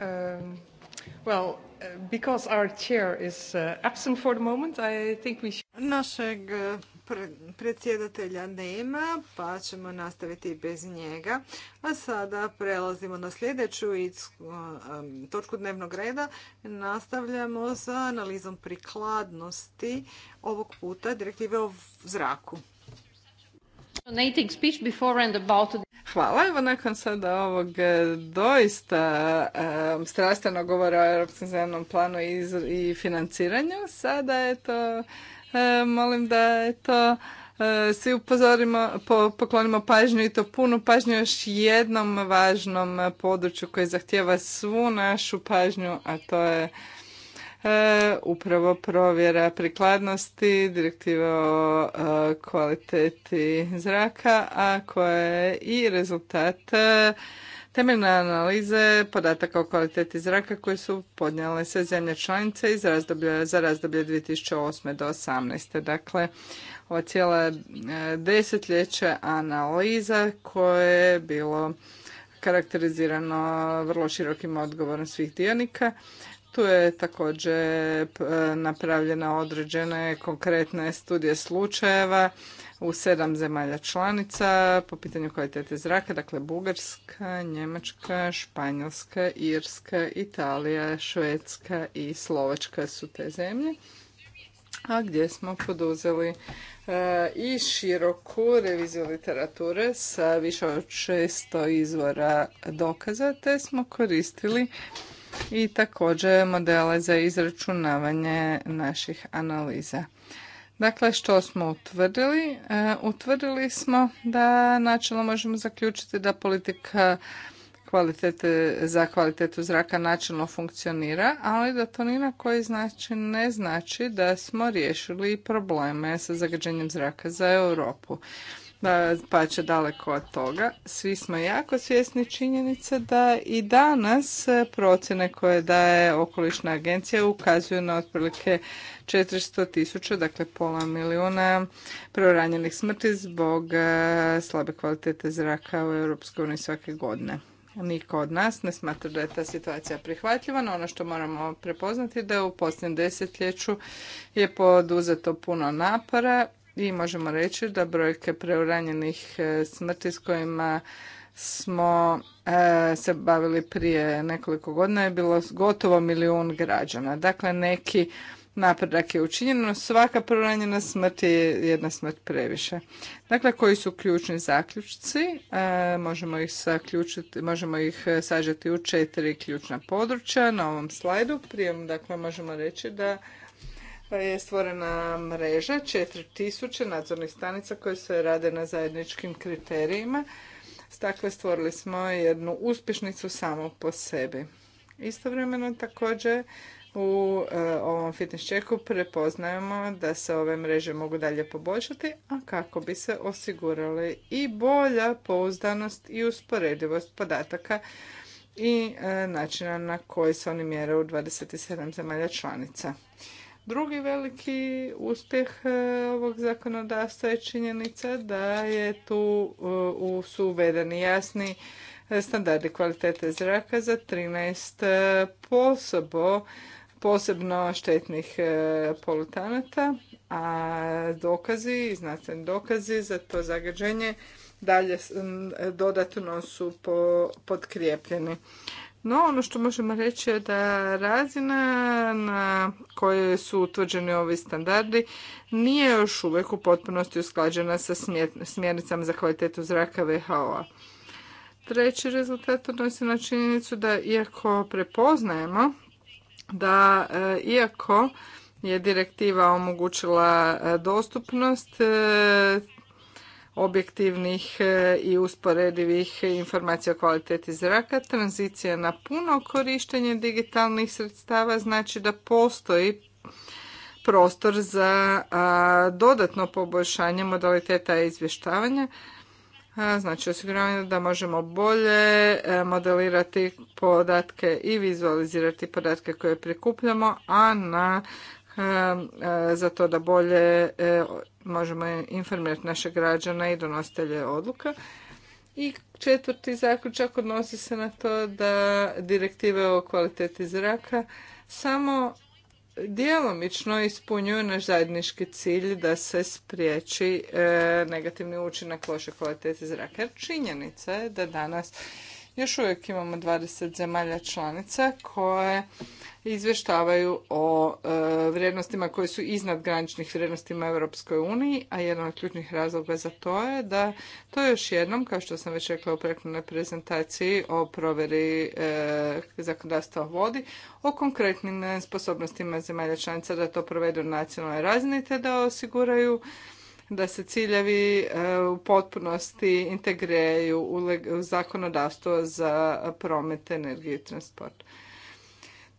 Um, well, uh, because our chair uh, I Našeg uh, predsjedatelja nema, pa ćemo nastaviti bez njega. A sada prelazimo na sljedeću um, točku dnevnog reda. Nastavljamo sa analizom prikladnosti ovog puta direktive o zraku. Hvala. Evo nakon sada ovog e, doista um, e, strastvenog govora o Europskom zemljom planu i, i financiranju, sada je to, e, molim da je to svi upozorimo, po, poklonimo pažnju i to punu pažnju još jednom važnom području koji zahtjeva svu našu pažnju, a to je E, upravo provjera prikladnosti, direktiva o e, kvaliteti zraka, a koja je i rezultat e, temeljne analize podataka o kvaliteti zraka koje su podnijele sve zemlje članice iz razdoblja, za razdoblje 2008. do 2018. Dakle, ova cijela desetljeća analiza koje je bilo karakterizirano vrlo širokim odgovorom svih dionika tu je također napravljena određene konkretne studije slučajeva u sedam zemalja članica po pitanju kvalitete zraka, dakle Bugarska, Njemačka, Španjolska, Irska, Italija, Švedska i Slovačka su te zemlje a gdje smo poduzeli e, i široku reviziju literature sa više od 600 izvora dokaza, te smo koristili i također modele za izračunavanje naših analiza. Dakle, što smo utvrdili? E, utvrdili smo da načelno možemo zaključiti da politika kvalitete, za kvalitetu zraka načelno funkcionira, ali da to ni na koji znači ne znači da smo riješili probleme sa zagađenjem zraka za Europu pa daleko od toga. Svi smo jako svjesni činjenice da i danas e, procjene koje daje okolišna agencija ukazuju na otprilike 400 tisuća, dakle pola milijuna proranjenih smrti zbog e, slabe kvalitete zraka u EU svake godine. Niko od nas ne smatra da je ta situacija prihvatljiva, no ono što moramo prepoznati da u posljednjem desetljeću je poduzeto puno napora i možemo reći da brojke preuranjenih e, smrti s kojima smo e, se bavili prije nekoliko godina je bilo gotovo milijun građana. Dakle, neki napredak je učinjen, no svaka proranjena smrt je jedna smrt previše. Dakle, koji su ključni zaključci? E, možemo ih, saključiti, možemo ih sažeti u četiri ključna područja na ovom slajdu. Prije, dakle, možemo reći da pa je stvorena mreža 4000 nadzornih stanica koje se rade na zajedničkim kriterijima. Stakle stvorili smo jednu uspješnicu samo po sebi. Istovremeno također u eh, ovom fitness checku prepoznajemo da se ove mreže mogu dalje poboljšati, a kako bi se osigurali i bolja pouzdanost i usporedivost podataka i eh, načina na koji se oni mjere u 27 zemalja članica. Drugi veliki uspjeh e, ovog zakonodavstva je činjenica da je tu e, su uvedeni jasni e, standardi kvalitete zraka za 13 posobo, posebno štetnih polutanata, a dokazi, znanstveni dokazi za to zagađenje dalje dodatno su podkrijepljeni. No, ono što možemo reći je da razina na kojoj su utvrđeni ovi standardi nije još uvijek u potpunosti usklađena sa smjernicama za kvalitetu zraka WHO-a. Treći rezultat odnosi na činjenicu da iako prepoznajemo da e, iako je direktiva omogućila e, dostupnost e, objektivnih eh, i usporedivih informacija o kvaliteti zraka. Tranzicija na puno korištenje digitalnih sredstava znači da postoji prostor za dodatno poboljšanje modaliteta izvještavanja znači osiguravanje da možemo bolje eh, modelirati podatke i vizualizirati podatke koje prikupljamo, a na eh, za to da bolje možemo informirati naše građana i donostelje odluka. I četvrti zaključak odnosi se na to da direktive o kvaliteti zraka samo djelomično ispunjuju naš zajednički cilj da se spriječi e, negativni učinak loše kvalitete zraka. Jer činjenica je da danas još uvijek imamo 20 zemalja članica koje izvještavaju o e, vrijednostima koje su iznad graničnih vrijednostima Europskoj uniji, a jedan od ključnih razloga za to je da to još jednom, kao što sam već rekla u prethodnoj prezentaciji o proveri e, zakonodavstva o vodi, o konkretnim sposobnostima zemalja članica da to provedu na nacionalnoj razini te da osiguraju da se ciljevi e, u potpunosti integriraju u zakonodavstvo za promet, energije i transport.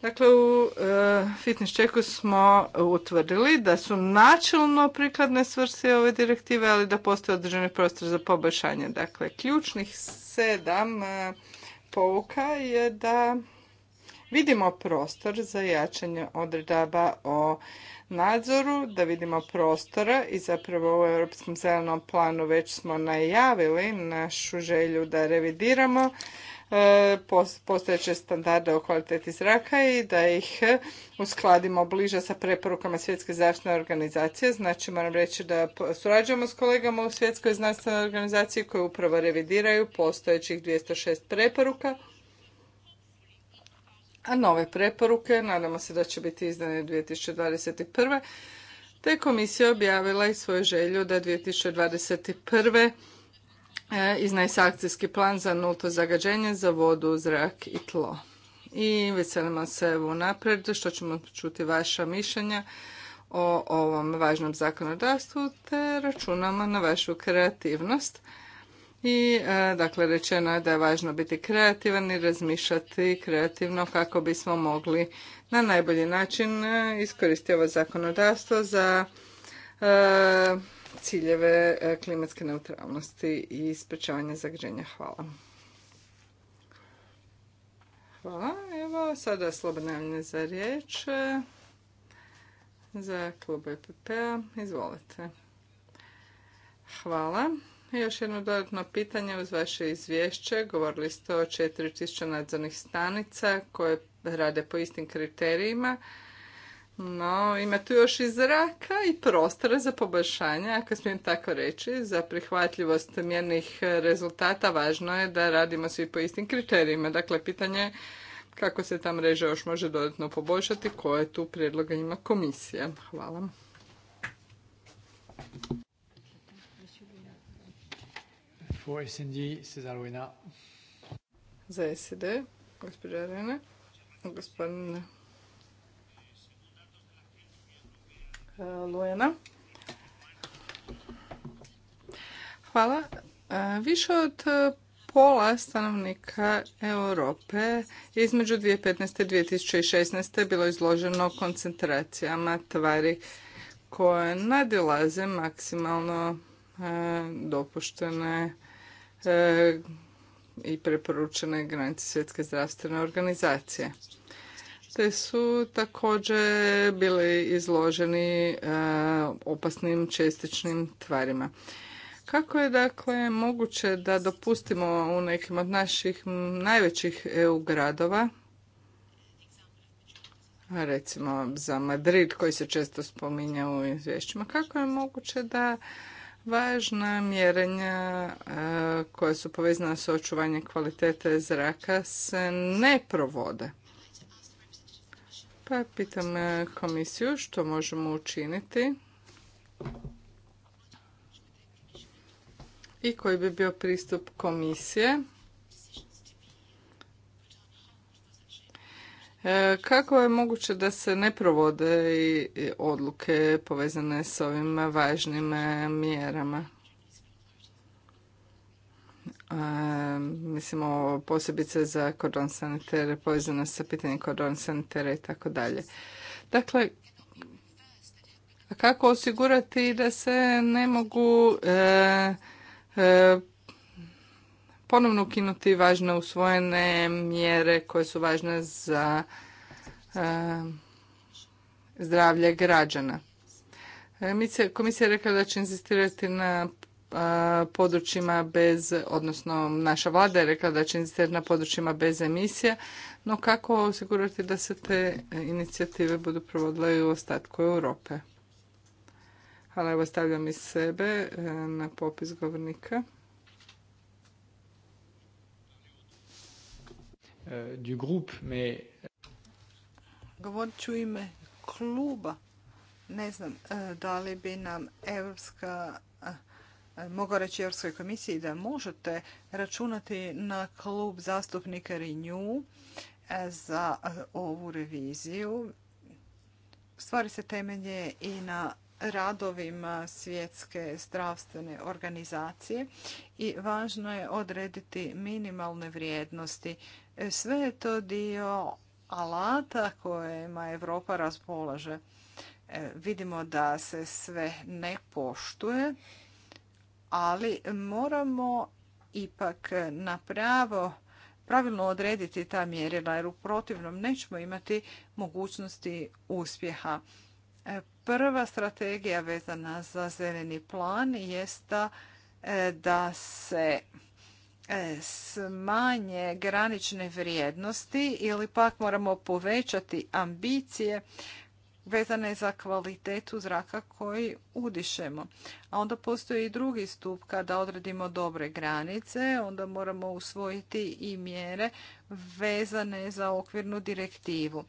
Dakle, u e, fitness checku smo utvrdili da su načelno prikladne svrsi ove direktive, ali da postoji određeni prostor za poboljšanje. Dakle, ključnih sedam e, pouka je da vidimo prostor za jačanje odredaba o nadzoru, da vidimo prostora i zapravo u Europskom zelenom planu već smo najavili našu želju da revidiramo E, postojeće standarde o kvaliteti zraka i da ih uskladimo bliže sa preporukama Svjetske zdravstvene organizacije. Znači moram reći da surađujemo s kolegama u Svjetskoj znanstvenoj organizaciji koje upravo revidiraju postojećih 206 preporuka. A nove preporuke, nadamo se da će biti izdane 2021. Te komisija objavila i svoju želju da 2021 E, iznese akcijski plan za nulto zagađenje za vodu, zrak i tlo. I veselimo se evo napred što ćemo čuti vaša mišljenja o ovom važnom zakonodavstvu te računamo na vašu kreativnost. I e, dakle rečeno je da je važno biti kreativan i razmišljati kreativno kako bismo mogli na najbolji način e, iskoristiti ovo zakonodavstvo za ciljeve e, klimatske neutralnosti i sprečavanja zagađenja. Hvala. Hvala. Evo, sada je za riječ e, za klub EPP-a. Izvolite. Hvala. Još jedno dodatno pitanje uz vaše izvješće. Govorili ste o 4000 nadzornih stanica koje rade po istim kriterijima. No, ima tu još i zraka i prostora za poboljšanje, ako smijem tako reći. Za prihvatljivost mjernih rezultata važno je da radimo svi po istim kriterijima. Dakle, pitanje je kako se ta mreža još može dodatno poboljšati, koje tu prijedloga ima komisija. Hvala. Za SED, gospođa Arena, gospodine Hvala. E, više od e, pola stanovnika Europe između 2015. i 2016. bilo izloženo koncentracijama tvari koje nadilaze maksimalno e, dopuštene i preporučene granice Svjetske zdravstvene organizacije te su također bili izloženi e, opasnim čestičnim tvarima. Kako je dakle moguće da dopustimo u nekim od naših najvećih EU gradova, recimo za Madrid koji se često spominja u izvješćima, kako je moguće da važna mjerenja e, koja su povezana sa očuvanjem kvalitete zraka se ne provode? Pa pitam e, komisiju što možemo učiniti i koji bi bio pristup komisije. E, kako je moguće da se ne provode i odluke povezane s ovim važnim e, mjerama? mislimo posebice za kordon sanitere, povezano sa pitanjem kordon sanitera i tako dalje. Dakle, kako osigurati da se ne mogu e, e, ponovno ukinuti važne usvojene mjere koje su važne za e, zdravlje građana. E, komisija je rekla da će insistirati na područjima bez, odnosno naša vlada je rekla da će inzistirati na područjima bez emisija, no kako osigurati da se te inicijative budu provodile i u ostatku Europe? Hvala, evo stavljam iz sebe e, na popis govornika. E, du Govorit ću ime kluba. Ne znam e, da li bi nam Europska E, mogu reći Europskoj komisiji da možete računati na klub zastupnika Renew e, za e, ovu reviziju. Stvari se temelje i na radovima svjetske zdravstvene organizacije i važno je odrediti minimalne vrijednosti. Sve je to dio alata kojima Europa raspolaže. Vidimo da se sve ne poštuje ali moramo ipak napravo pravilno odrediti ta mjerila jer u protivnom nećemo imati mogućnosti uspjeha. E, prva strategija vezana za zeleni plan jesta e, da se e, smanje granične vrijednosti ili pak moramo povećati ambicije vezane za kvalitetu zraka koji udišemo. A onda postoji i drugi stup kada odredimo dobre granice, onda moramo usvojiti i mjere vezane za okvirnu direktivu.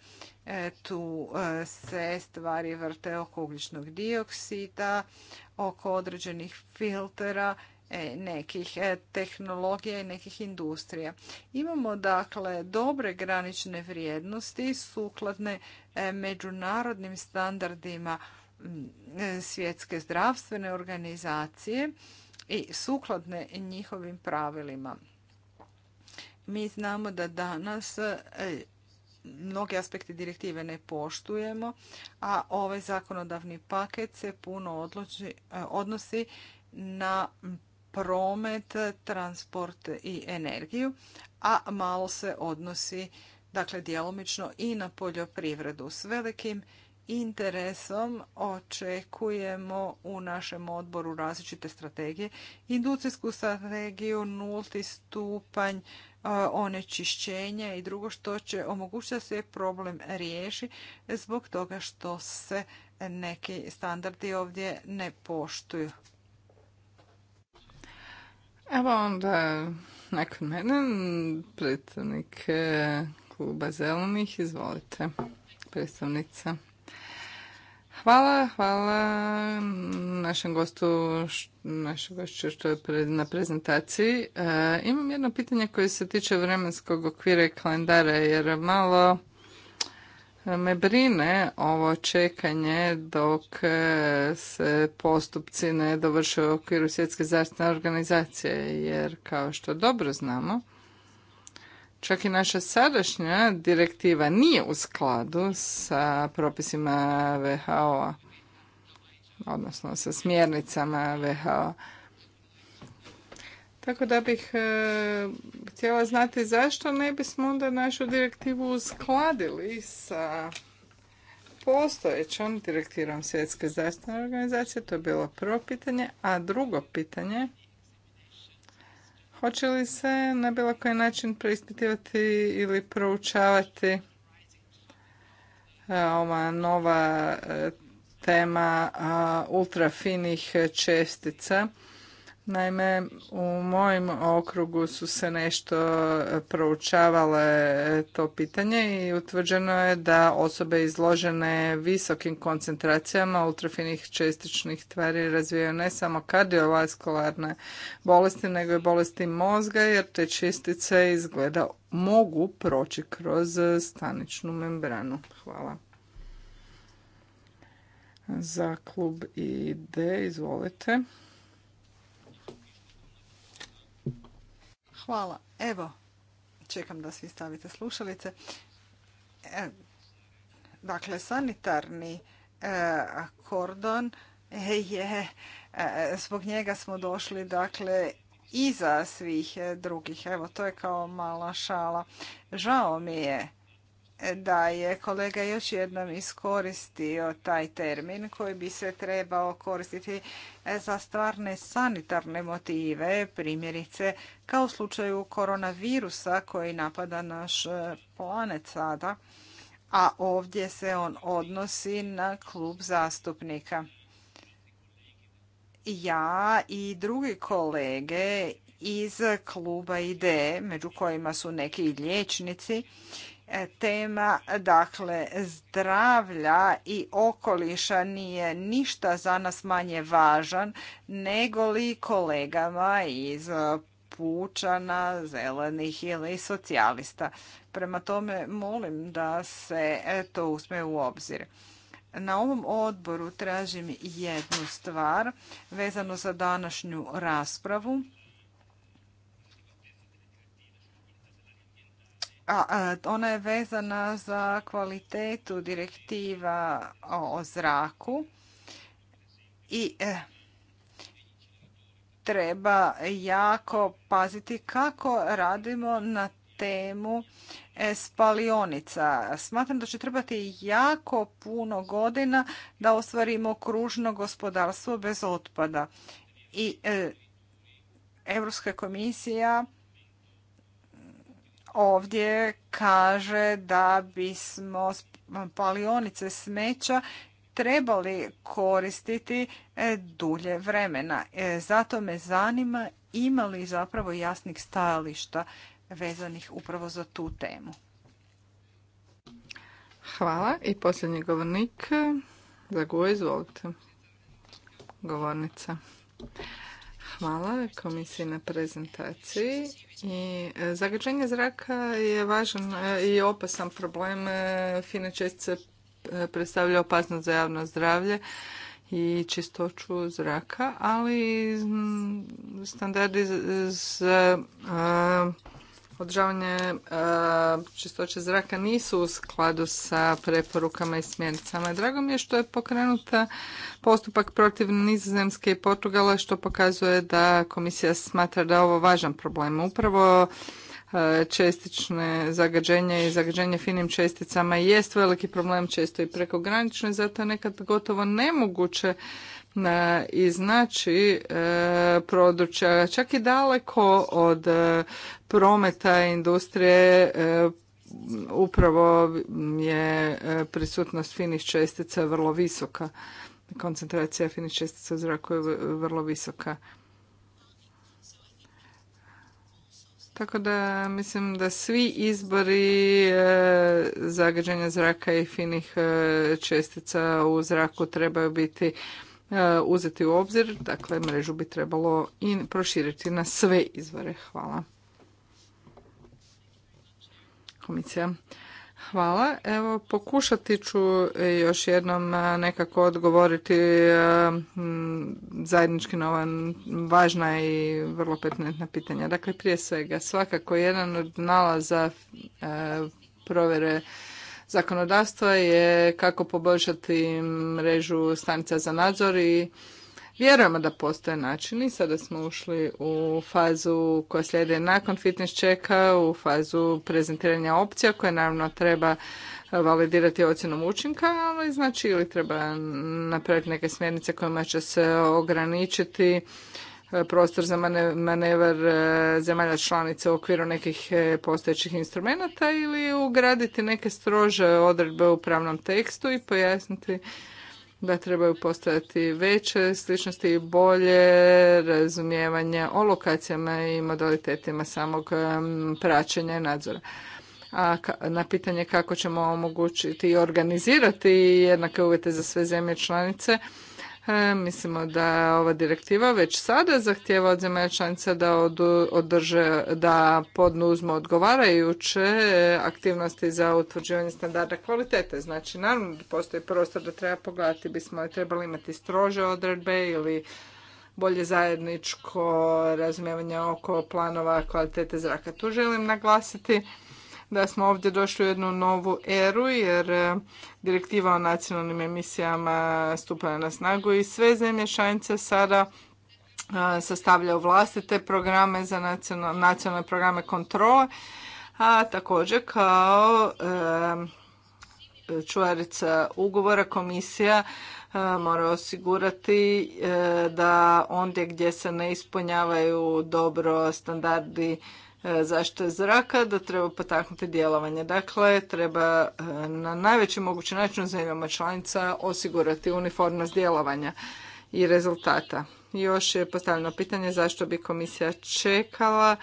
E, tu e, se stvari vrte oko ugljičnog dioksida, oko određenih filtera E, nekih e, tehnologija i nekih industrija. Imamo dakle dobre granične vrijednosti sukladne e, međunarodnim standardima svjetske zdravstvene organizacije i sukladne njihovim pravilima. Mi znamo da danas mnogi aspekti direktive ne poštujemo, a ovaj zakonodavni paket se puno odnosi na promet, transport i energiju, a malo se odnosi dakle djelomično i na poljoprivredu. S velikim interesom očekujemo u našem odboru različite strategije. Industrijsku strategiju, nulti stupanj e, onečišćenja i drugo što će omogućiti da se problem riješi zbog toga što se neki standardi ovdje ne poštuju. Evo onda nakon mene predstavnik e, kluba zelenih, izvolite predstavnica. Hvala, hvala našem gostu, našem gošću što je na prezentaciji. E, imam jedno pitanje koje se tiče vremenskog okvira i kalendara, jer malo me brine ovo čekanje dok e, se postupci ne dovrše u okviru svjetske zdravstvene organizacije, jer kao što dobro znamo, čak i naša sadašnja direktiva nije u skladu sa propisima WHO-a, odnosno sa smjernicama WHO-a. Tako da bih e, htjela znati zašto ne bismo onda našu direktivu uskladili sa postojećom direktivom Svjetske zdravstvene organizacije, to je bilo prvo pitanje, a drugo pitanje, hoće li se na bilo koji način preispitivati ili proučavati e, ova nova e, tema ultrafinih čestica, Naime, u mojem okrugu su se nešto proučavale e, to pitanje i utvrđeno je da osobe izložene visokim koncentracijama ultrafinih čestičnih tvari razvijaju ne samo kardiovaskularne bolesti, nego i bolesti mozga, jer te čestice izgleda mogu proći kroz staničnu membranu. Hvala. Za klub ID, izvolite. Hvala. Evo, čekam da svi stavite slušalice. E, dakle, sanitarni e, kordon e, je, zbog njega smo došli, dakle, iza svih drugih. Evo, to je kao mala šala. Žao mi je da je kolega još jednom iskoristio taj termin koji bi se trebao koristiti e, za stvarne sanitarne motive, primjerice kao u slučaju koronavirusa koji napada naš e, planet sada, a ovdje se on odnosi na klub zastupnika. Ja i drugi kolege iz kluba IDE, među kojima su neki liječnici, tema dakle zdravlja i okoliša nije ništa za nas manje važan nego li kolegama iz pučana, zelenih ili socijalista. Prema tome molim da se to uzme u obzir. Na ovom odboru tražim jednu stvar vezano za današnju raspravu a ona je vezana za kvalitetu direktiva o zraku i e, treba jako paziti kako radimo na temu e, spalionica. Smatram da će trebati jako puno godina da ostvarimo kružno gospodarstvo bez otpada. I e, Europska komisija ovdje kaže da bismo palionice smeća trebali koristiti e, dulje vremena. E, zato me zanima ima li zapravo jasnih stajališta vezanih upravo za tu temu. Hvala. I posljednji govornik, Zago, izvolite. Govornica. Hvala komisiji na prezentaciji i e, zagađenje zraka je važan e, i opasan problem. E, fine čestice predstavlja opasnost za javno zdravlje i čistoću zraka, ali standardi za održavanje e, čistoće zraka nisu u skladu sa preporukama i smjernicama. Drago mi je što je pokrenuta postupak protiv Nizozemske i Portugala što pokazuje da komisija smatra da je ovo važan problem. Upravo e, čestične zagađenje i zagađenje finim česticama jest veliki problem, često i prekogranično i zato je nekad gotovo nemoguće na znači, e, područja čak i daleko od e, prometa industrije e, upravo je e, prisutnost finih čestica vrlo visoka. Koncentracija finih čestica u zraku je vrlo visoka. Tako da mislim da svi izbori zagađenja zraka i finih čestica u zraku trebaju biti E, uzeti u obzir. Dakle, mrežu bi trebalo i proširiti na sve izvore. Hvala. Komisija. Hvala. Evo, pokušati ću još jednom e, nekako odgovoriti e, zajednički na ova važna i vrlo petnetna pitanja. Dakle, prije svega, svakako jedan od nalaza provere zakonodavstva je kako poboljšati mrežu stanica za nadzor i vjerujemo da postoje načini. Sada smo ušli u fazu koja slijede nakon fitness checka, u fazu prezentiranja opcija koje naravno treba validirati ocjenom učinka, ali znači ili treba napraviti neke smjernice kojima će se ograničiti E, prostor za manevar e, zemalja članica u okviru nekih e, postojećih instrumenata ili ugraditi neke strože odredbe u pravnom tekstu i pojasniti da trebaju postojati veće sličnosti i bolje razumijevanje o lokacijama i modalitetima samog praćenja i nadzora. A na pitanje kako ćemo omogućiti i organizirati jednake uvjete za sve zemlje članice, E, mislimo da ova direktiva već sada zahtjeva od zemalja članica da održe, da podnuzmo odgovarajuće aktivnosti za utvrđivanje standarda kvalitete. Znači, naravno da postoji prostor da treba pogledati, bismo trebali imati strože odredbe ili bolje zajedničko razumijevanje oko planova kvalitete zraka. Tu želim naglasiti da smo ovdje došli u jednu novu eru jer e, direktiva o nacionalnim emisijama stupala na snagu i sve zemlje članice sada e, sastavljaju vlastite programe za nacionalne, programe kontrole, a također kao e, čuvarica ugovora komisija mora osigurati da ondje gdje se ne ispunjavaju dobro standardi E, zaštite zraka, da treba potaknuti djelovanje. Dakle, treba e, na najveći mogući način u zemljama članica osigurati uniformnost djelovanja i rezultata. Još je postavljeno pitanje zašto bi komisija čekala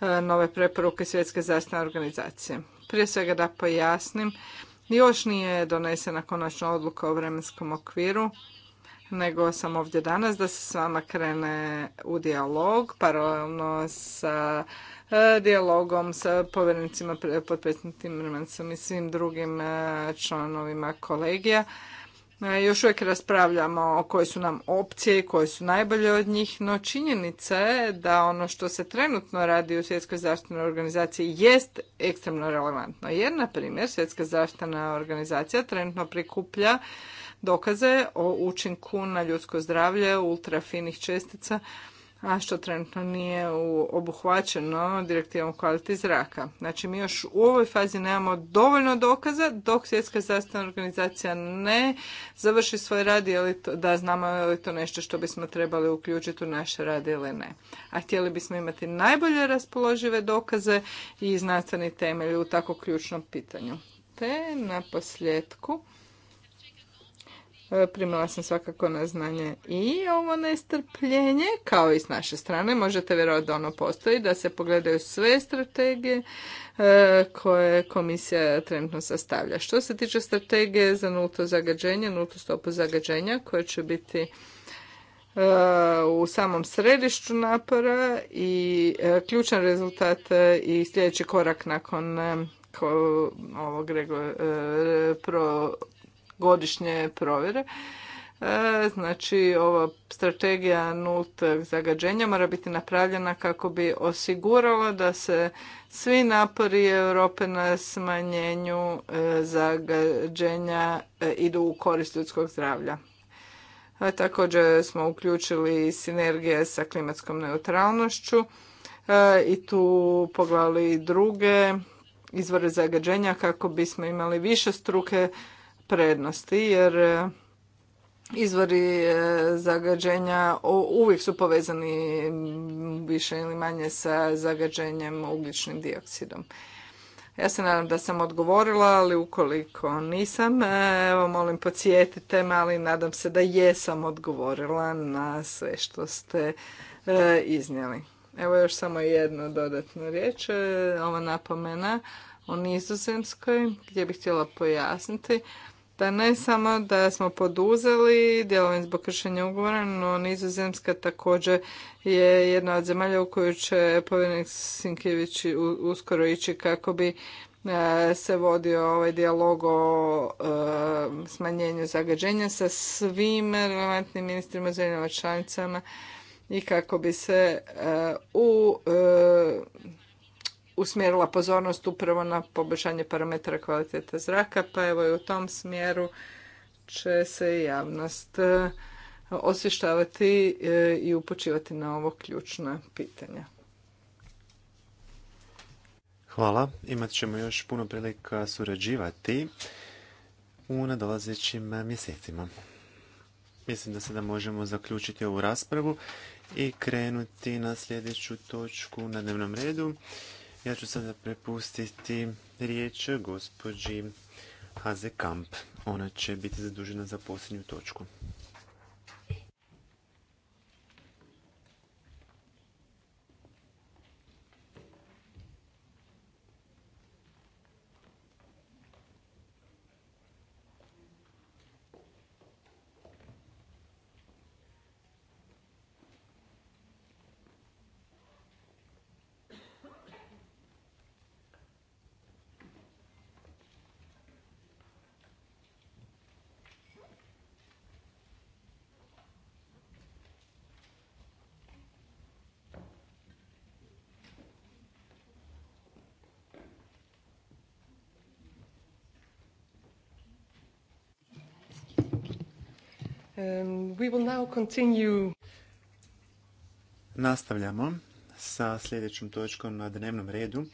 e, nove preporuke Svjetske zdravstvene organizacije. Prije svega da pojasnim, još nije donesena konačna odluka o vremenskom okviru, nego sam ovdje danas da se s vama krene u dijalog paralelno sa E, dijalogom sa povjerenicima, potpredsjednicim Timmermansom i svim drugim e, članovima kolegija. E, još uvijek raspravljamo koje su nam opcije i koje su najbolje od njih, no činjenica je da ono što se trenutno radi u Svjetskoj zaštitnoj organizaciji jest ekstremno relevantno. Jer, na primjer, Svjetska zdravstvena organizacija trenutno prikuplja dokaze o učinku na ljudsko zdravlje ultrafinih čestica a što trenutno nije obuhvaćeno direktivom kvaliti zraka. Znači mi još u ovoj fazi nemamo dovoljno dokaza dok svjetska zdravstvena organizacija ne završi svoj rad da znamo je li to nešto što bismo trebali uključiti u naše rad ili ne. A htjeli bismo imati najbolje raspoložive dokaze i znanstveni temelj u tako ključnom pitanju. Te na posljedku E, primila sam svakako na znanje i ovo nestrpljenje, kao i s naše strane. Možete vjerovati da ono postoji, da se pogledaju sve strategije e, koje komisija trenutno sastavlja. Što se tiče strategije za nulto zagađenje, nultu stopu zagađenja, koje će biti e, u samom središtu napora i ključan rezultat i sljedeći korak nakon ovog pro, godišnje provjere. E, znači, ova strategija nultog zagađenja mora biti napravljena kako bi osigurala da se svi napori Europe na smanjenju e, zagađenja e, idu u korist ljudskog zdravlja. Također smo uključili sinergije sa klimatskom neutralnošću i tu pogledali druge izvore zagađenja kako bismo imali više struke prednosti jer e, izvori e, zagađenja uvijek su povezani više ili manje sa zagađenjem ugljičnim dioksidom. Ja se nadam da sam odgovorila, ali ukoliko nisam, e, evo molim podsjetite me, ali nadam se da jesam odgovorila na sve što ste iznijeli. Evo još samo jedna dodatna riječ, ova napomena o nizozemskoj gdje bih htjela pojasniti da ne samo da smo poduzeli djelovanje zbog kršenja ugovora, no Nizozemska također je jedna od zemalja u kojoj će povjerenik Sinkjević uskoro ići kako bi e, se vodio ovaj dijalog o e, smanjenju zagađenja sa svim relevantnim ministrima zemljama članicama i kako bi se e, u usmjerila pozornost upravo na poboljšanje parametra kvalitete zraka, pa evo i u tom smjeru će se javnost e, osvještavati e, i upočivati na ovo ključna pitanja. Hvala. Imat ćemo još puno prilika surađivati u nadolazećim mjesecima. Mislim da sada možemo zaključiti ovu raspravu i krenuti na sljedeću točku na dnevnom redu. Ja ću sada prepustiti riječ gospođi Hazekamp. Ona će biti zadužena za posljednju točku. We will now continue. Nastavljamo sa sljedećom točkom na dnevnom redu.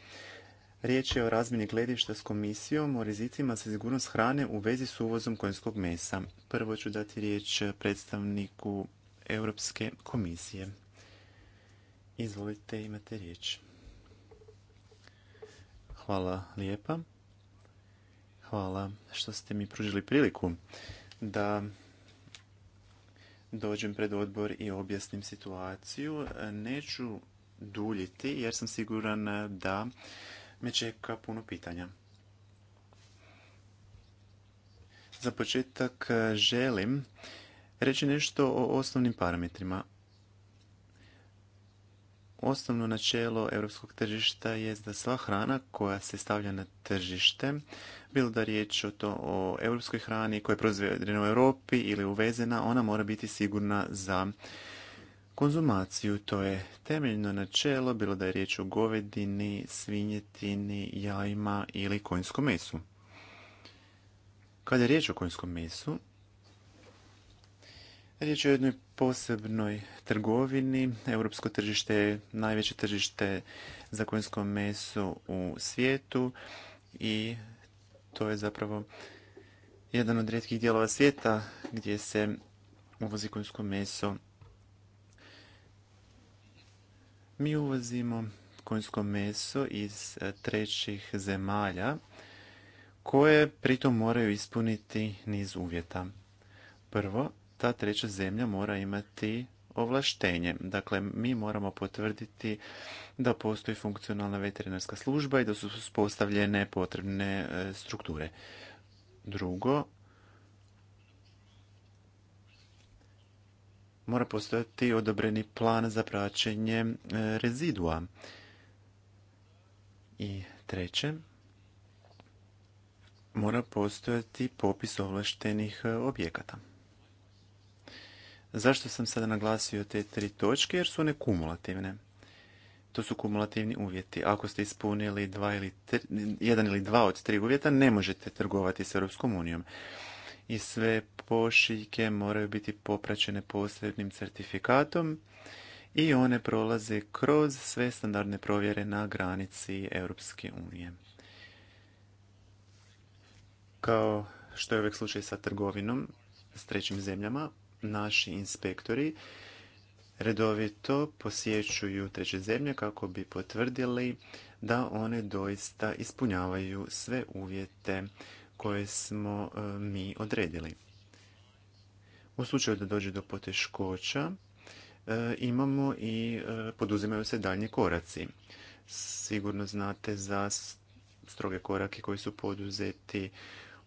Riječ je o razmjeni gledišta s komisijom o rizicima za sigurnost hrane u vezi s uvozom konjskog mesa. Prvo ću dati riječ predstavniku Europske komisije. Izvolite, imate riječ. Hvala lijepa. Hvala što ste mi pružili priliku da dođem pred odbor i objasnim situaciju. Neću duljiti jer sam siguran da me čeka puno pitanja. Za početak želim reći nešto o osnovnim parametrima Osnovno načelo europskog tržišta je da sva hrana koja se stavlja na tržište, bilo da riječ o to o europskoj hrani koja je proizvedena u Europi ili uvezena, ona mora biti sigurna za konzumaciju. To je temeljno načelo, bilo da je riječ o govedini, svinjetini, jajima ili konjskom mesu. Kada je riječ o konjskom mesu, Riječ je o jednoj posebnoj trgovini. Europsko tržište je najveće tržište za konjsko meso u svijetu i to je zapravo jedan od rijetkih dijelova svijeta gdje se uvozi konjsko meso. Mi uvozimo konjsko meso iz e, trećih zemalja koje pritom moraju ispuniti niz uvjeta. Prvo, ta treća zemlja mora imati ovlaštenje. Dakle, mi moramo potvrditi da postoji funkcionalna veterinarska služba i da su uspostavljene potrebne e, strukture. Drugo, mora postojati odobreni plan za praćenje e, rezidua. I treće, mora postojati popis ovlaštenih e, objekata. Zašto sam sada naglasio te tri točke? Jer su one kumulativne. To su kumulativni uvjeti. Ako ste ispunili dva ili jedan ili dva od tri uvjeta, ne možete trgovati s Europskom unijom. I sve pošiljke moraju biti popraćene posebnim certifikatom i one prolaze kroz sve standardne provjere na granici Europske unije. Kao što je uvijek slučaj sa trgovinom s trećim zemljama, naši inspektori redovito posjećuju treće zemlje kako bi potvrdili da one doista ispunjavaju sve uvjete koje smo e, mi odredili. U slučaju da dođe do poteškoća, e, imamo i e, poduzimaju se daljnji koraci. Sigurno znate za stroge korake koji su poduzeti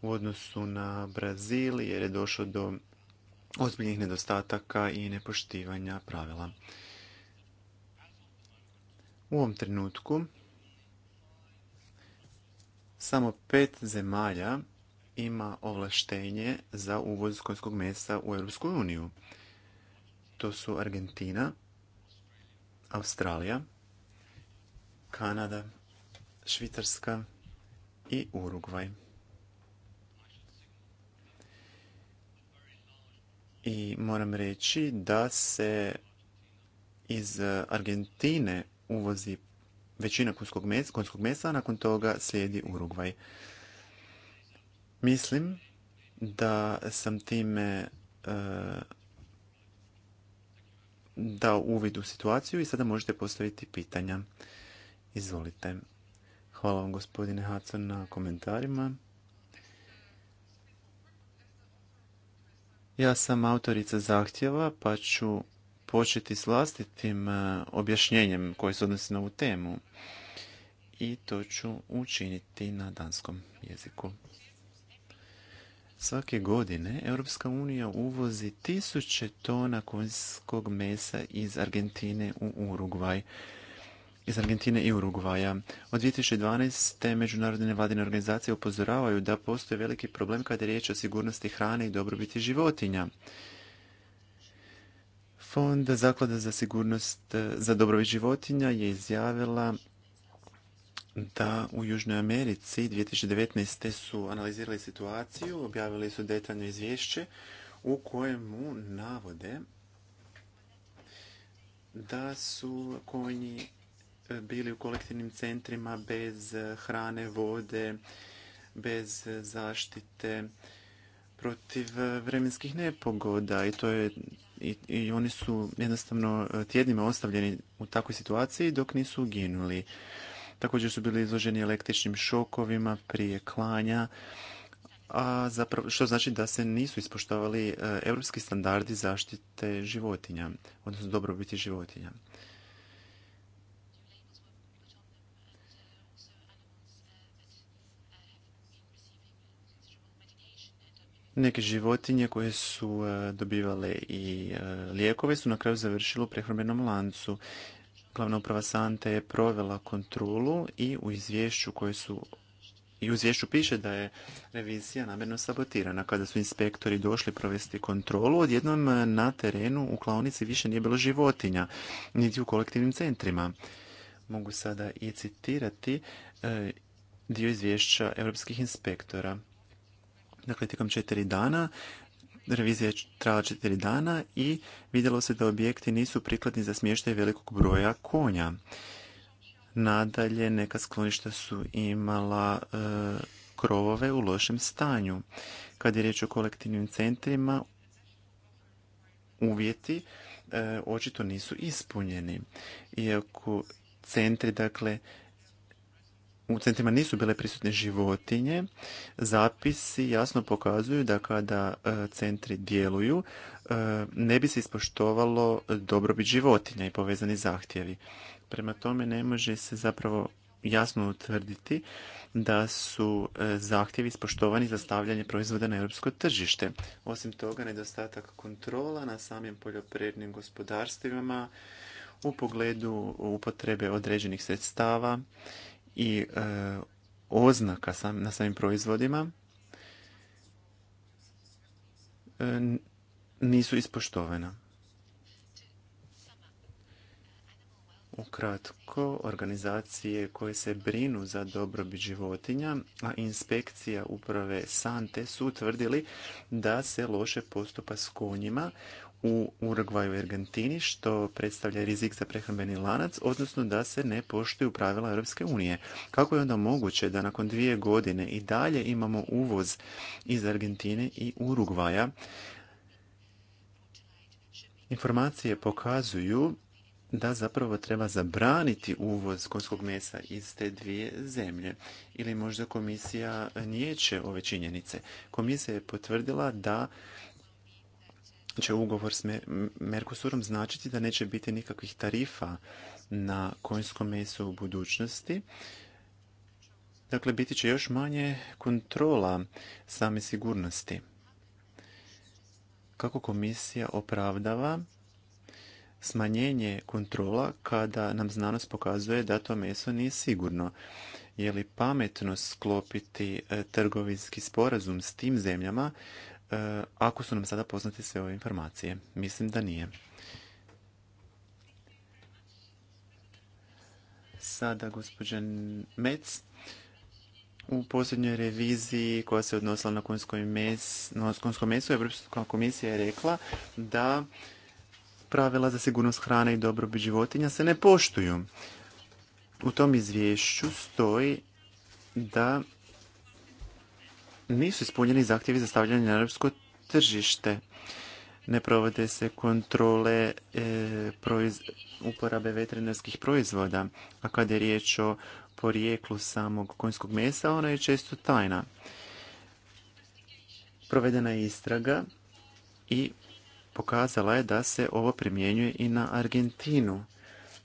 u odnosu na Brazil jer je došlo do ozbiljnih nedostataka i nepoštivanja pravila. U ovom trenutku samo pet zemalja ima ovlaštenje za uvoz konjskog mesa u Europsku uniju. To su Argentina, Australija, Kanada, Švicarska i Urugvaj. i moram reći da se iz Argentine uvozi većina kunskog mesa, mesa, a nakon toga slijedi Urugvaj. Mislim da sam time e, dao uvid u situaciju i sada možete postaviti pitanja. Izvolite. Hvala vam gospodine Hacan na komentarima. Ja sam autorica zahtjeva, pa ću početi s vlastitim e, objašnjenjem koje se odnosi na ovu temu i to ću učiniti na danskom jeziku. Svake godine Europska unija uvozi tisuće tona konjskog mesa iz Argentine u Urugvaj iz Argentine i Urugvaja. Od 2012. međunarodne vladine organizacije upozoravaju da postoji veliki problem kada je riječ o sigurnosti hrane i dobrobiti životinja. Fond Zaklada za sigurnost e, za dobrobit životinja je izjavila da u Južnoj Americi 2019. su analizirali situaciju, objavili su detaljno izvješće u kojemu navode da su konji bili u kolektivnim centrima bez hrane, vode, bez zaštite protiv vremenskih nepogoda i to je i, oni su jednostavno e, tjednima ostavljeni u takvoj situaciji dok nisu uginuli. Također su bili izloženi električnim šokovima prije klanja, a što znači da se nisu ispoštovali e, europski standardi zaštite životinja, odnosno dobrobiti životinja. Neke životinje koje su e, dobivale i e, lijekove su na kraju završile u prehrambenom lancu. Glavna uprava Sante je provela kontrolu i u izvješću koje su i u izvješću piše da je revizija namjerno sabotirana. Kada su inspektori došli provesti kontrolu, odjednom e, na terenu u klaonici više nije bilo životinja, niti u kolektivnim centrima. Mogu sada i citirati dio izvješća europskih inspektora. Dakle, tijekom četiri dana revizija je trajala četiri dana i vidjelo se da objekti nisu prikladni za smještaj velikog broja konja. Nadalje, neka skloništa su imala e, krovove u lošem stanju. Kad je riječ o kolektivnim centrima, uvjeti e, očito nisu ispunjeni. Iako centri, dakle, u centrima nisu bile prisutne životinje, zapisi jasno pokazuju da kada e, centri djeluju e, ne bi se ispoštovalo dobrobit životinja i povezani zahtjevi. Prema tome ne može se zapravo jasno utvrditi da su e, zahtjevi ispoštovani za stavljanje proizvoda na europsko tržište. Osim toga, nedostatak kontrola na samim poljoprivrednim gospodarstvima u pogledu upotrebe određenih sredstava i e, oznaka na samim proizvodima e, nisu ispoštovena. Ukratko, organizacije koje se brinu za dobrobit životinja, a inspekcija uprave Sante su utvrdili da se loše postupa s konjima u Urugvaju i Argentini, što predstavlja rizik za prehrambeni lanac, odnosno da se ne poštuju pravila Europske unije. Kako je onda moguće da nakon dvije godine i dalje imamo uvoz iz Argentine i Urugvaja? Informacije pokazuju da zapravo treba zabraniti uvoz konjskog mesa iz te dvije zemlje. Ili možda komisija niječe ove činjenice. Komisija je potvrdila da će ugovor s Mercosurom značiti da neće biti nikakvih tarifa na konjsko meso u budućnosti. Dakle, biti će još manje kontrola same sigurnosti. Kako komisija opravdava smanjenje kontrola kada nam znanost pokazuje da to meso nije sigurno? Je li pametno sklopiti e, trgovinski sporazum s tim zemljama E, ako su nam sada poznate sve ove informacije. Mislim da nije. Sada gospođa Mec u posljednjoj reviziji koja se odnosila na konjsko, na meso, Evropska komisija je rekla da pravila za sigurnost hrane i dobrobit životinja se ne poštuju. U tom izvješću stoji da nisu ispunjeni zahtjevi za stavljanje na europsko tržište. Ne provode se kontrole e, uporabe veterinarskih proizvoda, a kada je riječ o porijeklu samog konjskog mesa, ona je često tajna. Provedena je istraga i pokazala je da se ovo primjenjuje i na Argentinu.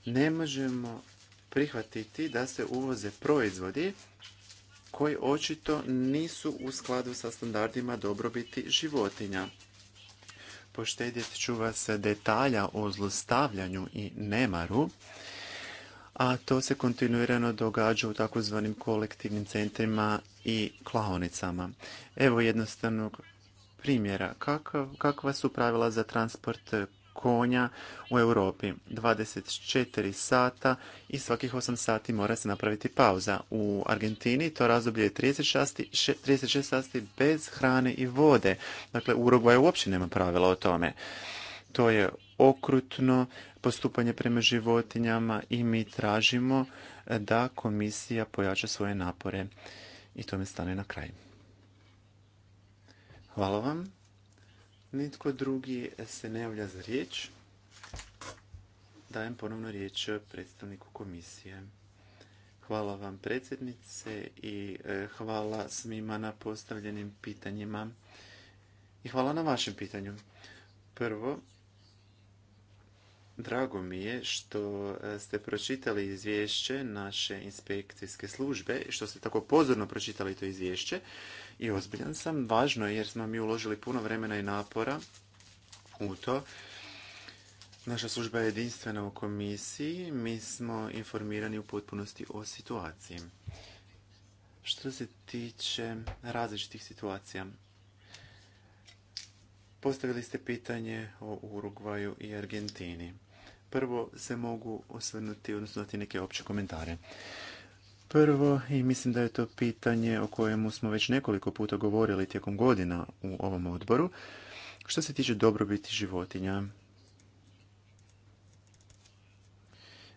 Ne možemo prihvatiti da se uvoze proizvodi koji očito nisu u skladu sa standardima dobrobiti životinja. Poštedjet ću vas detalja o zlostavljanju i nemaru, a to se kontinuirano događa u takozvanim kolektivnim centrima i klaonicama. Evo jednostavnog primjera. kakva su pravila za transport konja u Europi. 24 sata i svakih 8 sati mora se napraviti pauza. U Argentini to razdoblje je 36, sati bez hrane i vode. Dakle, u uopće nema pravila o tome. To je okrutno postupanje prema životinjama i mi tražimo eh, da komisija pojača svoje napore i tome stane na kraj. Hvala vam. Nitko drugi se ne javlja za riječ. Dajem ponovno riječ predstavniku komisije. Hvala vam predsjednice i e, hvala svima na postavljenim pitanjima. I hvala na vašem pitanju. Prvo, drago mi je što e, ste pročitali izvješće naše inspekcijske službe, što ste tako pozorno pročitali to izvješće i ozbiljan sam. Važno je jer smo mi uložili puno vremena i napora u to. Naša služba je jedinstvena u komisiji. Mi smo informirani u potpunosti o situaciji. Što se tiče različitih situacija, postavili ste pitanje o Urugvaju i Argentini. Prvo se mogu osvrnuti, odnosno dati neke opće komentare. Prvo, i mislim da je to pitanje o kojemu smo već nekoliko puta govorili tijekom godina u ovom odboru, što se tiče dobrobiti životinja.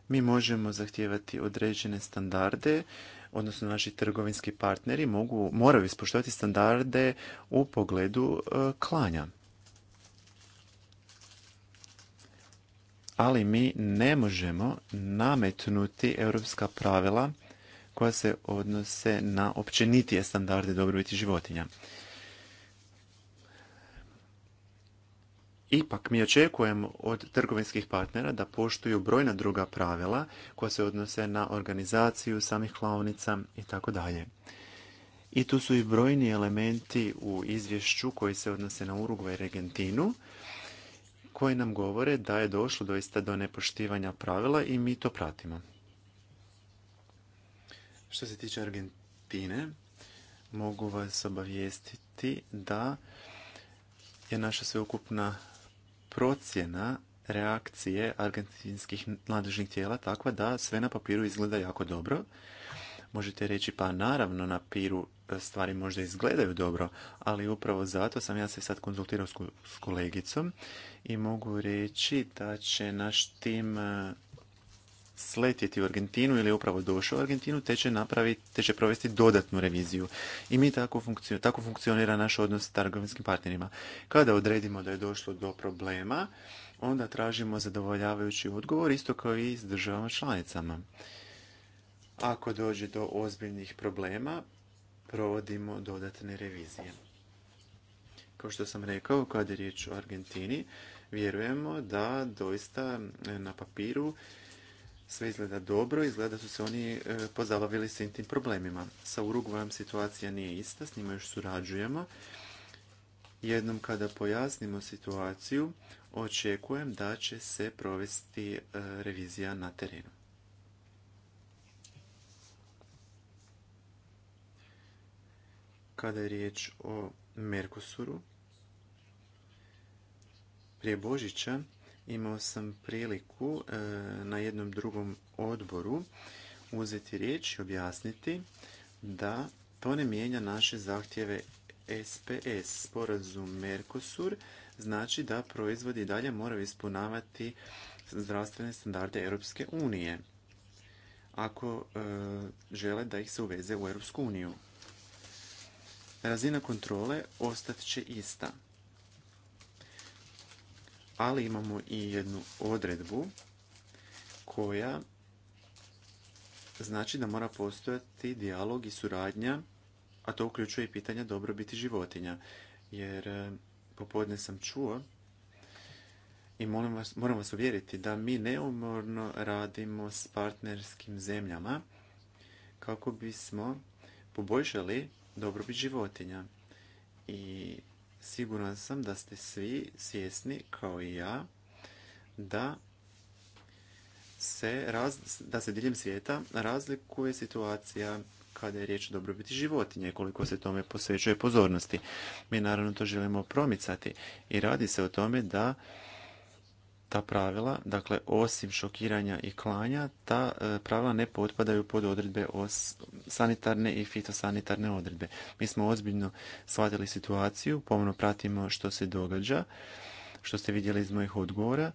Mi možemo zahtijevati određene standarde, odnosno naši trgovinski partneri mogu, moraju ispoštovati standarde u pogledu e, klanja. Ali mi ne možemo nametnuti europska pravila koja se odnose na općenitije standarde dobrobiti životinja. Ipak mi očekujemo od trgovinskih partnera da poštuju brojna druga pravila koja se odnose na organizaciju samih klaonica i tako dalje. I tu su i brojni elementi u izvješću koji se odnose na Urugu i Regentinu koji nam govore da je došlo doista do nepoštivanja pravila i mi to pratimo. Što se tiče Argentine, mogu vas obavijestiti da je naša sveukupna procjena reakcije argentinskih nadležnih tijela takva da sve na papiru izgleda jako dobro. Možete reći pa naravno na papiru e, stvari možda izgledaju dobro, ali upravo zato sam ja se sad konzultirao s kolegicom i mogu reći da će naš tim e, sletjeti u Argentinu ili je upravo došao u Argentinu, te će, napraviti, te će provesti dodatnu reviziju. I mi tako, tako funkcionira naš odnos s trgovinskim partnerima. Kada odredimo da je došlo do problema, onda tražimo zadovoljavajući odgovor, isto kao i s državama članicama. Ako dođe do ozbiljnih problema, provodimo dodatne revizije. Kao što sam rekao, kada je riječ o Argentini, vjerujemo da doista na papiru sve izgleda dobro, izgleda su se oni e, pozabavili svim tim problemima. Sa Urugvajom situacija nije ista, s njima još surađujemo. Jednom kada pojasnimo situaciju, očekujem da će se provesti e, revizija na terenu. Kada je riječ o Merkosuru, prije Božića Imao sam priliku e, na jednom drugom odboru uzeti riječ i objasniti da to ne mijenja naše zahtjeve SPS. Sporazum Mercosur znači da proizvodi dalje moraju ispunavati zdravstvene standarde Europske unije ako e, žele da ih se uveze u Europsku uniju. Razina kontrole ostat će ista ali imamo i jednu odredbu koja znači da mora postojati dijalog i suradnja, a to uključuje i pitanje dobrobiti životinja. Jer eh, popodne sam čuo i vas, moram vas uvjeriti da mi neumorno radimo s partnerskim zemljama kako bismo poboljšali dobrobit životinja. I Siguran sam da ste svi svjesni, kao i ja, da se, da se diljem svijeta razlikuje situacija kada je riječ o dobrobiti životinje, koliko se tome posvećuje pozornosti. Mi naravno to želimo promicati i radi se o tome da ta pravila, dakle osim šokiranja i klanja, ta e, pravila ne potpadaju pod odredbe o sanitarne i fitosanitarne odredbe. Mi smo ozbiljno shvatili situaciju, pomno pratimo što se događa, što ste vidjeli iz mojih odgovora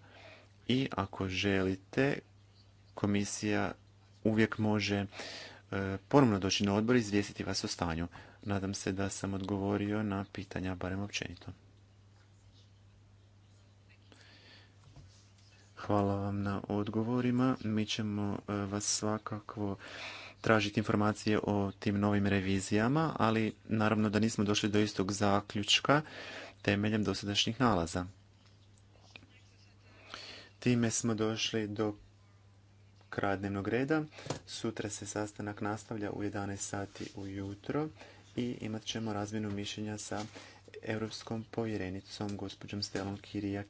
i ako želite, komisija uvijek može e, ponovno doći na odbor i izvijestiti vas o stanju. Nadam se da sam odgovorio na pitanja, barem općenito. Hvala vam na odgovorima. Mi ćemo e, vas svakako tražiti informacije o tim novim revizijama, ali naravno da nismo došli do istog zaključka temeljem dosadašnjih nalaza. Time smo došli do kraja dnevnog reda. Sutra se sastanak nastavlja u 11 sati ujutro i imat ćemo razmjenu mišljenja sa europskom povjerenicom gospođom Stelom Kirija